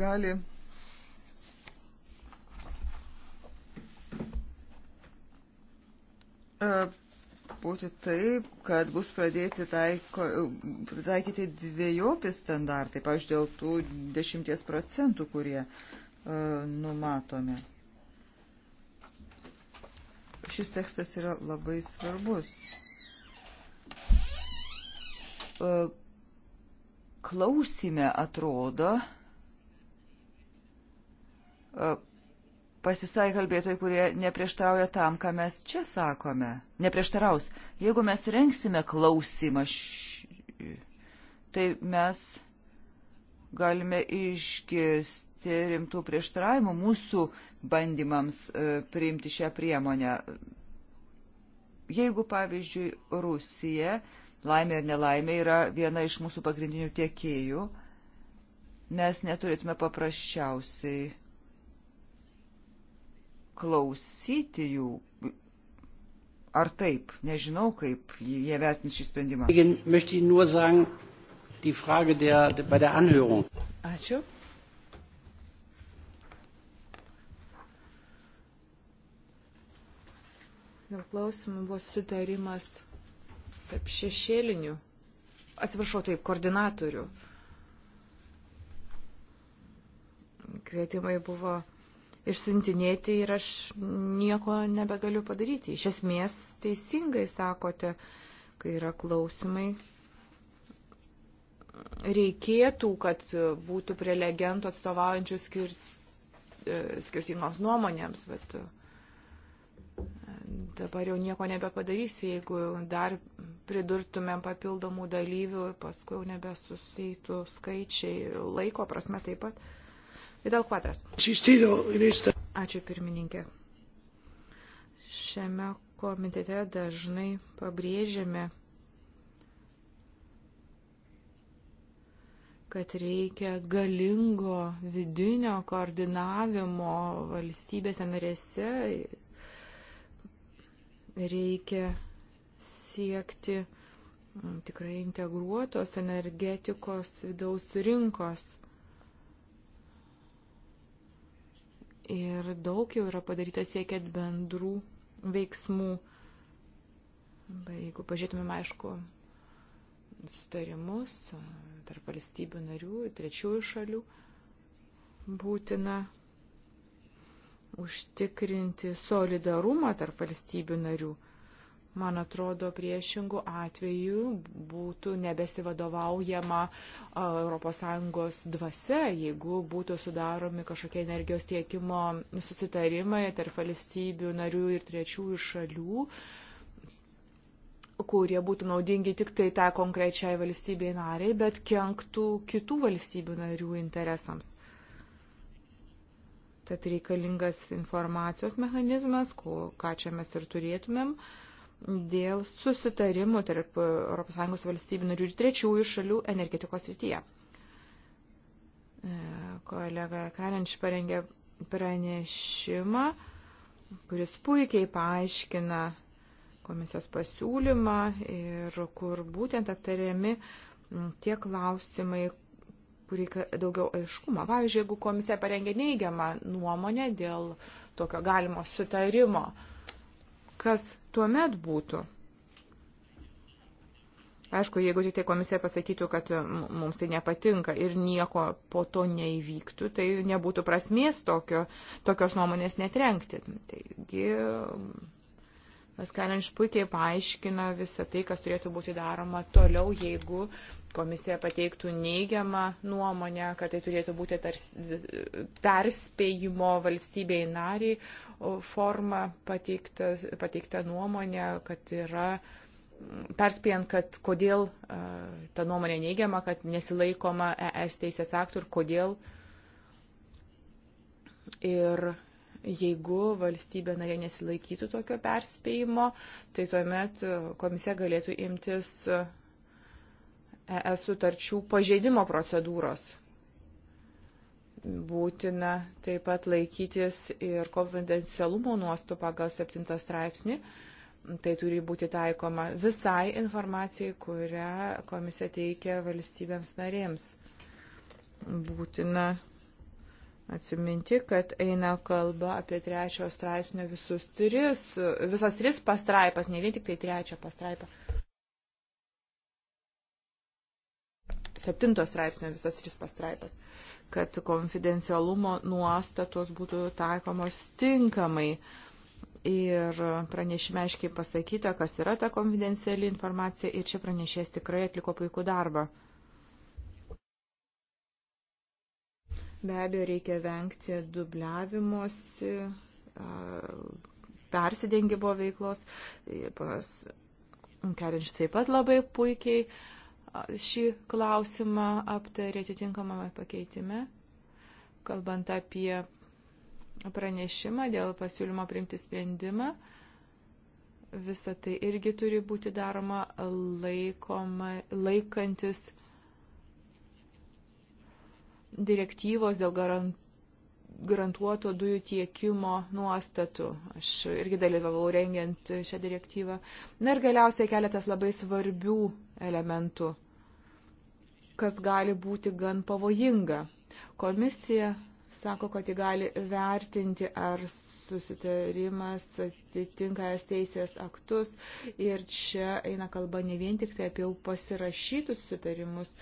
Gali E, būti taip, kad bus pradėti taiko, taikyti dviejopi standartai, pavyzdžiui, dėl tų dešimties procentų, kurie uh, numatome. Šis tekstas yra labai svarbus. Uh, klausime atrodo, uh, pasisai kalbėtojai, kurie neprieštrauja tam, ką mes čia sakome. Neprieštaraus. Jeigu mes renksime klausimą, š... tai mes galime išgirsti rimtų prieštaravimų mūsų bandymams e, priimti šią priemonę. Jeigu, pavyzdžiui, Rusija, laimė ir nelaimė, yra viena iš mūsų pagrindinių tiekėjų, mes neturėtume paprasčiausiai klausyti jų. Ar taip? Nežinau, kaip jie vertins šį sprendimą. Ačiū. Dėl klausimų buvo sutarimas tarp šešėlinių, atsiprašau, taip, koordinatorių. Kvietimai buvo išsiuntinėti ir aš nieko nebegaliu padaryti. Iš esmės teisingai sakote, kai yra klausimai, reikėtų, kad būtų prelegentų atstovaujančių skir... E, skirtingoms nuomonėms, bet e, dabar jau nieko nebepadarysi, jeigu dar pridurtumėm papildomų dalyvių, paskui jau nebesuseitų skaičiai, laiko prasme taip pat. Vidal Quadras. Ačiū pirmininkė. Šiame komitete dažnai pabrėžiame, kad reikia galingo vidinio koordinavimo valstybėse narėse, reikia siekti tikrai integruotos energetikos vidaus rinkos. ir daug jau yra padaryta siekiant bendrų veiksmų. Be, jeigu pažiūrėtumėm, aišku, sutarimus tarp valstybių narių, trečiųjų šalių, būtina užtikrinti solidarumą tarp valstybių narių. Man atrodo, priešingų atvejų būtų nebesivadovaujama ES dvasia, jeigu būtų sudaromi kažkokie energijos tiekimo susitarimai tarp valstybių narių ir trečiųjų šalių, kurie būtų naudingi tik tai tą tai konkrečiai valstybei nariai, bet kenktų kitų valstybių narių interesams. Tad reikalingas informacijos mechanizmas, ko, ką čia mes ir turėtumėm. Uh, dėl susitarimų tarp ES valstybių narių ir trečiųjų šalių energetikos srityje. E, kolega Karenč parengė pranešimą, kuris puikiai paaiškina komisijos pasiūlymą ir kur būtent aptariami tie klausimai, kur reikia daugiau aiškumo. Pavyzdžiui, jeigu komisija parengė neigiamą nuomonę dėl tokio galimo sutarimo, kas tuomet būtų? Aišku, jeigu tik tai komisija pasakytų, kad mums tai nepatinka ir nieko po to neįvyktų, tai nebūtų prasmės tokio, tokios nuomonės netrenkti. Taigi Paskalinš puikiai paaiškina visą tai, kas turėtų būti daroma toliau, jeigu komisija pateiktų neigiamą nuomonę, kad tai turėtų būti tarsi, perspėjimo valstybei nariai forma pateikta, pateikta nuomonė, kad yra perspėjant, kad kodėl ta nuomonė neigiama, kad nesilaikoma ES teisės aktų ir kodėl. Ir Jeigu valstybė narė nesilaikytų tokio perspėjimo, tai tuomet e, komisija galėtų imtis ES e sutarčių pažeidimo procedūros. Būtina taip pat laikytis ir konfidencialumo nuostų pagal 7 straipsnį. Tai turi būti taikoma visai informacijai, kurią komisija teikia valstybėms narėms. Būtina atsiminti, kad eina kalba apie trečio straipsnio visus tris, visas tris pastraipas, ne vien tik tai trečią pastraipą. Septinto straipsnio visas tris pastraipas, kad konfidencialumo nuostatos būtų taikomos tinkamai. Ir pranešime aiškiai pasakyta, kas yra ta konfidenciali informacija ir čia pranešės tikrai atliko puikų darbą. Be abejo, reikia vengti dubliavimuose, persidengimo veiklos. Panas Kerinč taip pat labai puikiai šį klausimą aptarė atitinkamame pakeitime, kalbant apie pranešimą dėl pasiūlymo priimti sprendimą. Visą tai irgi turi būti daroma laikoma, laikantis direktyvos dėl garantuoto dujų tiekimo nuostatų. Aš irgi dalyvavau rengiant šią direktyvą. Na ir galiausiai keletas labai svarbių elementų, kas gali būti gan pavojinga. Komisija sako, kad ji gali vertinti, ar susitarimas atitinka es teisės aktus. Ir čia eina kalba ne vien tik tai apie jau pasirašytus susitarimus,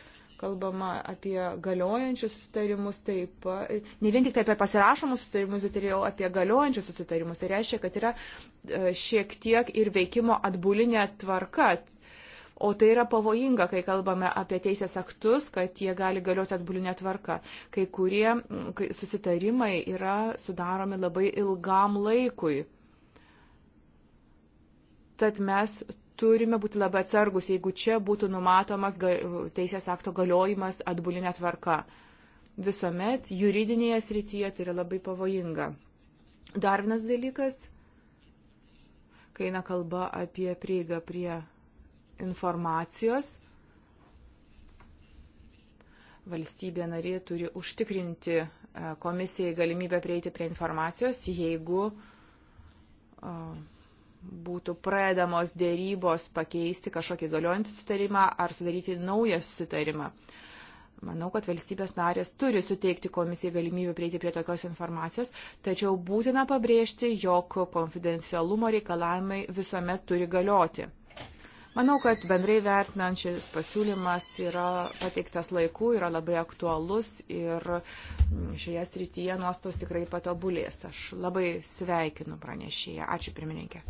kalbama apie galiojančius sutarimus, taip, ne vien tik tai apie pasirašomus sutarimus, bet ir jau apie galiojančius sutarimus. Tai reiškia, kad yra e, šiek tiek ir veikimo atbulinė tvarka. O tai yra pavojinga, kai kalbame apie teisės aktus, kad jie gali galioti atbulinę tvarką. Kai kurie kai susitarimai yra sudaromi labai ilgam laikui. Tad mes turime būti labai atsargus, jeigu čia būtų numatomas teisės akto galiojimas atbulinė tvarka. Visuomet juridinėje srityje tai yra labai pavojinga. Dar vienas dalykas, kai eina kalba apie prieigą prie informacijos, valstybė narė turi užtikrinti e, komisijai galimybę prieiti prie informacijos, jeigu uh, būtų pradedamos dėrybos pakeisti kažkokį galiojantį sutarimą ar sudaryti naują sutarimą. Manau, kad valstybės narės turi suteikti komisijai galimybę prieiti prie tokios informacijos, tačiau būtina pabrėžti, jog konfidencialumo reikalavimai visuomet turi galioti. Manau, kad bendrai vertinant šis pasiūlymas yra pateiktas laiku, yra labai aktualus ir mm, šioje srityje nuostos tikrai patobulės. Aš labai sveikinu pranešėją. Ačiū, pirmininkė.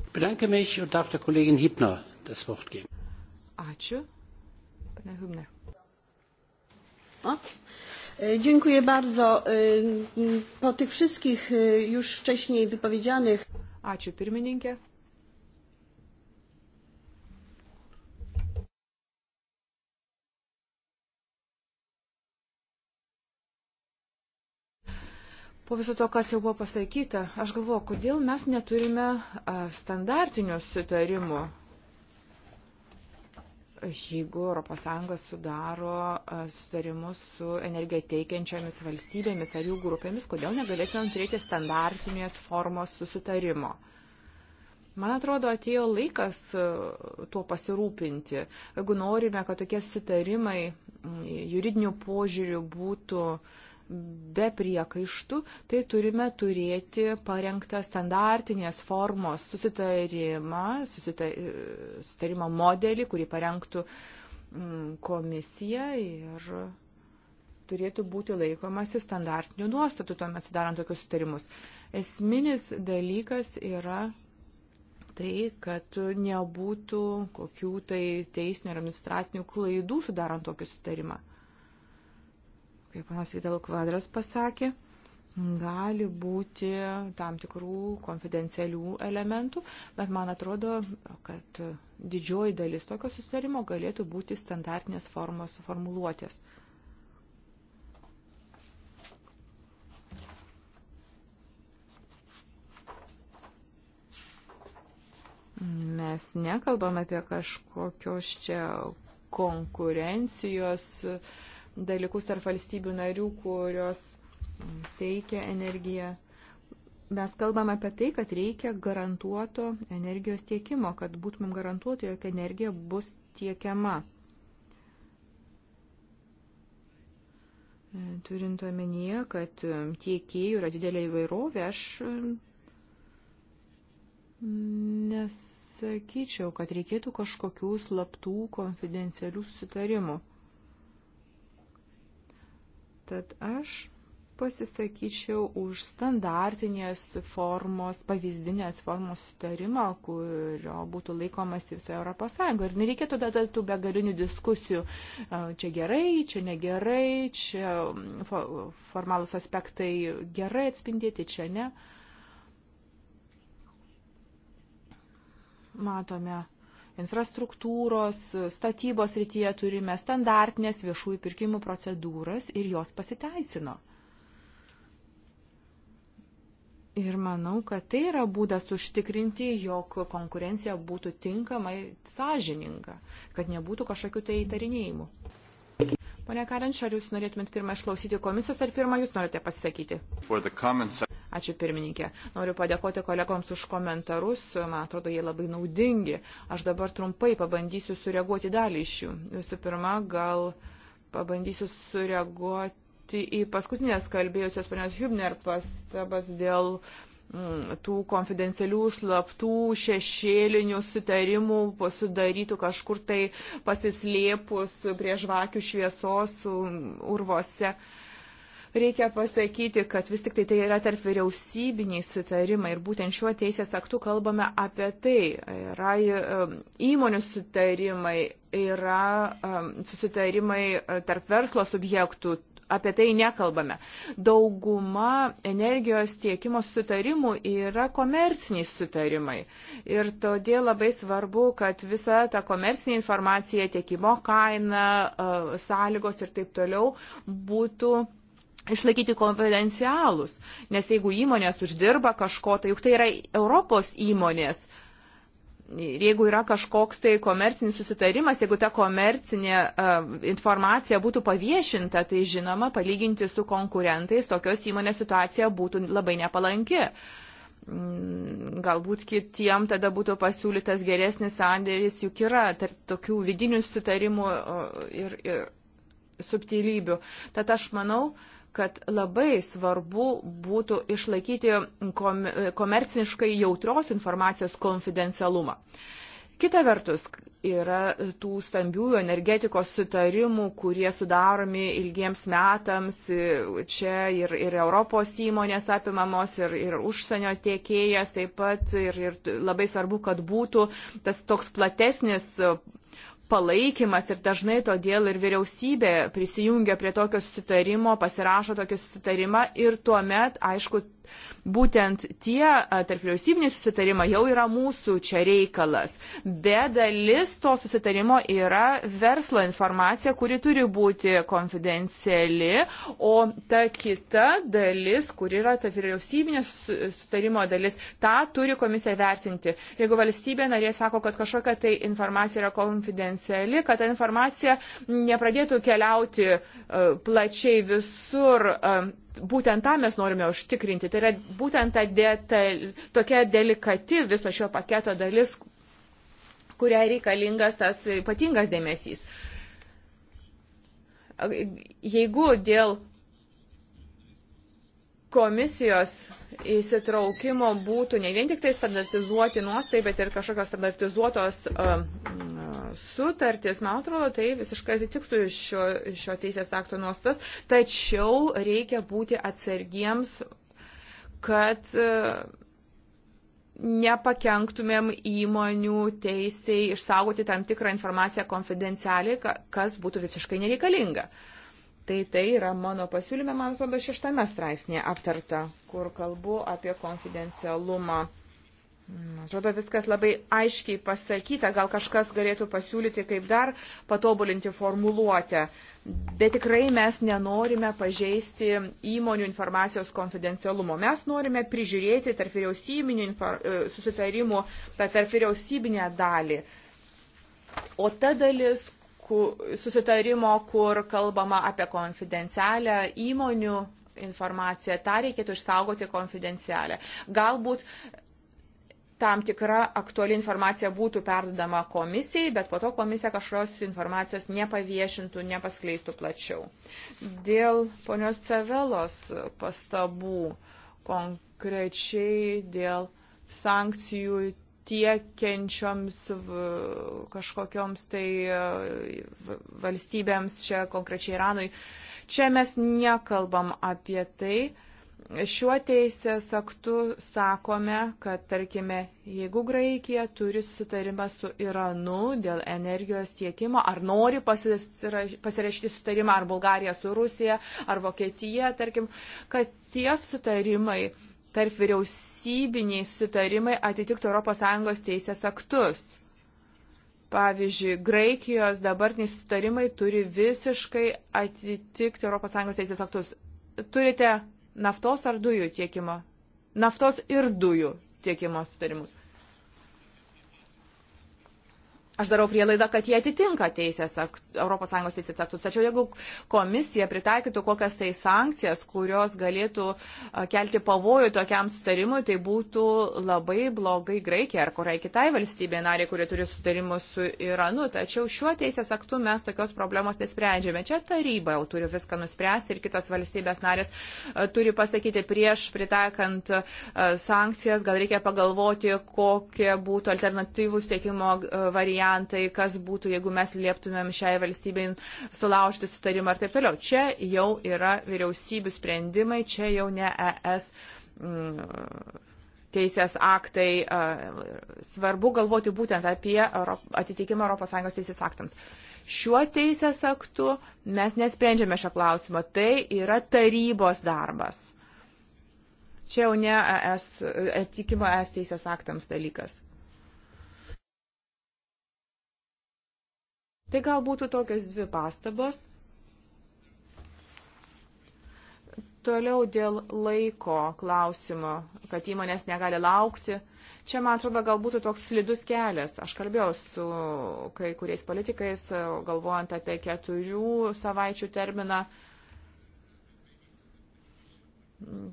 Ačiū. Pane Hübner. E, dziękuję bardzo. E, po tych wszystkich e, już wcześniej wypowiedzianych. Ačiū pirmininkė. Po viso to, kas jau buvo pasakyta, aš galvoju, kodėl mes neturime standartinių sutarimų, jeigu ES sudaro sutarimus su energiją teikiančiamis valstybėmis ar jų grupėmis, kodėl negalėtumėm turėti standartinės formos susitarimo. Man atrodo, atėjo laikas tuo pasirūpinti. Jeigu norime, kad tokie sutarimai juridinių požiūrių būtų uh, be priekaištų, tai turime turėti parengtą standartinės formos susitarimą, susitarimo modelį, kurį parengtų mm, komisija ir turėtų būti laikomasi standartinių nuostatų, tuomet sudarant tokius sutarimus. Esminis dalykas yra tai, kad nebūtų kokių tai teisinių ir administracinių klaidų sudarant tokį sutarimą kaip panas Vidal Kvadras pasakė, gali būti tam tikrų konfidencialių elementų, bet man atrodo, kad didžioji dalis tokio susitarimo galėtų būti standartinės formos formuluotės. Mes nekalbam apie kažkokios čia konkurencijos uh, dalykus tarp valstybių narių, kurios teikia energiją. Mes kalbam apie tai, kad reikia garantuoto energijos tiekimo, kad būtumėm garantuoti, jog energija bus tiekiama. Turint omenyje, kad tiekėjų yra didelė įvairovė, aš nesakyčiau, kad reikėtų kažkokių slaptų, konfidencialių susitarimų. Tad aš pasisakyčiau už standartinės formos, pavyzdinės formos sutarimą, kurio būtų laikomas visoje Europos Sąjungoje. Ir nereikėtų tada tų begalinių diskusijų, čia gerai, čia negerai, čia formalus aspektai gerai atspindėti, čia ne. Matome infrastruktūros, statybos rytyje turime standartinės viešųjų pirkimų procedūras ir jos pasiteisino. Ir manau, kad tai yra būdas užtikrinti, jog konkurencija būtų tinkama ir sąžininga, kad nebūtų kažkokių tai įtarinėjimų. Pone Karenč, ar jūs norėtumėt pirmą išklausyti komisijos, ar pirmą jūs norite pasisakyti? Ačiū pirmininkė. Noriu padėkoti kolegoms už komentarus. Man atrodo, jie labai naudingi. Aš dabar trumpai pabandysiu sureaguoti dalį iš jų. Visų pirma, gal pabandysiu sureaguoti į paskutinės kalbėjusios ponios Hübner pastabas dėl mm, tų konfidencialių, slaptų, šešėlinių sutarimų sudarytų kažkur tai pasislėpus prie žvakių šviesos mm, urvose. Uh, reikia pasakyti, kad vis tik tai tai yra tarp vyriausybiniai sutarimai ir būtent šiuo teisės aktu kalbame apie tai. Yra um, įmonių sutarimai, yra um, susitarimai uh, tarp verslo subjektų, apie tai nekalbame. Dauguma energijos tiekimo sutarimų yra komerciniai sutarimai. Ir todėl labai svarbu, kad visa ta komercinė informacija, tiekimo kaina, uh, sąlygos ir taip toliau būtų išlaikyti konfidencialus, nes jeigu įmonės uždirba kažko, tai juk tai yra Europos įmonės. Ir jeigu yra kažkoks tai komercinis susitarimas, jeigu ta komercinė uh, informacija būtų paviešinta, tai žinoma, palyginti su konkurentais tokios įmonės situacija būtų labai nepalanki. Mm, galbūt kitiem tada būtų pasiūlytas geresnis sandėris, juk yra tarp tokių vidinių sutarimų e, ir, ir subtilybių. Tad aš manau, uh, kad labai svarbu būtų išlaikyti komerciniškai jautrios informacijos konfidencialumą. Kita vertus, yra tų stambiųjų energetikos sutarimų, kurie sudaromi ilgiems metams, čia ir, ir Europos įmonės apimamos, ir, ir užsienio tiekėjas taip pat, ir, ir labai svarbu, kad būtų tas toks platesnis palaikymas ir dažnai todėl ir vyriausybė prisijungia prie tokio susitarimo, pasirašo tokį susitarimą ir tuomet, aišku, būtent tie tarp vyriausybiniai susitarimai jau yra mūsų čia reikalas. Bet dalis to susitarimo yra verslo informacija, kuri turi būti konfidenciali, o ta kita dalis, kur yra ta vyriausybinė susitarimo dalis, tą turi komisija vertinti. Jeigu valstybė narė sako, kad kažkokia tai informacija yra konfidenciali, kad ta informacija nepradėtų keliauti plačiai visur būtent tą mes norime užtikrinti. Tai yra būtent ta detal, tokia delikati viso šio paketo dalis, kuriai reikalingas tas ypatingas dėmesys. Jeigu dėl komisijos įsitraukimo būtų ne vien tik tai standartizuoti nuostai, bet ir kažkokios standartizuotos uh, sutartys, man atrodo, tai visiškai atitiktų šio, šio teisės akto nuostas, tačiau reikia būti atsargiems, kad uh, nepakenktumėm įmonių teisiai išsaugoti tam tikrą informaciją konfidencialiai, kas būtų visiškai nereikalinga. Uh, Tai tai yra mano pasiūlyme, man atrodo, šeštame straipsnėje aptarta, kur kalbu apie konfidencialumą. Man atrodo, viskas labai aiškiai pasakyta, gal kažkas galėtų pasiūlyti, kaip dar patobulinti formuluotę, bet tikrai mes nenorime pažeisti įmonių informacijos konfidencialumo. Mes norime prižiūrėti tarp vyriausybinių e, susitarimų, tarp vyriausybinę dalį. O ta dalis, susitarimo, kur kalbama apie konfidencialią įmonių informaciją. Ta reikėtų išsaugoti konfidencialią. Galbūt tam tikra aktuali informacija būtų perdodama komisijai, bet po to komisija kažkokios informacijos nepaviešintų, nepaskleistų plačiau. Dėl ponios Cevelos pastabų konkrečiai dėl sankcijų tiekiančioms kažkokioms tai e, valstybėms, čia konkrečiai Iranui. Čia mes nekalbam apie tai. Šiuo teisės aktu sakome, kad tarkime, jeigu Graikija turi sutarimą su Iranu dėl energijos tiekimo, ar nori pasirašyti sutarimą, ar Bulgarija su Rusija, ar Vokietija, tarkim, kad tie sutarimai tarp vyriausybiniai sutarimai atitiktų ES teisės aktus. Pavyzdžiui, Graikijos dabartiniai sutarimai turi visiškai atitikti ES teisės aktus. Turite naftos ar dujų tiekimo? Naftos ir dujų tiekimo sutarimus. Aš darau prielaidą, kad jie atitinka teisės akt, ES teisės aktus. Tačiau jeigu komisija pritaikytų kokias tai sankcijas, kurios galėtų kelti pavojų tokiam sutarimui, tai būtų labai blogai Graikija ar kuriai kitai valstybė narė, kuri turi sutarimus su Iranu. Tačiau šiuo teisės aktu mes tokios problemos nesprendžiame. Čia taryba jau turi viską nuspręsti ir kitos valstybės narės turi pasakyti prieš pritaikant sankcijas, gal reikia pagalvoti, kokie būtų alternatyvų steikimo variantai variantai, kas būtų, jeigu mes lieptumėm šiai valstybei sulaužti sutarimą ir taip toliau. Čia jau yra vyriausybių sprendimai, čia jau ne ES. Mm, teisės aktai. Svarbu galvoti būtent apie atitikimą ES teisės aktams. Šiuo teisės aktu mes nesprendžiame šio klausimo. Tai yra tarybos darbas. Čia jau ne es, e, atitikimo es teisės aktams dalykas. Tai gal būtų tokios dvi pastabos. Toliau dėl laiko klausimo, kad įmonės negali laukti. Čia, man atrodo, gal būtų toks slidus kelias. Aš kalbėjau su kai kuriais politikais, galvojant apie keturių savaičių terminą. Uh,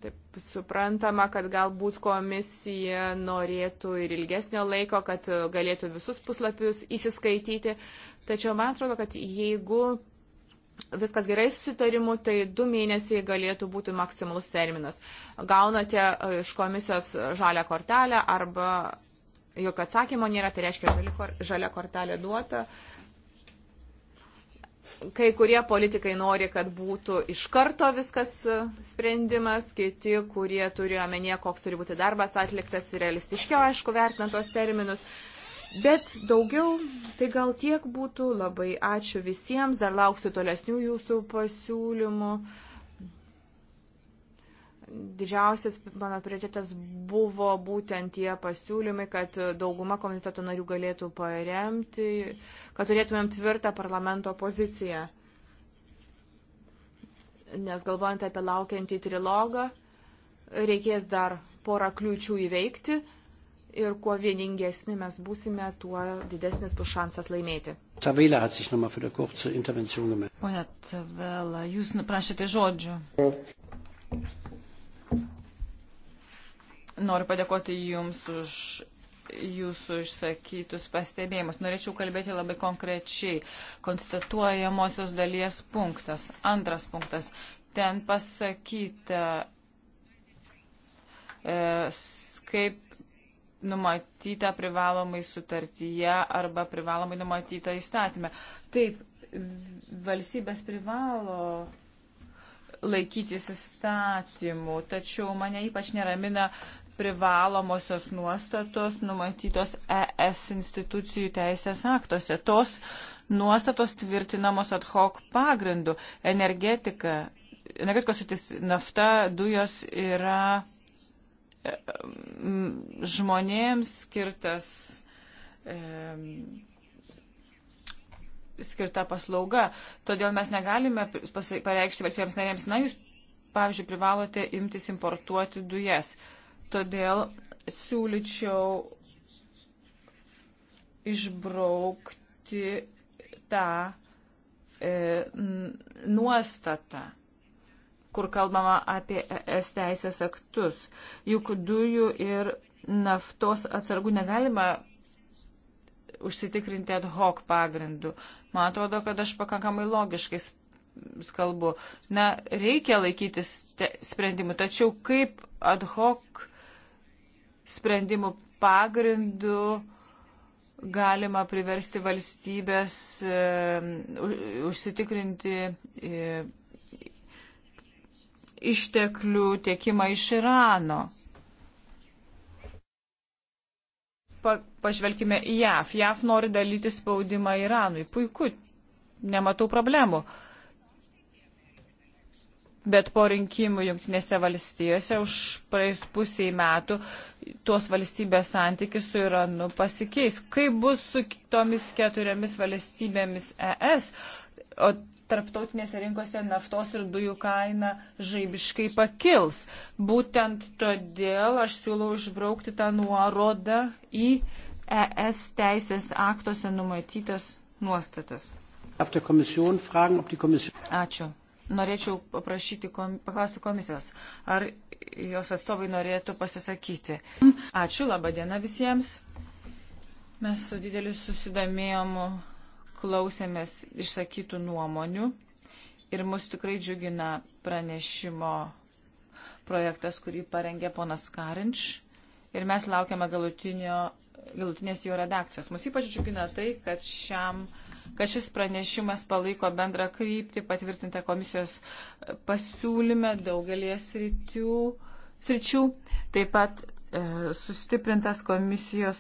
Taip suprantama, kad galbūt komisija norėtų ir ilgesnio laiko, kad galėtų visus puslapius įsiskaityti. Tačiau man atrodo, kad jeigu viskas gerai susitarimu, tai du mėnesiai galėtų būti maksimalus terminas. Gaunate iš komisijos žalią kortelę arba jokio atsakymo nėra, tai reiškia žalia kortelė duota. Uh, kai kurie politikai nori, kad būtų iš karto viskas e, sprendimas, kiti, kurie turi omenyje, koks turi būti darbas atliktas ir realistiškiau, aišku, vertinant tos terminus. Bet daugiau, tai gal tiek būtų. Labai ačiū visiems, dar lauksiu tolesnių jūsų pasiūlymų didžiausias mano prioritetas buvo būtent tie pasiūlymai, kad dauguma komiteto narių galėtų paremti, kad turėtumėm tvirtą parlamento poziciją. Nes galvojant apie laukiantį trilogą, reikės dar porą kliūčių įveikti ir kuo vieningesni mes būsime, tuo didesnis bus šansas laimėti. Tavila atsich nochmal für die kurze Intervention gemeldet. Pone Tavela, jūs prašėte žodžio. Noriu padėkoti Jums už Jūsų išsakytus pastebėjimus. Norėčiau kalbėti labai konkrečiai. Konstatuojamosios dalies punktas. Antras punktas. Ten pasakyta, e, kaip numatyta privalomai sutartyje arba privalomai numatyta įstatymė. Taip, valstybės privalo laikytis įstatymų, tačiau mane ypač neramina privalomosios nuostatos numatytos ES institucijų teisės aktuose. Tos nuostatos tvirtinamos ad hoc pagrindu. Energetika, energetikos sutis nafta, dujos yra e, žmonėms skirtas e, skirta paslauga. Todėl mes negalime pareikšti valstybėms narėms, na, jūs, pavyzdžiui, privalote imtis importuoti dujas. E, Todėl siūlyčiau išbraukti tą e, nuostatą kur kalbama apie ES teisės aktus. Juk dujų ir naftos atsargų negalima užsitikrinti ad hoc pagrindu. Man atrodo, kad aš pakankamai logiškai kalbu. Na, reikia laikytis sprendimų, tačiau kaip ad hoc sprendimų pagrindų galima priversti valstybės e, užsitikrinti e, išteklių tiekimą iš Irano. Pa, pažvelkime į JAF. JAF nori dalyti spaudimą Iranui. Puiku, nematau problemų. Uh, Bet po rinkimų Junktinėse valstijose už praėjus pusiai metų tuos valstybės santykis su Iranu pasikeis. Kaip bus su tomis keturiomis valstybėmis ES, o tarptautinėse rinkose naftos ir dujų kaina žaibiškai pakils. Būtent todėl aš siūlau išbraukti tą nuorodą į ES teisės aktuose numatytas nuostatas. Ačiū norėčiau paprašyti, paklausti komisijos, ar jos atstovai norėtų pasisakyti. Ačiū, laba diena visiems. Mes su dideliu susidomėjimu klausėmės išsakytų nuomonių ir mus tikrai džiugina pranešimo projektas, kurį parengė ponas Karinč ir mes laukiame galutinės jo redakcijos. Mus ypač džiugina tai, kad, šiam, kad šis pranešimas palaiko bendrą kryptį patvirtintą komisijos pasiūlyme daugelie sričių, sričių. Taip pat e, sustiprintas komisijos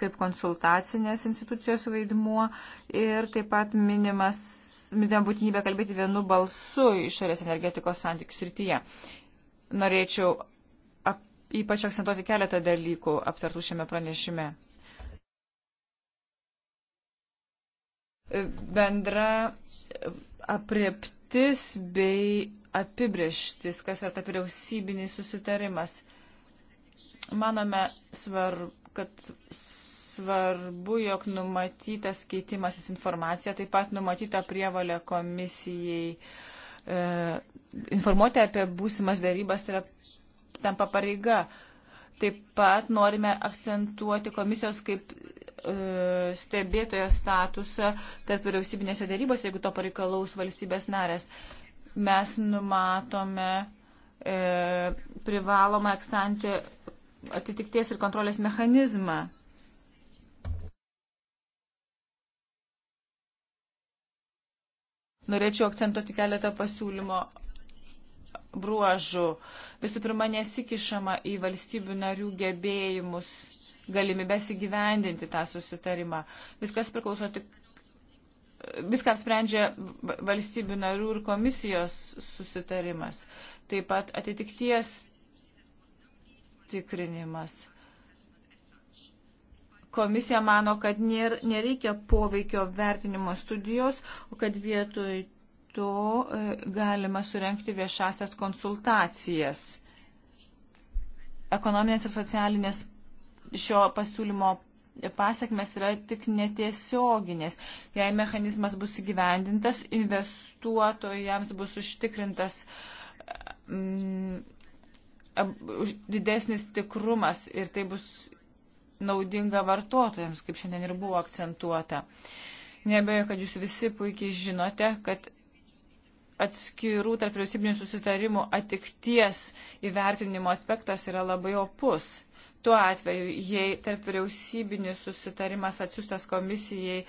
kaip konsultacinės institucijos vaidmuo ir taip pat minimas minėjom būtinybę kalbėti vienu balsu išorės energetikos santykių srityje. Norėčiau ypač akcentuoti keletą dalykų aptartų šiame pranešime. Bendra apriptis bei apibrieštis, kas yra ta vyriausybinis susitarimas. Manome, svar, kad svarbu, jog numatytas keitimasis informacija, taip pat numatyta prievalė komisijai e, informuoti apie būsimas darybas yra tampa pareiga. Taip pat norime akcentuoti komisijos kaip e, stebėtojo statusą tarp vyriausybinėse darybose, jeigu to pareikalaus valstybės narės. Mes numatome e, privalomą eksantį atitikties ir kontrolės mechanizmą. Norėčiau akcentuoti keletą pasiūlymo bruožų. Visų pirma, nesikišama į valstybių narių gebėjimus, galimybės įgyvendinti tą susitarimą. Viskas priklauso tik. Viską sprendžia valstybių narių ir komisijos susitarimas. Taip pat atitikties tikrinimas. Komisija mano, kad nereikia poveikio vertinimo studijos, o kad vietoj to e, galima surenkti viešasias konsultacijas. Ekonominės ir socialinės šio pasiūlymo pasiekmes yra tik netiesioginės. Jei mechanizmas bus įgyvendintas, investuotojams bus užtikrintas mm, didesnis tikrumas ir tai bus naudinga vartotojams, kaip šiandien ir buvo akcentuota. Nebejoju, kad jūs visi puikiai žinote, kad atskirų tarp vyriausybinių susitarimų atikties įvertinimo aspektas yra labai opus. Tuo atveju, jei tarp vyriausybinis susitarimas atsiųstas komisijai e,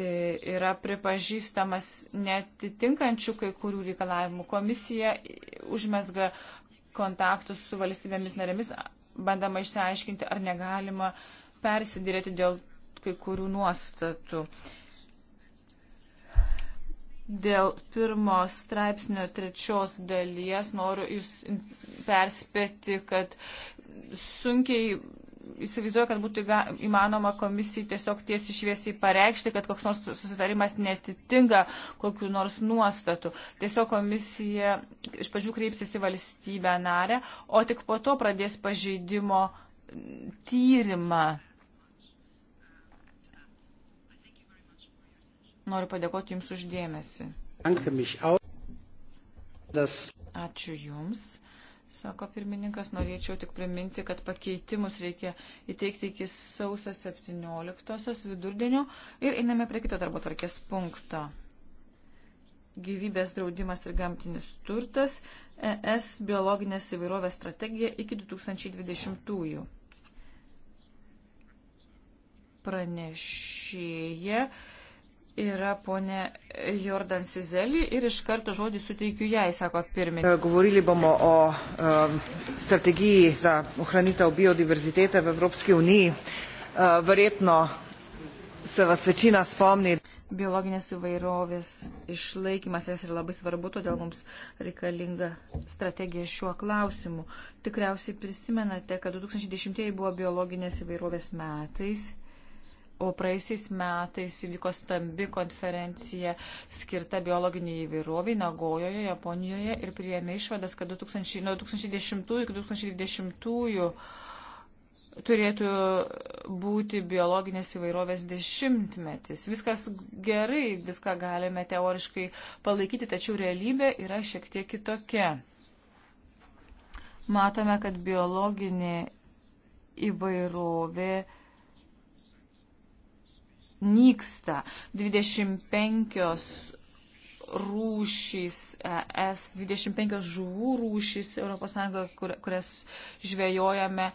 e, yra pripažįstamas netitinkančių kai kurių reikalavimų, komisija užmesga kontaktus su valstybėmis narėmis, bandama išsiaiškinti, ar negalima persidėrėti dėl kai kurių nuostatų. E, Dėl pirmos straipsnio trečios dalies noriu jūs perspėti, kad sunkiai įsivaizduoju, kad būtų įmanoma komisijai tiesiog tiesiai šviesiai pareikšti, kad koks nors susitarimas netitinka kokiu nors nuostatu. Tiesiog komisija iš pradžių kreipsis į valstybę narę, o tik po to pradės pažeidimo tyrimą Noriu padėkoti Jums uždėmesi. Ačiū Jums. Sako pirmininkas, norėčiau tik priminti, kad pakeitimus reikia įteikti iki sausio 17 vidurdienio ir einame prie kito darbo tvarkės punkto. Gyvybės draudimas ir gamtinis turtas ES biologinės įvairovės strategija iki 2020-ųjų. Pranešėje yra ponė Jordan Sizeli ir iš karto žodį suteikiu jai, sako pirmininkas. E, govorili bomo o um, strategiji za ohranitev biodiverzitete v Evropski uniji. Uh, verjetno se vas večina spomni. Biologinės įvairovės išlaikymas jas yra labai svarbu, todėl mums reikalinga strategija šiuo klausimu. Tikriausiai prisimenate, kad 2010 buvo biologinės įvairovės metais O praeisiais metais įvyko stambi konferencija skirta biologiniai įvairoviai Nagojoje, Japonijoje ir priėmė išvadas, kad 2000, nuo 2010 iki 2020 turėtų būti biologinės įvairovės dešimtmetis. Viskas gerai, viską galime teoriškai palaikyti, tačiau realybė yra šiek tiek kitokia. Matome, kad biologinė įvairovė nyksta. 25 rūšys ES, 25 žuvų rūšys ES, kur, kurias žvejojame,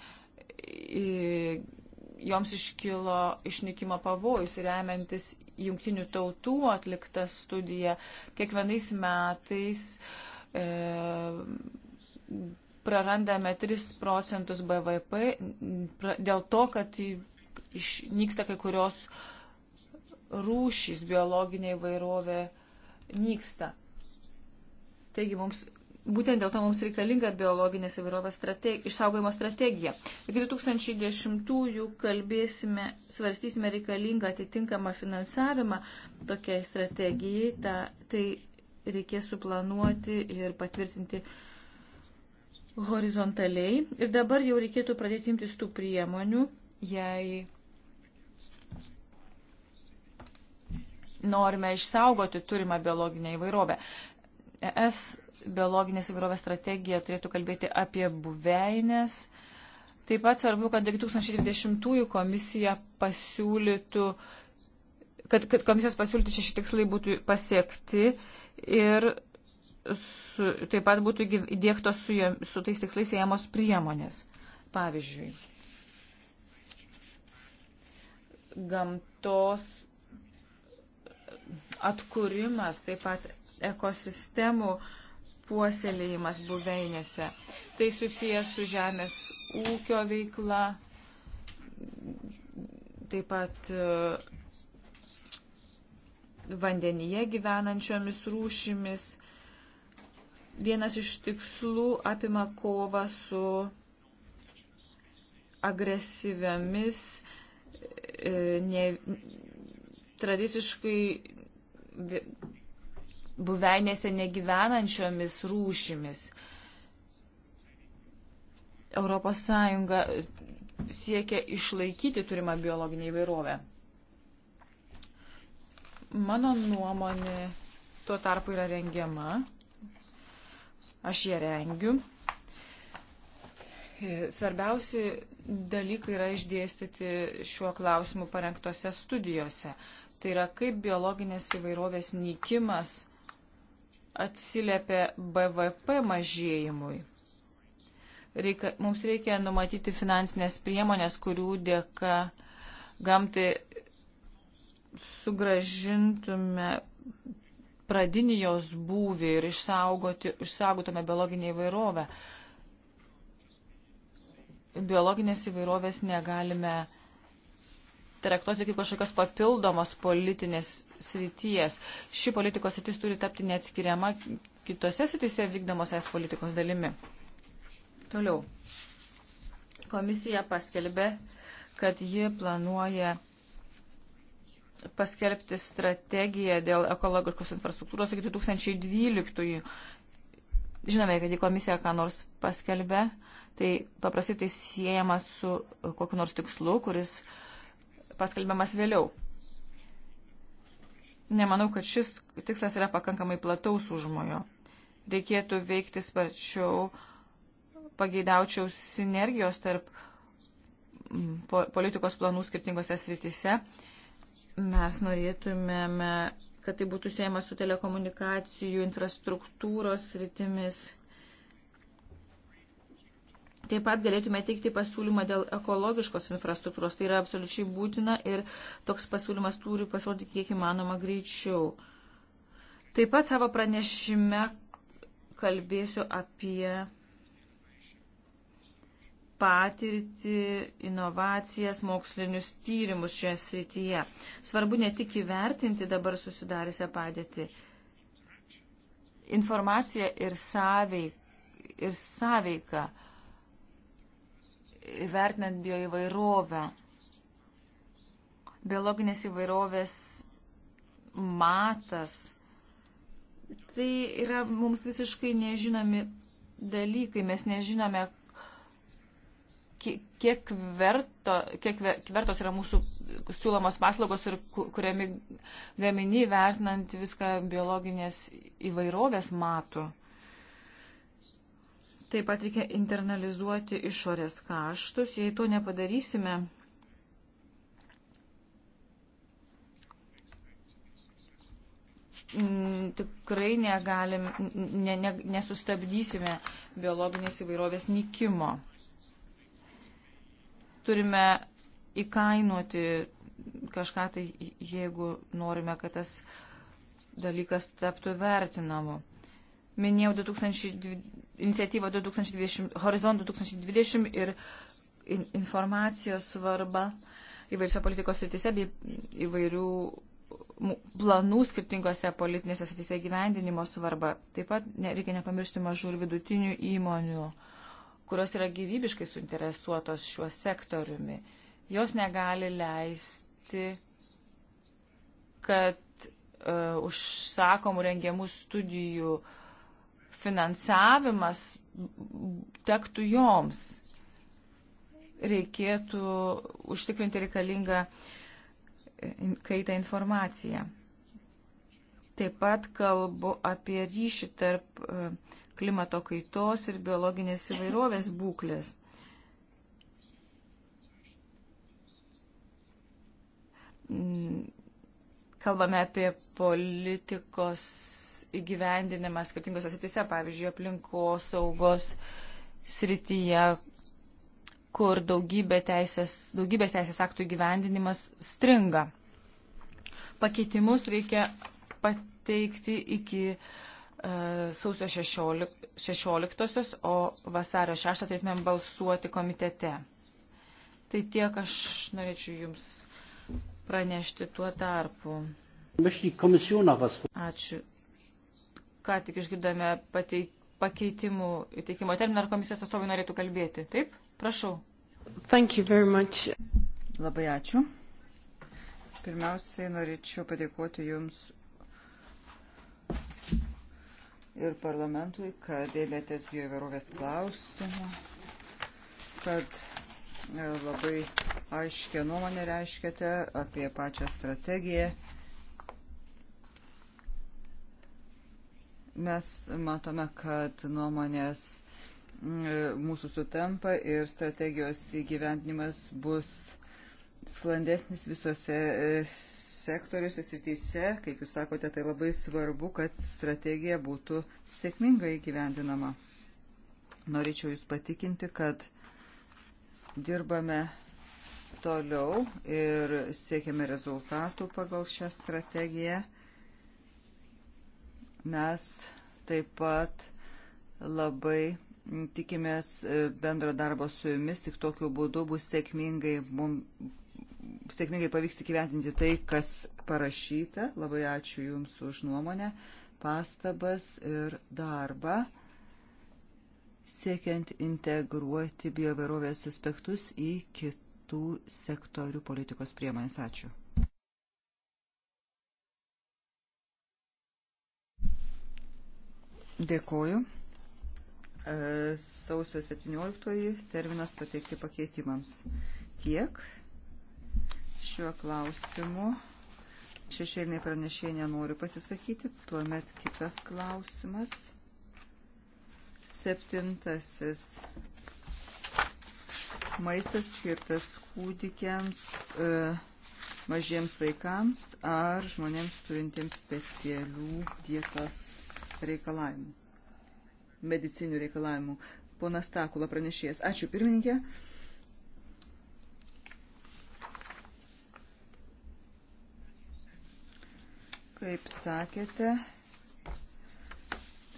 joms iškilo išnykimo pavojus ir remiantis jungtinių tautų atliktą studiją kiekvienais metais e, prarandame 3 procentus BVP pra, dėl to, kad išnyksta kai kurios e, rūšys, biologinė įvairovė nyksta. Taigi mums būtent dėl to mums reikalinga biologinės įvairovės strate, išsaugojimo strategija. Iki 2010-ųjų kalbėsime, svarstysime reikalingą atitinkamą finansavimą tokiai strategijai. Ta, tai reikės suplanuoti ir patvirtinti horizontaliai. Ir dabar jau reikėtų pradėti imtis tų priemonių, jei norime išsaugoti turimą biologinę įvairovę. ES biologinės įvairovės strategija turėtų kalbėti apie buveinės. Taip pat svarbu, kad 2020 komisija pasiūlytų, kad, kad komisijos pasiūlyti šeši tikslai būtų pasiekti ir su, taip pat būtų įdėktos su, su tais tikslais įėjamos priemonės. Pavyzdžiui, gamtos atkūrimas, taip pat ekosistemų puoselėjimas buveinėse. Tai susijęs su žemės ūkio veikla, taip pat e, vandenyje gyvenančiomis rūšimis. Vienas iš tikslų apima kovą su agresyviamis, e, ne, tradiciškai buveinėse negyvenančiomis rūšimis. ES siekia išlaikyti turimą biologinį įvairovę. Mano nuomonė tuo tarpu yra rengiama. Aš ją rengiu. Svarbiausi dalykai yra išdėstyti šiuo klausimu parengtose studijose. Tai yra, kaip biologinės įvairovės nykimas atsiliepia BVP mažėjimui. Reika, mums reikia numatyti finansinės priemonės, kurių dėka gamtai sugražintume pradinį jos būvį ir išsaugotume biologinį įvairovę. Biologinės įvairovės negalime traktuoti kaip kažkokios papildomos politinės srities. Ši politikos sritis turi tapti neatskiriama kitose sritise vykdomos es politikos dalimi. Toliau. Komisija paskelbė, kad ji planuoja paskelbti strategiją dėl ekologiškos infrastruktūros iki 2012. Žinome, kad į komisiją ką nors paskelbė, tai paprastai tai siejama su kokiu nors tikslu, kuris uh, paskelbiamas vėliau. Nemanau, kad šis tikslas yra pakankamai plataus užmojo. Reikėtų veikti sparčiau, pageidaučiau sinergijos tarp mm, politikos planų skirtingose sritise. Mes norėtumėme, kad tai būtų siejama su telekomunikacijų infrastruktūros sritimis Taip pat galėtume teikti pasiūlymą dėl ekologiškos infrastruktūros. Tai yra absoliučiai būtina ir toks pasiūlymas turi pasirodyti kiek įmanoma greičiau. Taip pat savo pranešime kalbėsiu apie patirtį, inovacijas, mokslinius tyrimus šioje srityje. Svarbu ne tik įvertinti dabar susidariusią padėtį. Informacija ir sąveika. Ir sąveika įvertinant bioįvairovę. Biologinės įvairovės matas. Tai yra mums visiškai nežinomi dalykai. Mes nežinome, kiek, verto, kiek vertos yra mūsų siūlomos paslaugos ir kuriami gaminiai vertinant viską biologinės įvairovės matu. Taip pat reikia internalizuoti išorės kaštus. Jei to nepadarysime, tikrai negalim, ne, ne, nesustabdysime biologinės įvairovės nykimo. Turime įkainuoti kažką tai, jeigu norime, kad tas dalykas taptų vertinamu. Minėjau 2020 iniciatyva 2020, Horizon 2020 ir informacijos svarba įvairiose politikos srityse bei įvairių planų skirtingose politinėse srityse gyvendinimo svarba. Taip pat reikia nepamiršti mažų ir vidutinių įmonių, kurios yra gyvybiškai suinteresuotos šiuo sektoriumi. Jos negali leisti, kad uh, užsakomų rengiamų studijų uh, finansavimas tektų joms. Reikėtų užtikrinti reikalingą kaitą informaciją. Taip pat kalbu apie ryšį tarp e, klimato kaitos ir biologinės įvairovės būklės. Kalbame apie politikos įgyvendinimas skirtingose srityse, pavyzdžiui, aplinkos saugos srityje, kur daugybė teisės, daugybės teisės aktų įgyvendinimas stringa. Pakeitimus reikia pateikti iki uh, sausio 16, 16, o vasario 6 turėtumėm balsuoti komitete. Tai tiek aš norėčiau Jums pranešti tuo tarpu. Ačiū ką tik išgirdome pateik, pakeitimų teikimo terminą, ar komisijos atstovai norėtų kalbėti. Taip, prašau. Thank you very much. Labai ačiū. Pirmiausiai norėčiau padėkoti Jums ir parlamentui, kad ėmėtės bioįvairovės klausimą, kad e, labai aiškę nuomonę reiškėte apie pačią strategiją Mes matome, kad nuomonės mm, mūsų sutampa ir strategijos įgyvendinimas bus sklandesnis visuose e, sektoriuose srityse, kaip jūs sakote, tai labai svarbu, kad strategija būtų sėkmingai įgyvendinama. Norėčiau jūs patikinti, kad dirbame toliau ir siekiame rezultatų pagal šią strategiją. Mes taip pat labai tikimės e, bendro darbo su jumis, tik tokiu būdu bus sėkmingai, mum, sėkmingai pavyks įgyventinti tai, kas parašyta. Labai ačiū Jums už nuomonę, pastabas ir darbą siekiant integruoti bioverovės aspektus į kitų sektorių politikos priemonės. Ačiū. Dėkoju. E, sausio 17 terminas pateikti pakeitimams. Tiek šiuo klausimu. Šešėliniai pranešėjai nenori pasisakyti. Tuomet kitas klausimas. Septintasis. Maistas skirtas kūdikiams, e, mažiems vaikams ar žmonėms turintiems specialių dietos reikalavimų, medicinių reikalavimų. Ponas Takula pranešėjas. Ačiū pirmininkė. Kaip sakėte,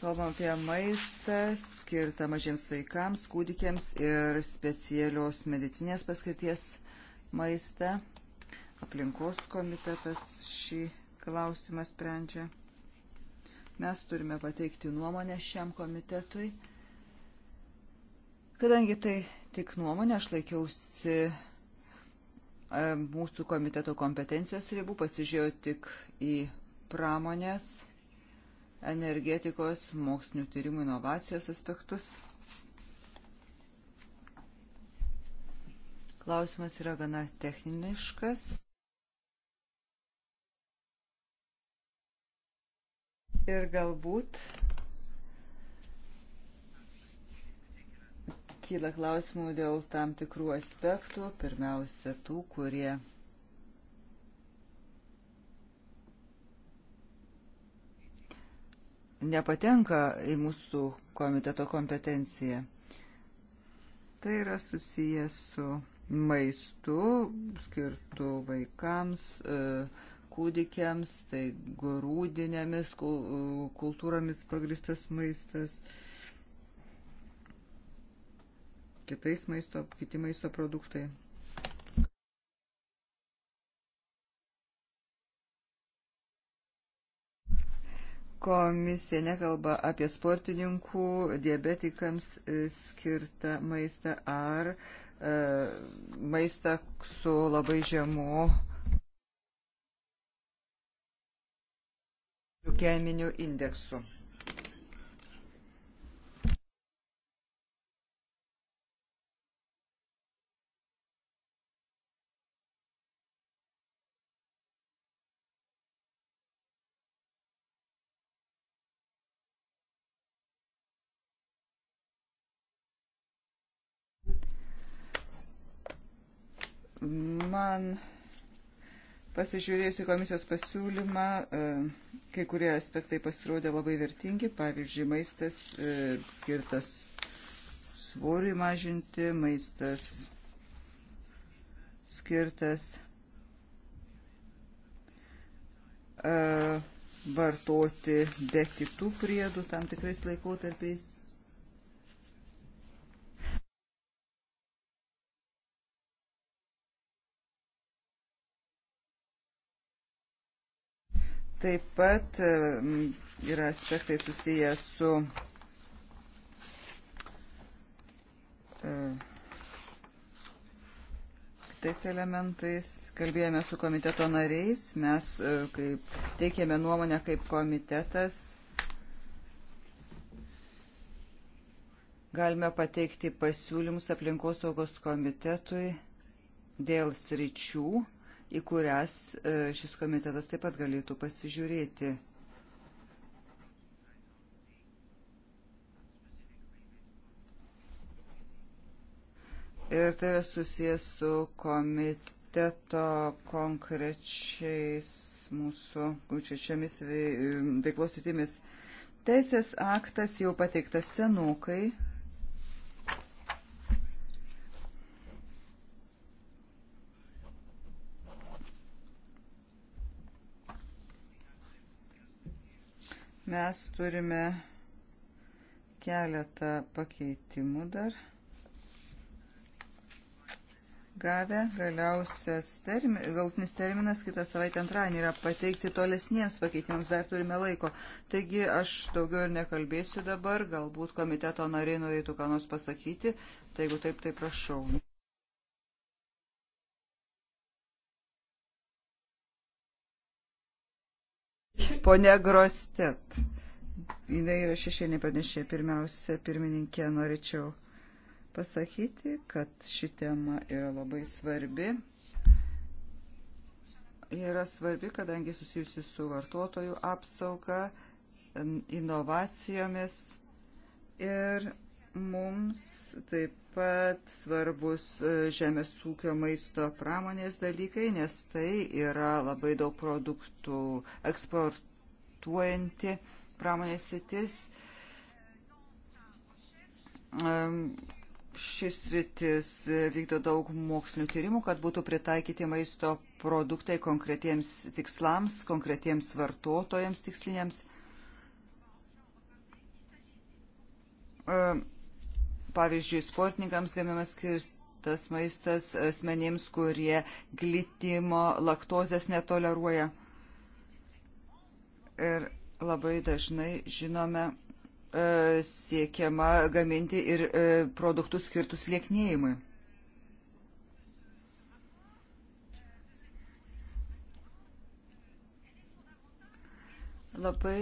Kalbam apie maistą skirtą mažiems vaikams, kūdikiams ir specialios medicinės paskirties maistą. Aplinkos komitetas šį klausimą sprendžia mes turime pateikti nuomonę šiam komitetui. Kadangi tai tik nuomonė, aš laikiausi e, mūsų komiteto kompetencijos ribų, pasižiūrėjau tik į pramonės, energetikos, mokslinių tyrimų inovacijos aspektus. Klausimas yra gana techniškas. ir galbūt kyla klausimų dėl tam tikrų aspektų, pirmiausia tų, kurie nepatenka į mūsų komiteto kompetenciją. Tai yra susijęs su maistu skirtu vaikams, e, kūdikiams, tai grūdinėmis kultūromis pagristas maistas, kitais maisto, kiti maisto produktai. komisija nekalba apie sportininkų, diabetikams e, skirtą maistą ar e, maistą su labai žemu Liukeminių indeksų. man Pasižiūrėjus į komisijos pasiūlymą, e, kai kurie aspektai pasirodė labai vertingi, pavyzdžiui, maistas e, skirtas svoriui mažinti, maistas skirtas e, vartoti be kitų priedų tam tikrais laikotarpiais. Taip pat yra aspektai susiję su kitais elementais. Kalbėjome su komiteto nariais, mes e, kaip, teikėme nuomonę kaip komitetas. Galime pateikti pasiūlymus aplinkosaugos komitetui dėl sričių, į kurias e, šis komitetas taip pat galėtų pasižiūrėti. Ir tai yra susijęs su komiteto konkrečiais mūsų konkrečiomis nu, veiklos sritimis. Teisės aktas jau pateiktas senokai. Mes turime keletą pakeitimų dar. Gavę galiausias termi, galtinis terminas kitą savaitę antradienį yra pateikti tolesniems pakeitimams, dar turime laiko. Taigi aš daugiau ir nekalbėsiu dabar, galbūt komiteto nariai norėtų ką nors pasakyti, tai jeigu taip, tai prašau. Pone Grostet, jinai yra šešėlė pranešė. Pirmiausia, pirmininkė, norėčiau pasakyti, kad ši tema yra labai svarbi. Yra svarbi, kadangi susijusi su vartotojų apsauga, inovacijomis ir mums taip pat svarbus e, žemės ūkio maisto pramonės dalykai, nes tai yra labai daug produktų eksport, mutuojanti pramonės sritis. Šis sritis vykdo daug mokslinių tyrimų, kad būtų pritaikyti maisto produktai konkretiems tikslams, konkretiems vartotojams tiksliniams. Pavyzdžiui, sportininkams gamiamas skirtas maistas asmenėms, kurie glitimo laktozės netoleruoja. Ir labai dažnai žinome e, siekiama gaminti ir e, produktus skirtus lieknėjimui. Labai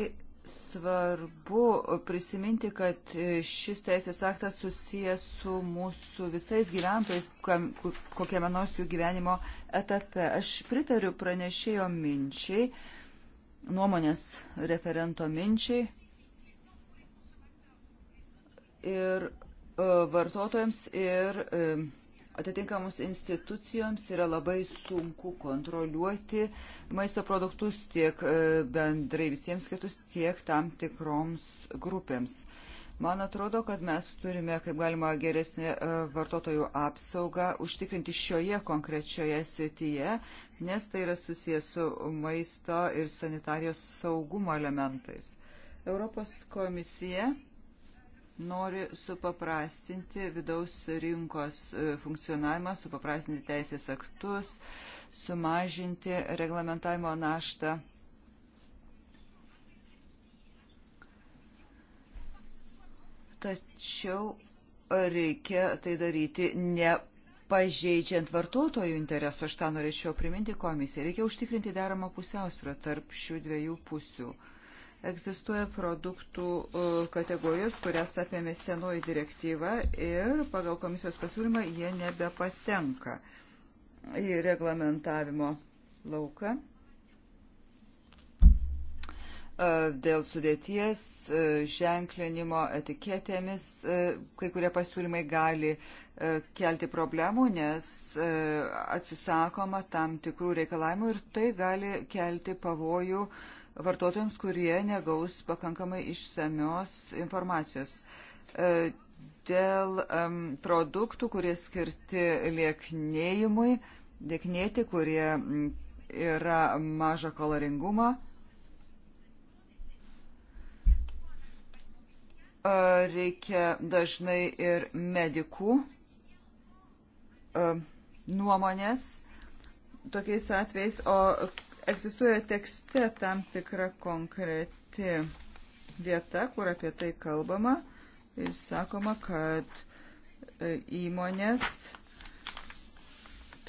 svarbu prisiminti, kad šis teisės aktas susijęs su mūsų visais gyventojais, kokiame nors jų gyvenimo etape. Aš pritariu pranešėjo minčiai, nuomonės referento minčiai ir e, vartotojams ir e, atitinkamus institucijoms yra labai sunku kontroliuoti maisto produktus tiek e, bendrai visiems kitus, tiek tam tikroms grupėms. Man atrodo, kad mes turime, kaip galima, geresnį e, vartotojų apsaugą užtikrinti šioje konkrečioje srityje, nes tai yra susijęs su maisto ir sanitarijos saugumo elementais. Europos komisija nori supaprastinti vidaus rinkos e, funkcionavimą, supaprastinti teisės aktus, sumažinti reglamentavimo naštą tačiau reikia tai daryti ne pažeidžiant vartotojų interesų, aš tą norėčiau priminti komisijai, reikia užtikrinti deramą pusiausvyrą tarp šių dviejų pusių. Egzistuoja produktų e, kategorijos, kurias apėmė senoji direktyva ir pagal komisijos pasiūlymą jie nebepatenka į reglamentavimo lauką. E, dėl sudėties, e, ženklinimo etiketėmis, e, kai kurie pasiūlymai gali kelti problemų, nes atsisakoma tam tikrų reikalavimų ir tai gali kelti pavojų vartotojams, kurie negaus pakankamai išsamios informacijos. Dėl produktų, kurie skirti lieknėjimui, lieknėti, kurie yra mažo kaloringumo, reikia dažnai ir medikų nuomonės tokiais atvejais, o egzistuoja tekste tam tikra konkreti vieta, kur apie tai kalbama ir sakoma, kad e, įmonės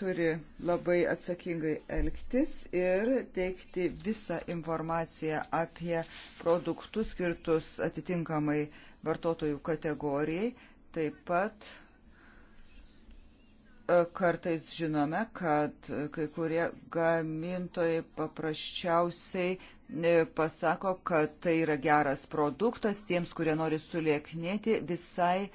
turi labai atsakingai elgtis ir teikti visą informaciją apie produktus skirtus atitinkamai vartotojų kategorijai. Taip pat e, kartais žinome, kad kai kurie gamintojai paprasčiausiai e, pasako, kad tai yra geras produktas tiems, kurie nori sulieknėti visai uh,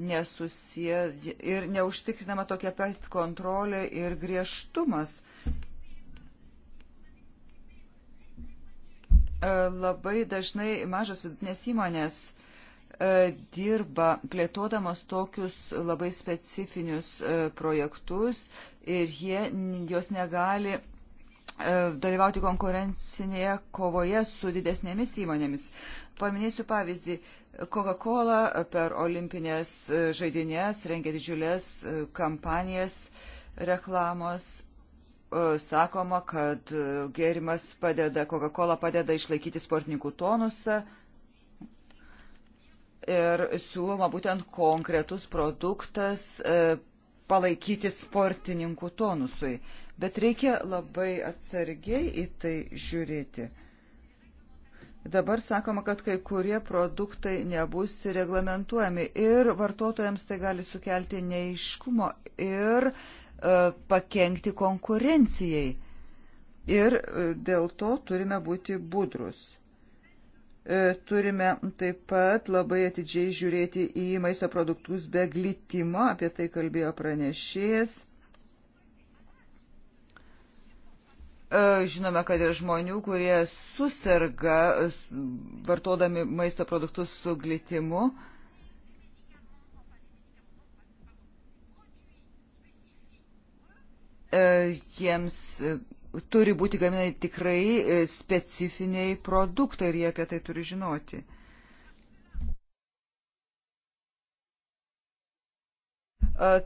nesusiję ir neužtikrinama tokia pat kontrolė ir griežtumas. E, labai dažnai mažas vidutinės įmonės e, dirba plėtodamos tokius labai specifinius e, projektus ir jie, jos negali dalyvauti konkurencinėje kovoje su didesnėmis įmonėmis. Paminėsiu pavyzdį. Coca-Cola per olimpinės e, žaidinės rengia didžiulės e, kampanijas reklamos. E, sakoma, kad gėrimas padeda, Coca-Cola padeda išlaikyti sportininkų tonusą. Ir siūloma būtent konkretus produktas palaikyti sportininkų tonusui. Bet reikia labai atsargiai į tai žiūrėti Dabar sakoma, kad kai kurie produktai nebus reglamentuojami ir vartotojams tai gali sukelti neiškumo ir e, pakengti konkurencijai. Ir e, dėl to turime būti budrus. E, turime taip pat labai atidžiai žiūrėti į maisto produktus be glitimo, apie tai kalbėjo pranešėjas. E, žinome, kad yra žmonių, kurie susirga e, vartodami maisto produktus su glitimu. E, jiems turi būti gaminami tikrai specifiniai produktai ir jie apie tai turi žinoti.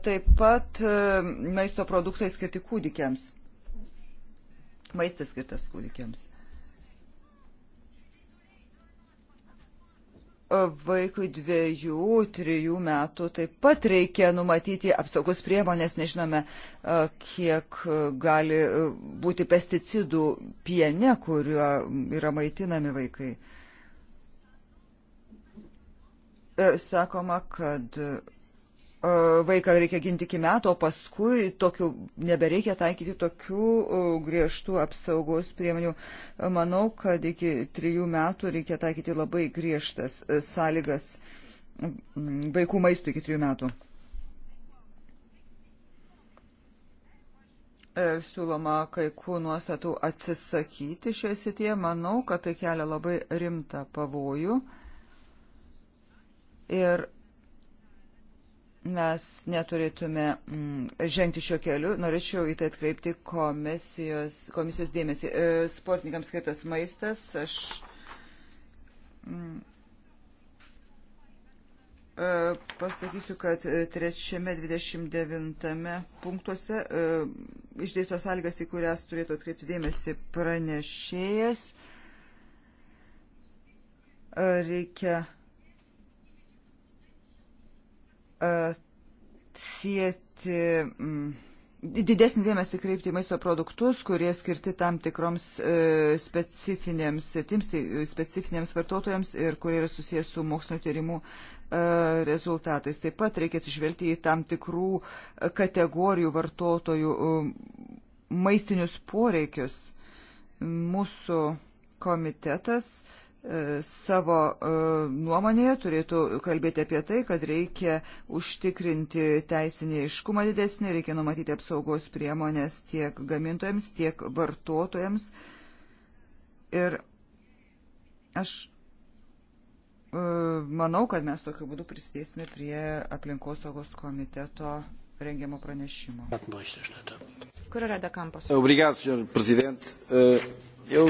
Taip pat maisto produktai skirti kūdikiams maistas skirtas kūdikiams. Vaikui dviejų, trijų metų taip pat reikia numatyti apsaugos priemonės, nežinome, kiek gali būti pesticidų piene, kuriuo yra maitinami vaikai e, sakoma, kad E, vaiką reikia ginti iki metų, o paskui tokiu, nebereikia taikyti tokių e, griežtų apsaugos priemonių. E, manau, kad iki trijų metų reikia taikyti labai griežtas sąlygas vaikų maistui iki trijų metų. ir siūloma kai kurių nuostatų atsisakyti šioje srityje, manau, kad tai kelia labai rimtą pavojų. Ir mes neturėtume mm, žengti šio keliu. Norėčiau į tai atkreipti komisijos, komisijos dėmesį. E, sportininkams skirtas maistas. Aš mm, e, pasakysiu, kad trečiame 29 punktuose e, išdėstos sąlygas, į kurias turėtų atkreipti dėmesį pranešėjas. Reikia E, sieti mm, didesnį dėmesį kreipti į maisto produktus, kurie skirti tam tikroms e, specifinėms setims, tai specifinėms vartotojams ir kurie yra susijęs su mokslinio tyrimų e, rezultatais. Taip pat reikia atsižvelgti į tam tikrų kategorijų vartotojų maistinius poreikius. Mūsų komitetas uh, E, savo e, nuomonėje turėtų kalbėti apie tai, kad reikia užtikrinti teisinį iškumą didesnį, reikia numatyti apsaugos priemonės tiek gamintojams, tiek vartotojams. Ir aš e, manau, kad mes tokiu būdu prisidėsime prie aplinkosaugos komiteto rengiamo pranešimo. Kur yra Dekampos? Obrigado, senhor presidente. Eh, eu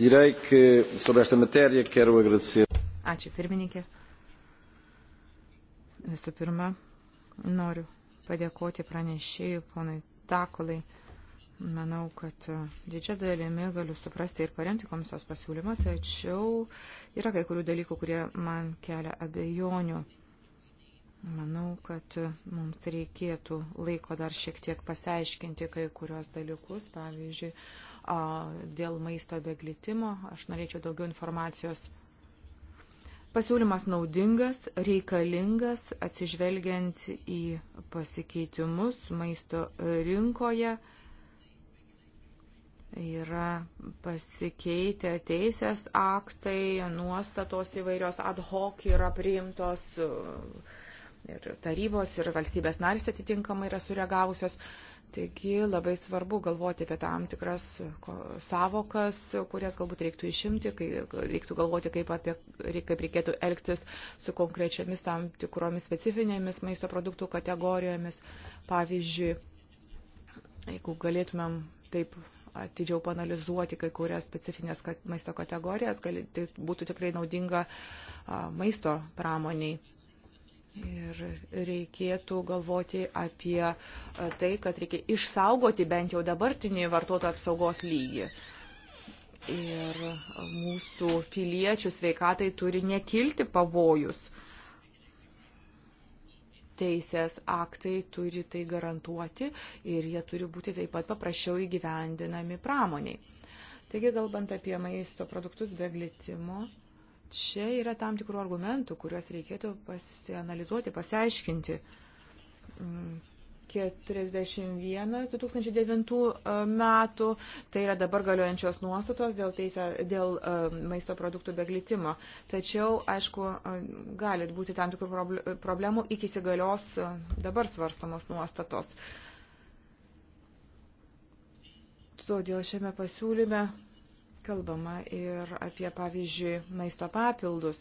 Direi che sobre esta matéria quero agradecer. Ačiū ah, pirmininkė. Visų pirma, noriu padėkoti pranešėjų ponui Takolai. Manau, kad e, didžia dalimi galiu suprasti ir paremti komisijos pasiūlymą, tačiau yra kai kurių dalykų, kurie man kelia abejonių. Manau, kad e, mums reikėtų laiko dar šiek tiek pasiaiškinti kai kurios dalykus, pavyzdžiui, dėl maisto be glitimo. Aš norėčiau daugiau informacijos. Pasiūlymas naudingas, reikalingas, atsižvelgiant į pasikeitimus maisto rinkoje. Yra pasikeitę teisės aktai, nuostatos įvairios ad hoc yra priimtos ir tarybos, ir valstybės narys atitinkamai yra sureagavusios. Uh, Taigi labai svarbu galvoti apie tam tikras savokas, kurias galbūt reiktų išimti, kai reiktų galvoti, kaip, apie, kaip reikėtų elgtis su konkrečiamis tam tikromis specifinėmis maisto produktų kategorijomis. Pavyzdžiui, jeigu galėtumėm taip atidžiau panalizuoti kai kurias specifines maisto kategorijas, gal, tai būtų tikrai naudinga maisto pramoniai. Ir reikėtų galvoti apie e, tai, kad reikia išsaugoti bent jau dabartinį vartotojų apsaugos lygį. Ir mūsų piliečių sveikatai turi nekilti pavojus. Teisės aktai turi tai garantuoti ir jie turi būti taip pat paprasčiau įgyvendinami pramoniai. Taigi, galbant apie maisto produktus be glitimo, čia yra tam tikrų argumentų, kuriuos reikėtų pasianalizuoti, pasiaiškinti. 41 mm, 2009 e, metų, tai yra dabar galiojančios nuostatos dėl, teisė, dėl e, maisto produktų beglitimo. Tačiau, aišku, e, gali būti tam tikrų problemų iki įsigalios dabar svarstomos nuostatos. Todėl šiame pasiūlyme Kalbama ir apie, pavyzdžiui, maisto papildus.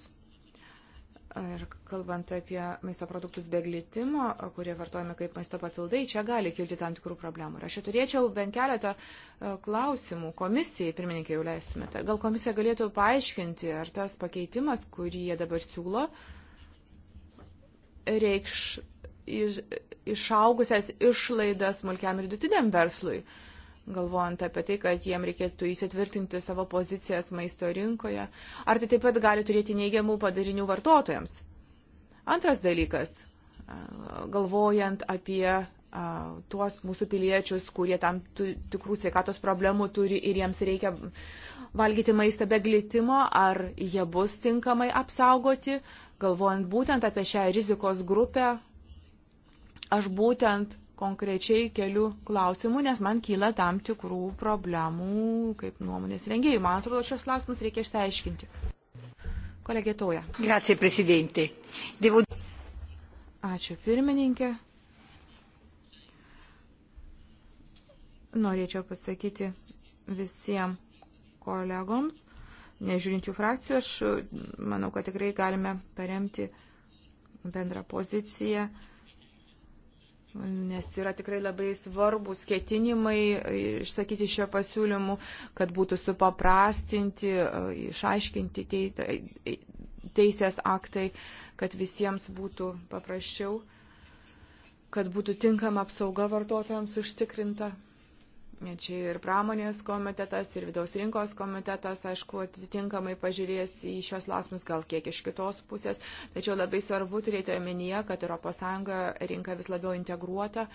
Ir kalbant apie maisto produktus be glitimo, kurie vartojami kaip maisto papildai, čia gali kilti tam tikrų problemų. Ir aš čia turėčiau bent keletą e, klausimų komisijai, pirmininkai, jau leistumėte. Gal komisija galėtų paaiškinti, ar tas pakeitimas, kurį jie dabar siūlo, reikš iš, išaugusias išlaidas smulkiam ir vidutiniam verslui. Uh, galvojant apie tai, kad jiem reikėtų įsitvirtinti savo pozicijas maisto rinkoje. Ar tai taip pat gali turėti neigiamų padarinių vartotojams? Antras dalykas, galvojant apie tuos mūsų piliečius, kurie tam tikrų sveikatos problemų turi ir jiems reikia valgyti maistą be glitimo, ar jie bus tinkamai apsaugoti, galvojant būtent apie šią rizikos grupę, aš būtent konkrečiai kelių klausimų, nes man kyla tam tikrų problemų kaip nuomonės rengėjai. Man atrodo, šios klausimus reikia išteiškinti. Kolegė Toja. Grazie, prezidentė. Devo... Ačiū, pirmininkė. Norėčiau pasakyti visiems kolegoms, nežiūrint jų frakcijų, aš manau, kad tikrai galime paremti bendrą poziciją. Uh, Nes yra tikrai labai svarbus ketinimai e, išsakyti šio pasiūlymų, kad būtų supaprastinti, e, išaiškinti e, teisės aktai, kad visiems būtų paprasčiau, kad būtų tinkama apsauga vartotojams užtikrinta. Čia ir pramonės komitetas, ir vidaus rinkos komitetas, aišku, atitinkamai pažiūrės į šios lasmus gal kiek iš kitos pusės, tačiau labai svarbu turėti omenyje, kad ES rinka vis labiau integruota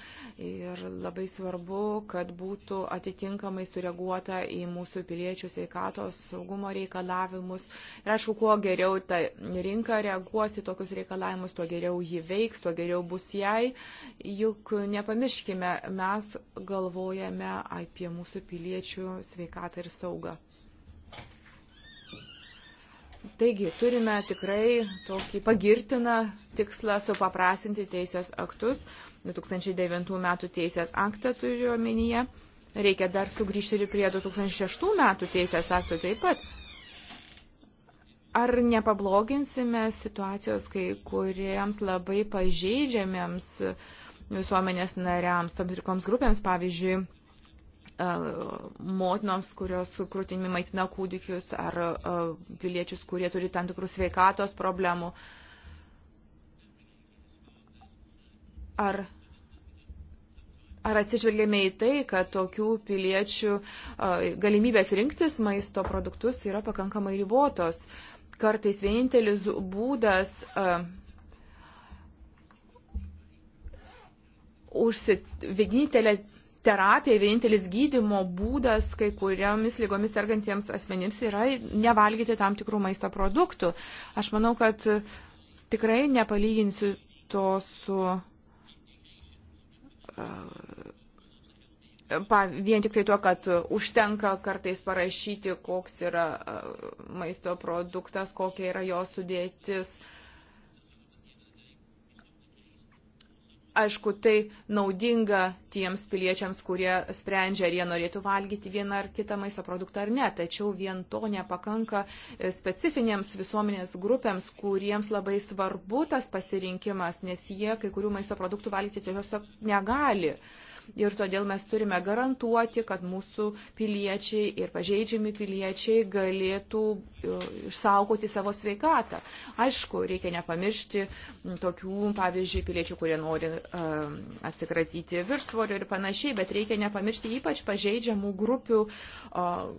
ir labai svarbu, kad būtų atitinkamai sureaguota į mūsų piliečių sveikatos saugumo reikalavimus. Ir aišku, kuo geriau ta rinka reaguos į tokius reikalavimus, tuo geriau ji veiks, tuo geriau bus jai. Juk nepamirškime, mes galvojame apie mūsų piliečių sveikatą ir saugą. Taigi, turime tikrai tokį pagirtiną tikslą supaprasinti teisės aktus. 2009 metų teisės aktą turiu omenyje. Reikia dar sugrįžti ir prie 2006 metų teisės aktų taip pat. Ar nepabloginsime situacijos kai kuriems labai pažeidžiamiems visuomenės nariams, tam tikrikoms grupėms, pavyzdžiui, motinoms, kurios su krūtimi maitina kūdikius, ar piliečius, kurie turi tam tikrų sveikatos problemų. Ar Ar atsižvelgėme į tai, kad tokių piliečių galimybės rinktis maisto produktus yra pakankamai ribotos? Kartais vienintelis būdas užsit, vienintelė terapija, vienintelis gydimo būdas kai kuriomis lygomis sergantiems asmenims yra nevalgyti tam tikrų maisto produktų. Aš manau, kad tikrai nepalyginsiu to su. Uh, pa, vien tik tai tuo, kad užtenka kartais parašyti, koks yra e, maisto produktas, kokia yra jo sudėtis. Uh, Aišku, tai naudinga tiems piliečiams, kurie sprendžia, ar jie norėtų valgyti vieną ar kitą maisto produktą ar ne, tačiau vien to nepakanka e, specifinėms visuomenės grupėms, kuriems labai svarbu tas pasirinkimas, nes jie kai kurių maisto produktų valgyti tiesiog negali. Uh, ir todėl mes turime garantuoti, kad mūsų piliečiai ir pažeidžiami piliečiai galėtų e, išsaugoti savo sveikatą. Aišku, reikia nepamiršti tokių, pavyzdžiui, piliečių, kurie nori um, atsikratyti viršsvorio ir panašiai, bet reikia nepamiršti ypač pažeidžiamų grupių. Um,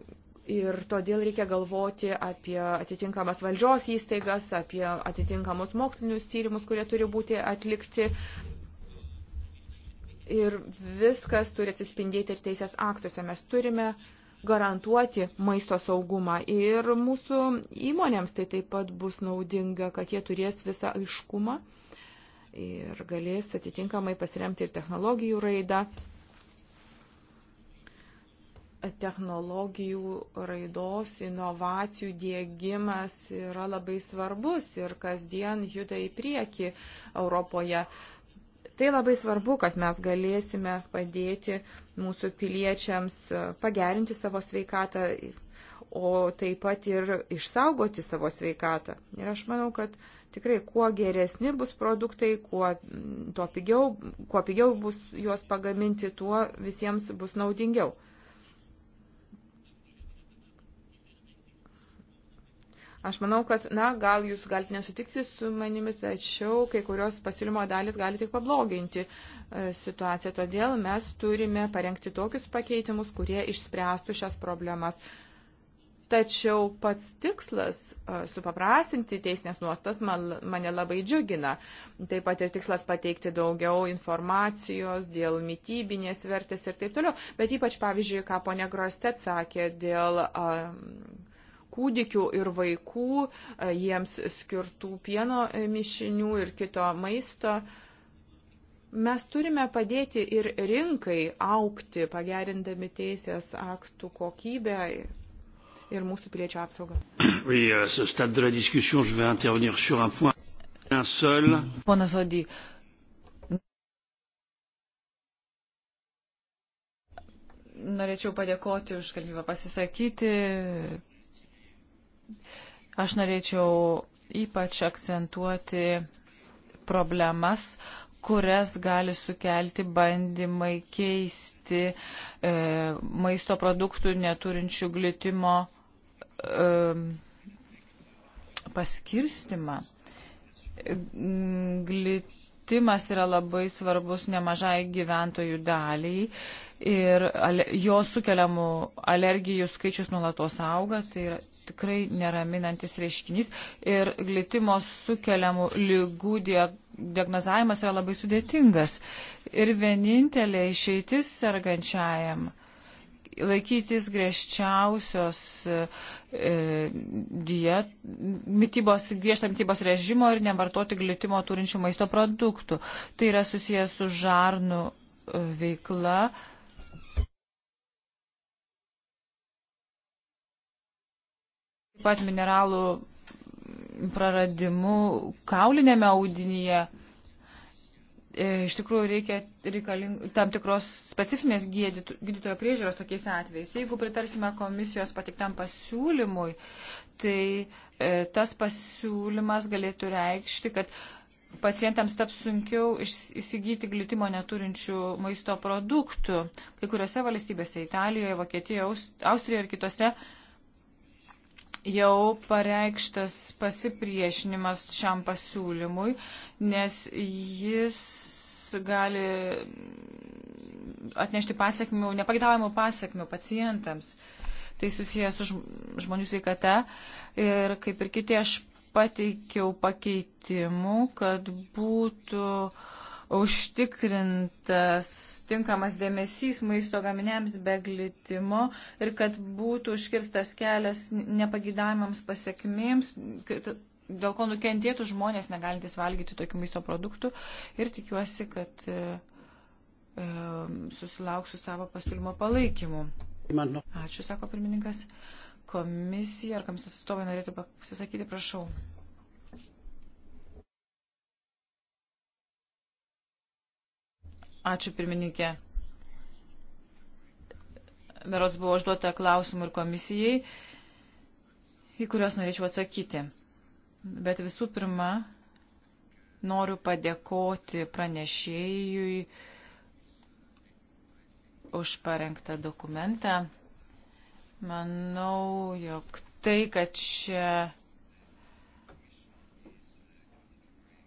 Ir todėl reikia galvoti apie atitinkamas valdžios įstaigas, apie atitinkamus mokslinius tyrimus, kurie turi būti atlikti. Ir viskas turi atsispindėti ir teisės aktuose. Mes turime garantuoti maisto saugumą ir mūsų įmonėms tai taip pat bus naudinga, kad jie turės visą aiškumą ir galės atitinkamai pasiremti ir technologijų raidą. Technologijų raidos, inovacijų dėgymas yra labai svarbus ir kasdien juda į priekį Europoje. Uh, Tai labai svarbu, kad mes galėsime padėti mūsų piliečiams e, pagerinti savo sveikatą, o taip pat ir išsaugoti savo sveikatą. Ir aš manau, kad tikrai kuo geresni bus produktai, kuo, mm, pigiau, kuo pigiau bus juos pagaminti, tuo visiems bus naudingiau. Aš manau, kad, na, gal jūs galite nesutikti su manimi, tačiau kai kurios pasiūlymo dalis gali tik pabloginti e, situaciją. Todėl mes turime parengti tokius pakeitimus, kurie išspręstų šias problemas. Tačiau pats tikslas e, supaprastinti teisinės nuostas man, mane labai džiugina. Taip pat ir tikslas pateikti daugiau informacijos dėl mytybinės vertės ir taip toliau. Bet ypač, pavyzdžiui, ką ponė Grostet sakė dėl. Uh, kūdikių ir vaikų, e, jiems skirtų pieno e, mišinių ir kito maisto. Mes turime padėti ir rinkai aukti, pagerindami teisės aktų kokybę ir mūsų piliečio apsaugą. Oui, seul... Ponas Odį, norėčiau padėkoti už galimybę pasisakyti, Aš norėčiau ypač akcentuoti problemas, kurias gali sukelti bandymai keisti e, maisto produktų neturinčių glitimo e, paskirstimą. Glit švietimas yra labai svarbus nemažai gyventojų daliai ir jo sukeliamų alergijų skaičius nuolatos auga, tai yra tikrai neraminantis reiškinys ir glitimo sukeliamų lygų diagnozavimas yra labai sudėtingas. Ir vienintelė išeitis sergančiajam laikytis griežčiausios e, e diet, mytybos, griežtą mytybos režimo ir nevartoti glitimo turinčių maisto produktų. Tai yra susijęs su žarnų e, veikla. Taip pat mineralų praradimu kaulinėme audinyje. E, iš tikrųjų reikia reikaling, tam tikros specifinės gydytojo priežiūros tokiais atvejais. Jeigu pritarsime komisijos patiktam pasiūlymui, tai e, tas pasiūlymas galėtų reikšti, kad pacientams taps sunkiau įsigyti glitimo neturinčių maisto produktų. Kai kuriuose valstybėse - Italijoje, Vokietijoje, Austrijoje ir kitose jau pareikštas pasipriešinimas šiam pasiūlymui, nes jis gali atnešti pasiekmių, nepagidavimų pasiekmių pacientams. Tai susijęs su žmonių sveikate ir kaip ir kiti aš pateikiau pakeitimų, kad būtų uh, užtikrintas tinkamas dėmesys maisto gaminiams be glitimo ir kad būtų užkirstas kelias nepagydavimams pasiekmėms, dėl ko nukentėtų žmonės negalintys valgyti tokių maisto produktų ir tikiuosi, kad e, e, susilauksiu savo pasiūlymo palaikymu. Ačiū, sako pirmininkas. Komisija ar komisijos atstovai norėtų pasisakyti, prašau. Ačiū pirmininkė. Beros buvo užduota klausimų ir komisijai, į kuriuos norėčiau atsakyti. Bet visų pirma, noriu padėkoti pranešėjui už parengtą dokumentą. Manau, jog tai, kad čia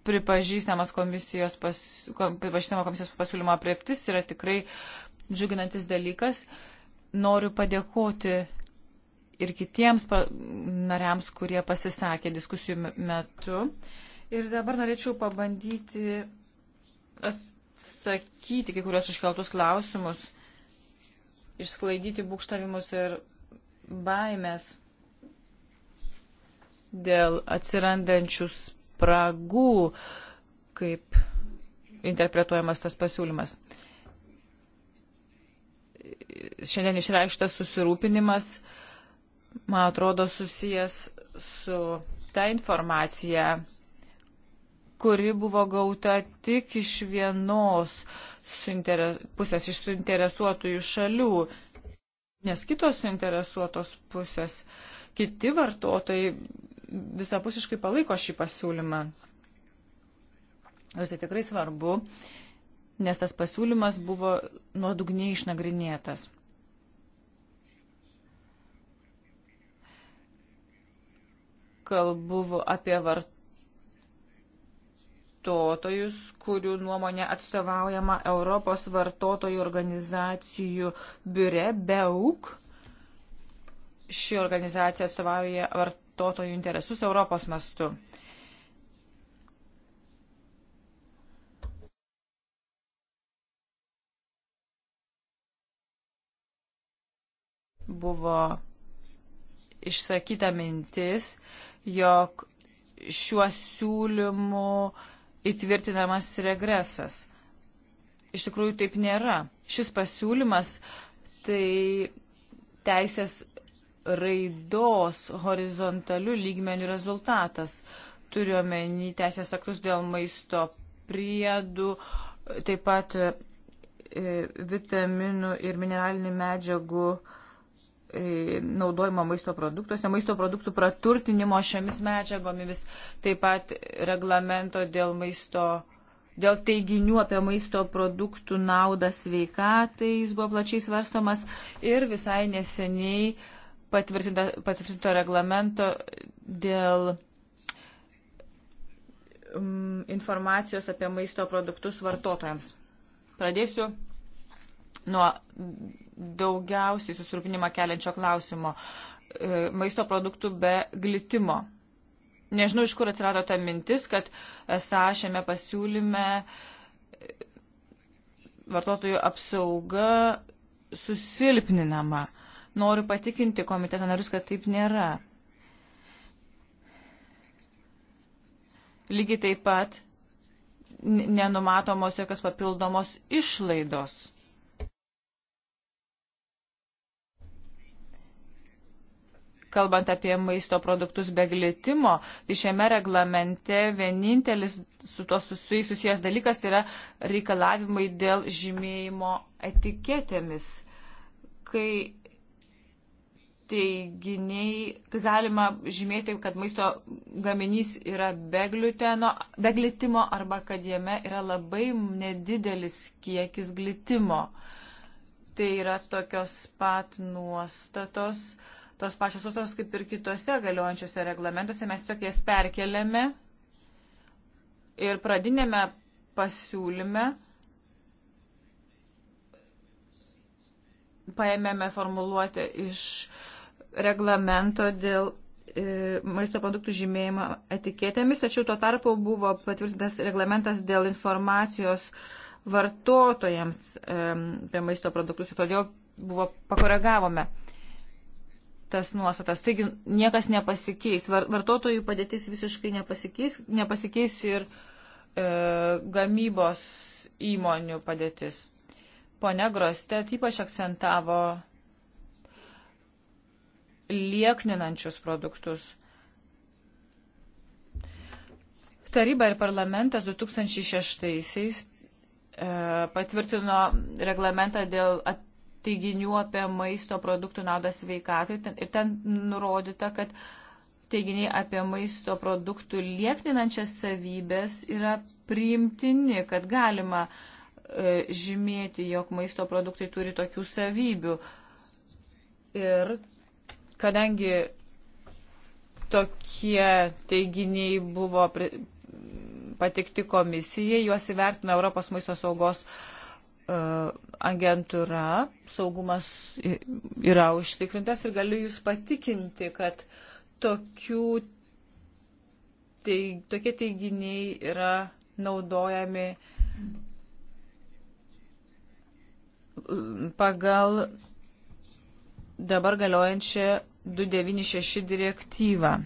pripažįstamas komisijos, pas, pripažįstama komisijos pasiūlymo apreptis yra tikrai džiuginantis dalykas. Noriu padėkoti ir kitiems nariams, kurie pasisakė diskusijų metu. Ir dabar norėčiau pabandyti atsakyti kai kurios iškeltus klausimus, išsklaidyti būkštavimus ir baimės dėl atsirandančius spragų, kaip interpretuojamas tas pasiūlymas. Šiandien išreikštas susirūpinimas, man atrodo, susijęs su ta informacija, kuri buvo gauta tik iš vienos pusės, iš suinteresuotųjų šalių, nes kitos suinteresuotos pusės, kiti vartotojai visapusiškai palaiko šį pasiūlymą. Ir tai tikrai svarbu, nes tas pasiūlymas buvo nuodugniai išnagrinėtas. Kalbu apie vartotojus, kurių nuomonė atstovaujama Europos vartotojų organizacijų biure BEUK. Ši organizacija atstovauja vartotojų vartotojų interesus Europos mastu. Buvo išsakyta mintis, jog šiuo siūlymu įtvirtinamas regresas. Iš tikrųjų taip nėra. Šis pasiūlymas tai teisės raidos horizontalių lygmenių rezultatas. Turiuomenį teisės aktus dėl maisto priedų, taip pat e, vitaminų ir mineralinių medžiagų e, naudojimo maisto produktuose, maisto produktų praturtinimo šiomis medžiagomis, taip pat reglamento dėl maisto dėl teiginių apie maisto produktų naudą sveikatai jis buvo plačiai svarstomas ir visai neseniai uh, patvirtinto reglamento dėl mm, informacijos apie maisto produktus vartotojams. Pradėsiu nuo daugiausiai susirūpinimą keliančio klausimo e, - maisto produktų be glitimo. Nežinau, iš kur atsirado ta mintis, kad esą šiame pasiūlyme e, vartotojų apsauga susilpninama. Noriu patikinti komiteto narius, kad taip nėra. Lygiai taip pat nenumatomos jokios papildomos išlaidos. kalbant apie maisto produktus be glitimo, tai šiame reglamente vienintelis su to susijęs dalykas yra reikalavimai dėl žymėjimo etiketėmis. Kai teiginiai, tai galima žymėti, kad maisto gaminys yra be gluteno, be glitimo arba kad jame yra labai nedidelis kiekis glitimo. Tai yra tokios pat nuostatos, tos pačios nuostatos kaip ir kitose galiojančiose reglamentuose, mes tiesiog jas perkeliame ir pradinėme pasiūlyme paėmėme formuluotę iš uh, reglamento dėl e, maisto produktų žymėjimo etiketėmis, tačiau tuo tarpu buvo patvirtintas reglamentas dėl informacijos vartotojams e, apie maisto produktus ir todėl buvo pakoregavome tas nuostatas. Taigi niekas nepasikeis, vartotojų padėtis visiškai nepasikeis, nepasikeis ir e, gamybos įmonių padėtis. Pone Grostet ypač akcentavo liekninančius produktus. Taryba ir parlamentas 2006-aisiais e, patvirtino reglamentą dėl teiginių apie maisto produktų naudą sveikatai ir ten nurodyta, kad teiginiai apie maisto produktų liekninančias savybės yra priimtini, kad galima e, žymėti, jog maisto produktai turi tokių savybių. Ir Kadangi tokie teiginiai buvo patikti komisijai, juos įvertina Europos maisto saugos e, agentūra, saugumas yra užtikrintas ir galiu Jūs patikinti, kad tokių, teig, tokie teiginiai yra naudojami pagal dabar galiojančią 296 direktyvą.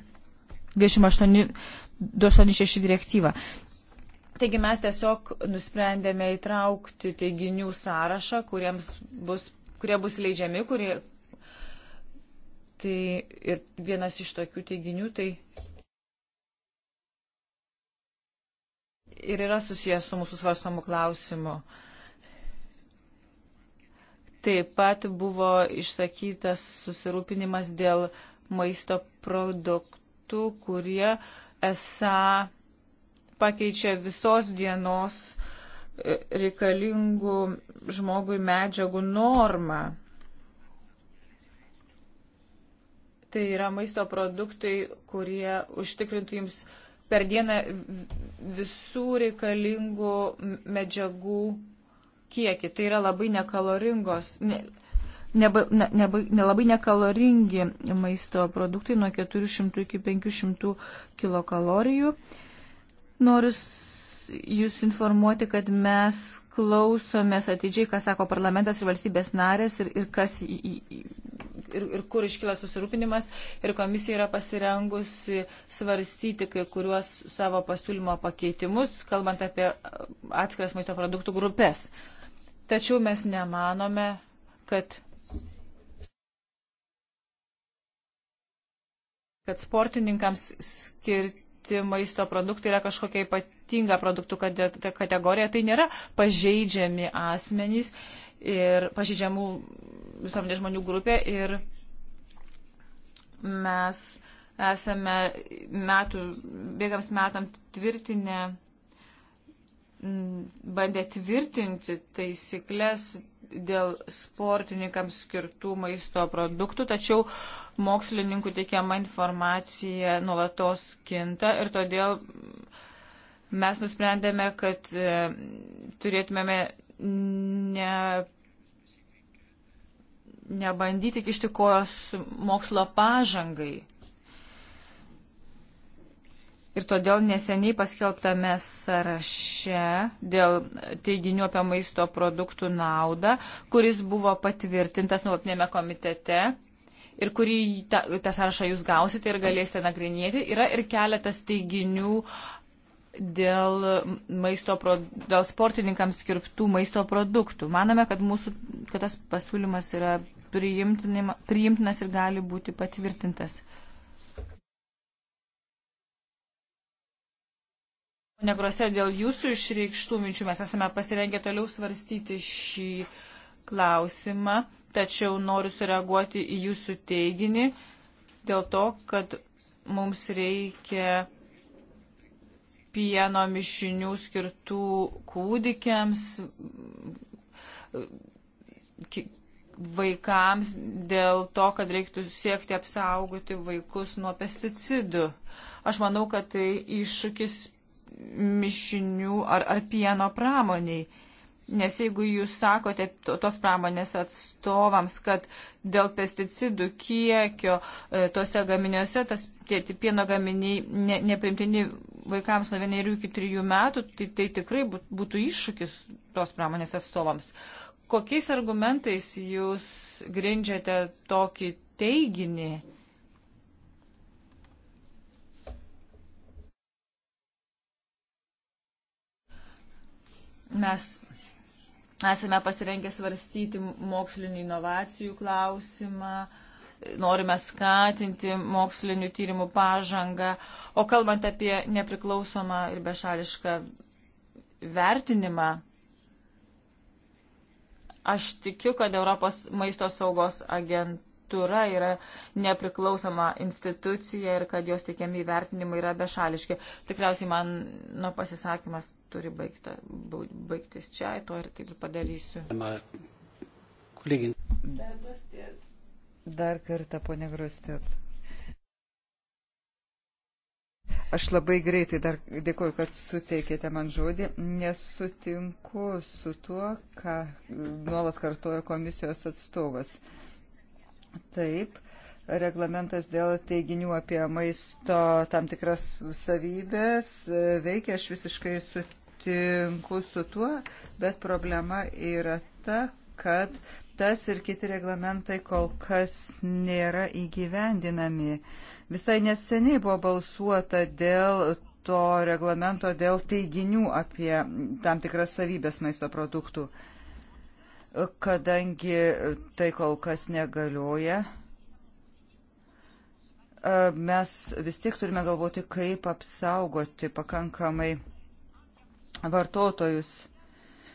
28, 286 direktyvą. Taigi mes tiesiog nusprendėme įtraukti teiginių sąrašą, bus, kurie bus leidžiami, kurie. Tai ir vienas iš tokių teiginių tai ir yra susijęs su mūsų svarstamu klausimu. Uh, Taip pat buvo išsakytas susirūpinimas dėl maisto produktų, kurie esą pakeičia visos dienos e, reikalingų žmogui medžiagų normą. Tai yra maisto produktai, kurie užtikrintų jums per dieną visų reikalingų medžiagų kiekį. Tai yra labai nekaloringos, ne, neba, ne, neba, nelabai nekaloringi maisto produktai nuo 400 iki 500 kilokalorijų. Noriu jūs informuoti, kad mes klausomės atidžiai, ką sako parlamentas ir valstybės narės ir, ir, kas, ir, ir kur iškyla susirūpinimas. Ir komisija yra pasirengusi svarstyti kai kuriuos savo pasiūlymo pakeitimus, kalbant apie atskiras maisto produktų grupės. Uh, Tačiau mes nemanome, kad, kad sportininkams skirti maisto produktai yra kažkokia ypatinga produktų kategorija. Tai nėra pažeidžiami asmenys ir pažeidžiamų visuomenės žmonių grupė ir mes esame metų, bėgams metam tvirtinę Mm, bandė tvirtinti taisyklės dėl sportininkams skirtų maisto produktų, tačiau mokslininkų teikiama informacija nuolatos kinta ir todėl mes nusprendėme, kad e, turėtumėme ne, nebandyti kišti kojos mokslo pažangai. Ir todėl neseniai paskelbtame sąraše dėl teiginių apie maisto produktų naudą, kuris buvo patvirtintas nuolatinėme komitete ir kurį tą, tą sąrašą jūs gausite ir galėsite nagrinėti, yra ir keletas teiginių dėl, maisto, dėl sportininkams skirtų maisto produktų. Manome, kad, mūsų, kad tas pasiūlymas yra priimtinas ir gali būti patvirtintas. Negrose, dėl jūsų išreikštų minčių mes esame pasirengę toliau svarstyti šį klausimą, tačiau noriu sureaguoti į jūsų teiginį dėl to, kad mums reikia pieno mišinių skirtų kūdikiams, vaikams dėl to, kad reiktų siekti apsaugoti vaikus nuo pesticidų. Aš manau, kad tai iššūkis mišinių ar, ar pieno pramoniai. Nes jeigu jūs sakote tos pramonės atstovams, kad dėl pesticidų kiekio e, tose gaminiuose tas tie, tie pieno gaminiai ne, neprimtini vaikams nuo vienerių iki trijų metų, tai, tai tikrai būtų iššūkis tos pramonės atstovams. Kokiais argumentais jūs grindžiate tokį teiginį? Mes esame pasirengę svarstyti mokslinį inovacijų klausimą, norime skatinti mokslinių tyrimų pažangą, o kalbant apie nepriklausomą ir bešališką vertinimą, aš tikiu, kad Europos maisto saugos agentūra yra nepriklausoma institucija ir kad jos teikiami įvertinimai yra bešališki. Tikriausiai mano pasisakymas turi baigta, baigtis čia, to ir taip padarysiu. Dar kartą, ponė Grostėt. Aš labai greitai dar dėkoju, kad suteikėte man žodį. Nesutinku su tuo, ką nuolat kartojo komisijos atstovas. Taip, reglamentas dėl teiginių apie maisto tam tikras savybės veikia, aš visiškai sutinku sutinku su tuo, bet problema yra ta, kad tas ir kiti reglamentai kol kas nėra įgyvendinami. Visai neseniai buvo balsuota dėl to reglamento, dėl teiginių apie tam tikras savybės maisto produktų. Kadangi tai kol kas negalioja, mes vis tiek turime galvoti, kaip apsaugoti pakankamai vartotojus.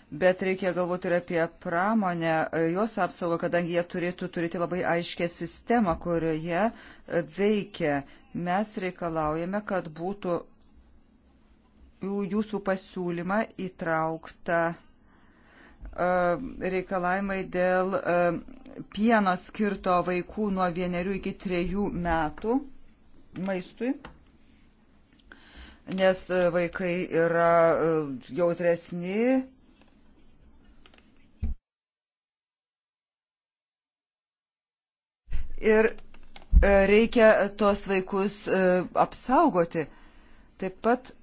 Bet reikia galvoti ir apie pramonę, jos apsaugą, kadangi jie turėtų turėti labai aiškę sistemą, kurioje veikia. Mes reikalaujame, kad būtų jūsų pasiūlymą įtraukta e, reikalavimai dėl e, pieno skirto vaikų nuo vienerių iki trejų metų maistui nes e, vaikai yra e, jautresni. Ir e, reikia tos vaikus apsaugoti. Taip pat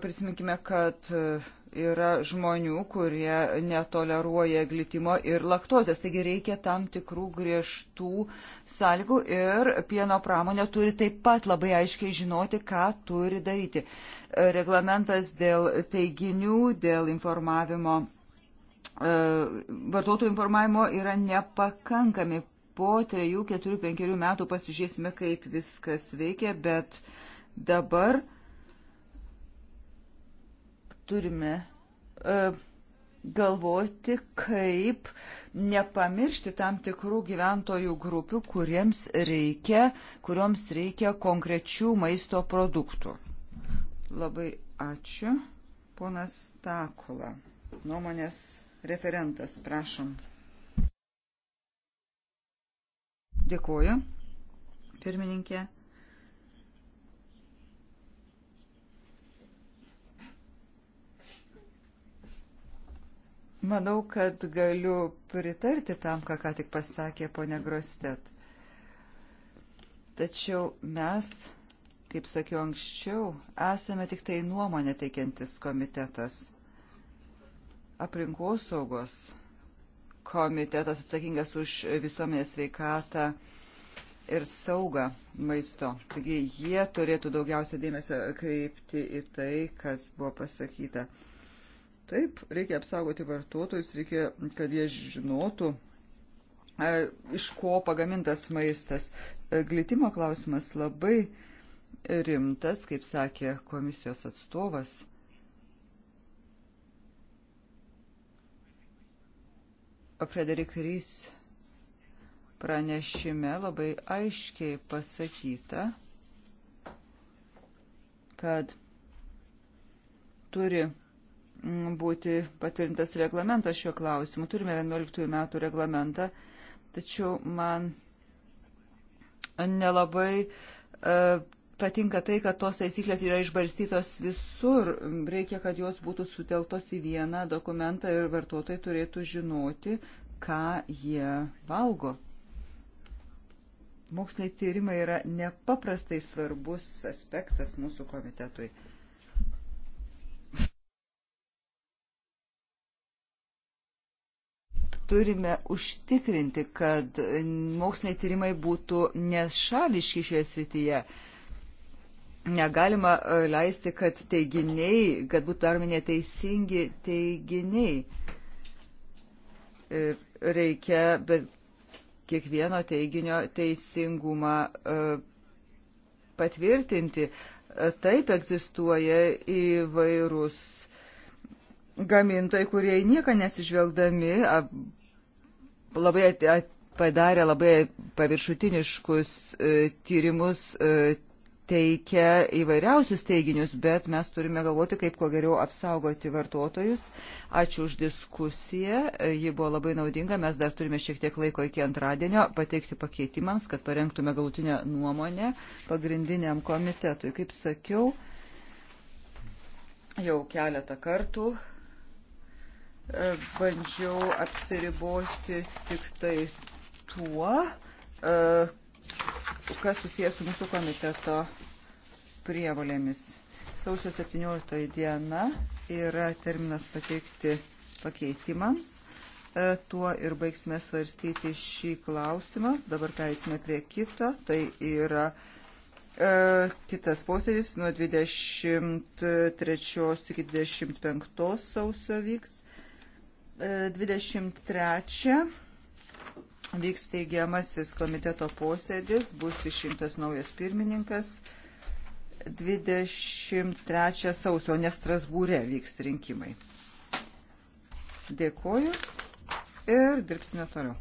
prisiminkime, kad yra žmonių, kurie netoleruoja glitimo ir laktozės. Taigi reikia tam tikrų griežtų sąlygų ir pieno pramonė turi taip pat labai aiškiai žinoti, ką turi daryti. Reglamentas dėl teiginių, dėl informavimo, e, vartotojų informavimo yra nepakankami. Po 3, 4, 5 metų pasižiūrėsime, kaip viskas veikia, bet dabar turime e, galvoti, kaip nepamiršti tam tikrų gyventojų grupių, kuriems reikia, kurioms reikia konkrečių maisto produktų. Labai ačiū. Ponas Takula, nuomonės referentas, prašom. Dėkuoju, pirmininkė. Manau, kad galiu pritarti tam, ką ką tik pasakė ponia Grostet. Tačiau mes, kaip sakiau anksčiau, esame tik tai nuomonė teikiantis komitetas. Aplinkosaugos komitetas atsakingas už visuomenės veikatą ir saugą maisto. Taigi jie turėtų daugiausia dėmesio kreipti į tai, kas buvo pasakyta. Taip, reikia apsaugoti vartotojus, reikia, kad jie žinotų, e, iš ko pagamintas maistas. E, glitimo klausimas labai rimtas, kaip sakė komisijos atstovas. Frederik Rys pranešime labai aiškiai pasakyta, kad turi Mm, būti patvirtintas reglamentas šiuo klausimu. Turime 11 metų reglamentą, tačiau man nelabai uh, patinka tai, kad tos taisyklės yra išbarstytos visur. Reikia, kad jos būtų suteltos į vieną dokumentą ir vartotojai turėtų žinoti, ką jie valgo. Moksliniai tyrimai yra nepaprastai svarbus aspektas mūsų komitetui. turime užtikrinti, kad moksliniai tyrimai būtų nešališki šioje srityje. Negalima e, leisti, kad teiginiai, kad būtų daromi neteisingi teiginiai. Ir e, reikia bet kiekvieno teiginio teisingumą e, patvirtinti. Taip egzistuoja įvairūs gamintojai, kurie į nieką nesižvelgdami labai padarė labai paviršutiniškus e, tyrimus, e, teikia įvairiausius teiginius, bet mes turime galvoti, kaip kuo geriau apsaugoti vartotojus. Ačiū už diskusiją, e, ji buvo labai naudinga, mes dar turime šiek tiek laiko iki antradienio pateikti pakeitimams, kad parengtume galutinę nuomonę pagrindiniam komitetui. Kaip sakiau, jau keletą kartų E, bandžiau apsiriboti tik tai tuo, e, kas susijęs su mūsų komiteto prievolėmis. Sausio 17 diena yra terminas pateikti pakeitimams. E, tuo ir baigsime svarstyti šį klausimą. Dabar perėsime prie kito. Tai yra e, kitas posėdis nuo 23 iki 25 sausio vyks. 23 vyks teigiamasis komiteto posėdis, bus išrinktas naujas pirmininkas. 23 sausio, nes Strasbūre vyks rinkimai. Dėkoju ir dirbsime toliau.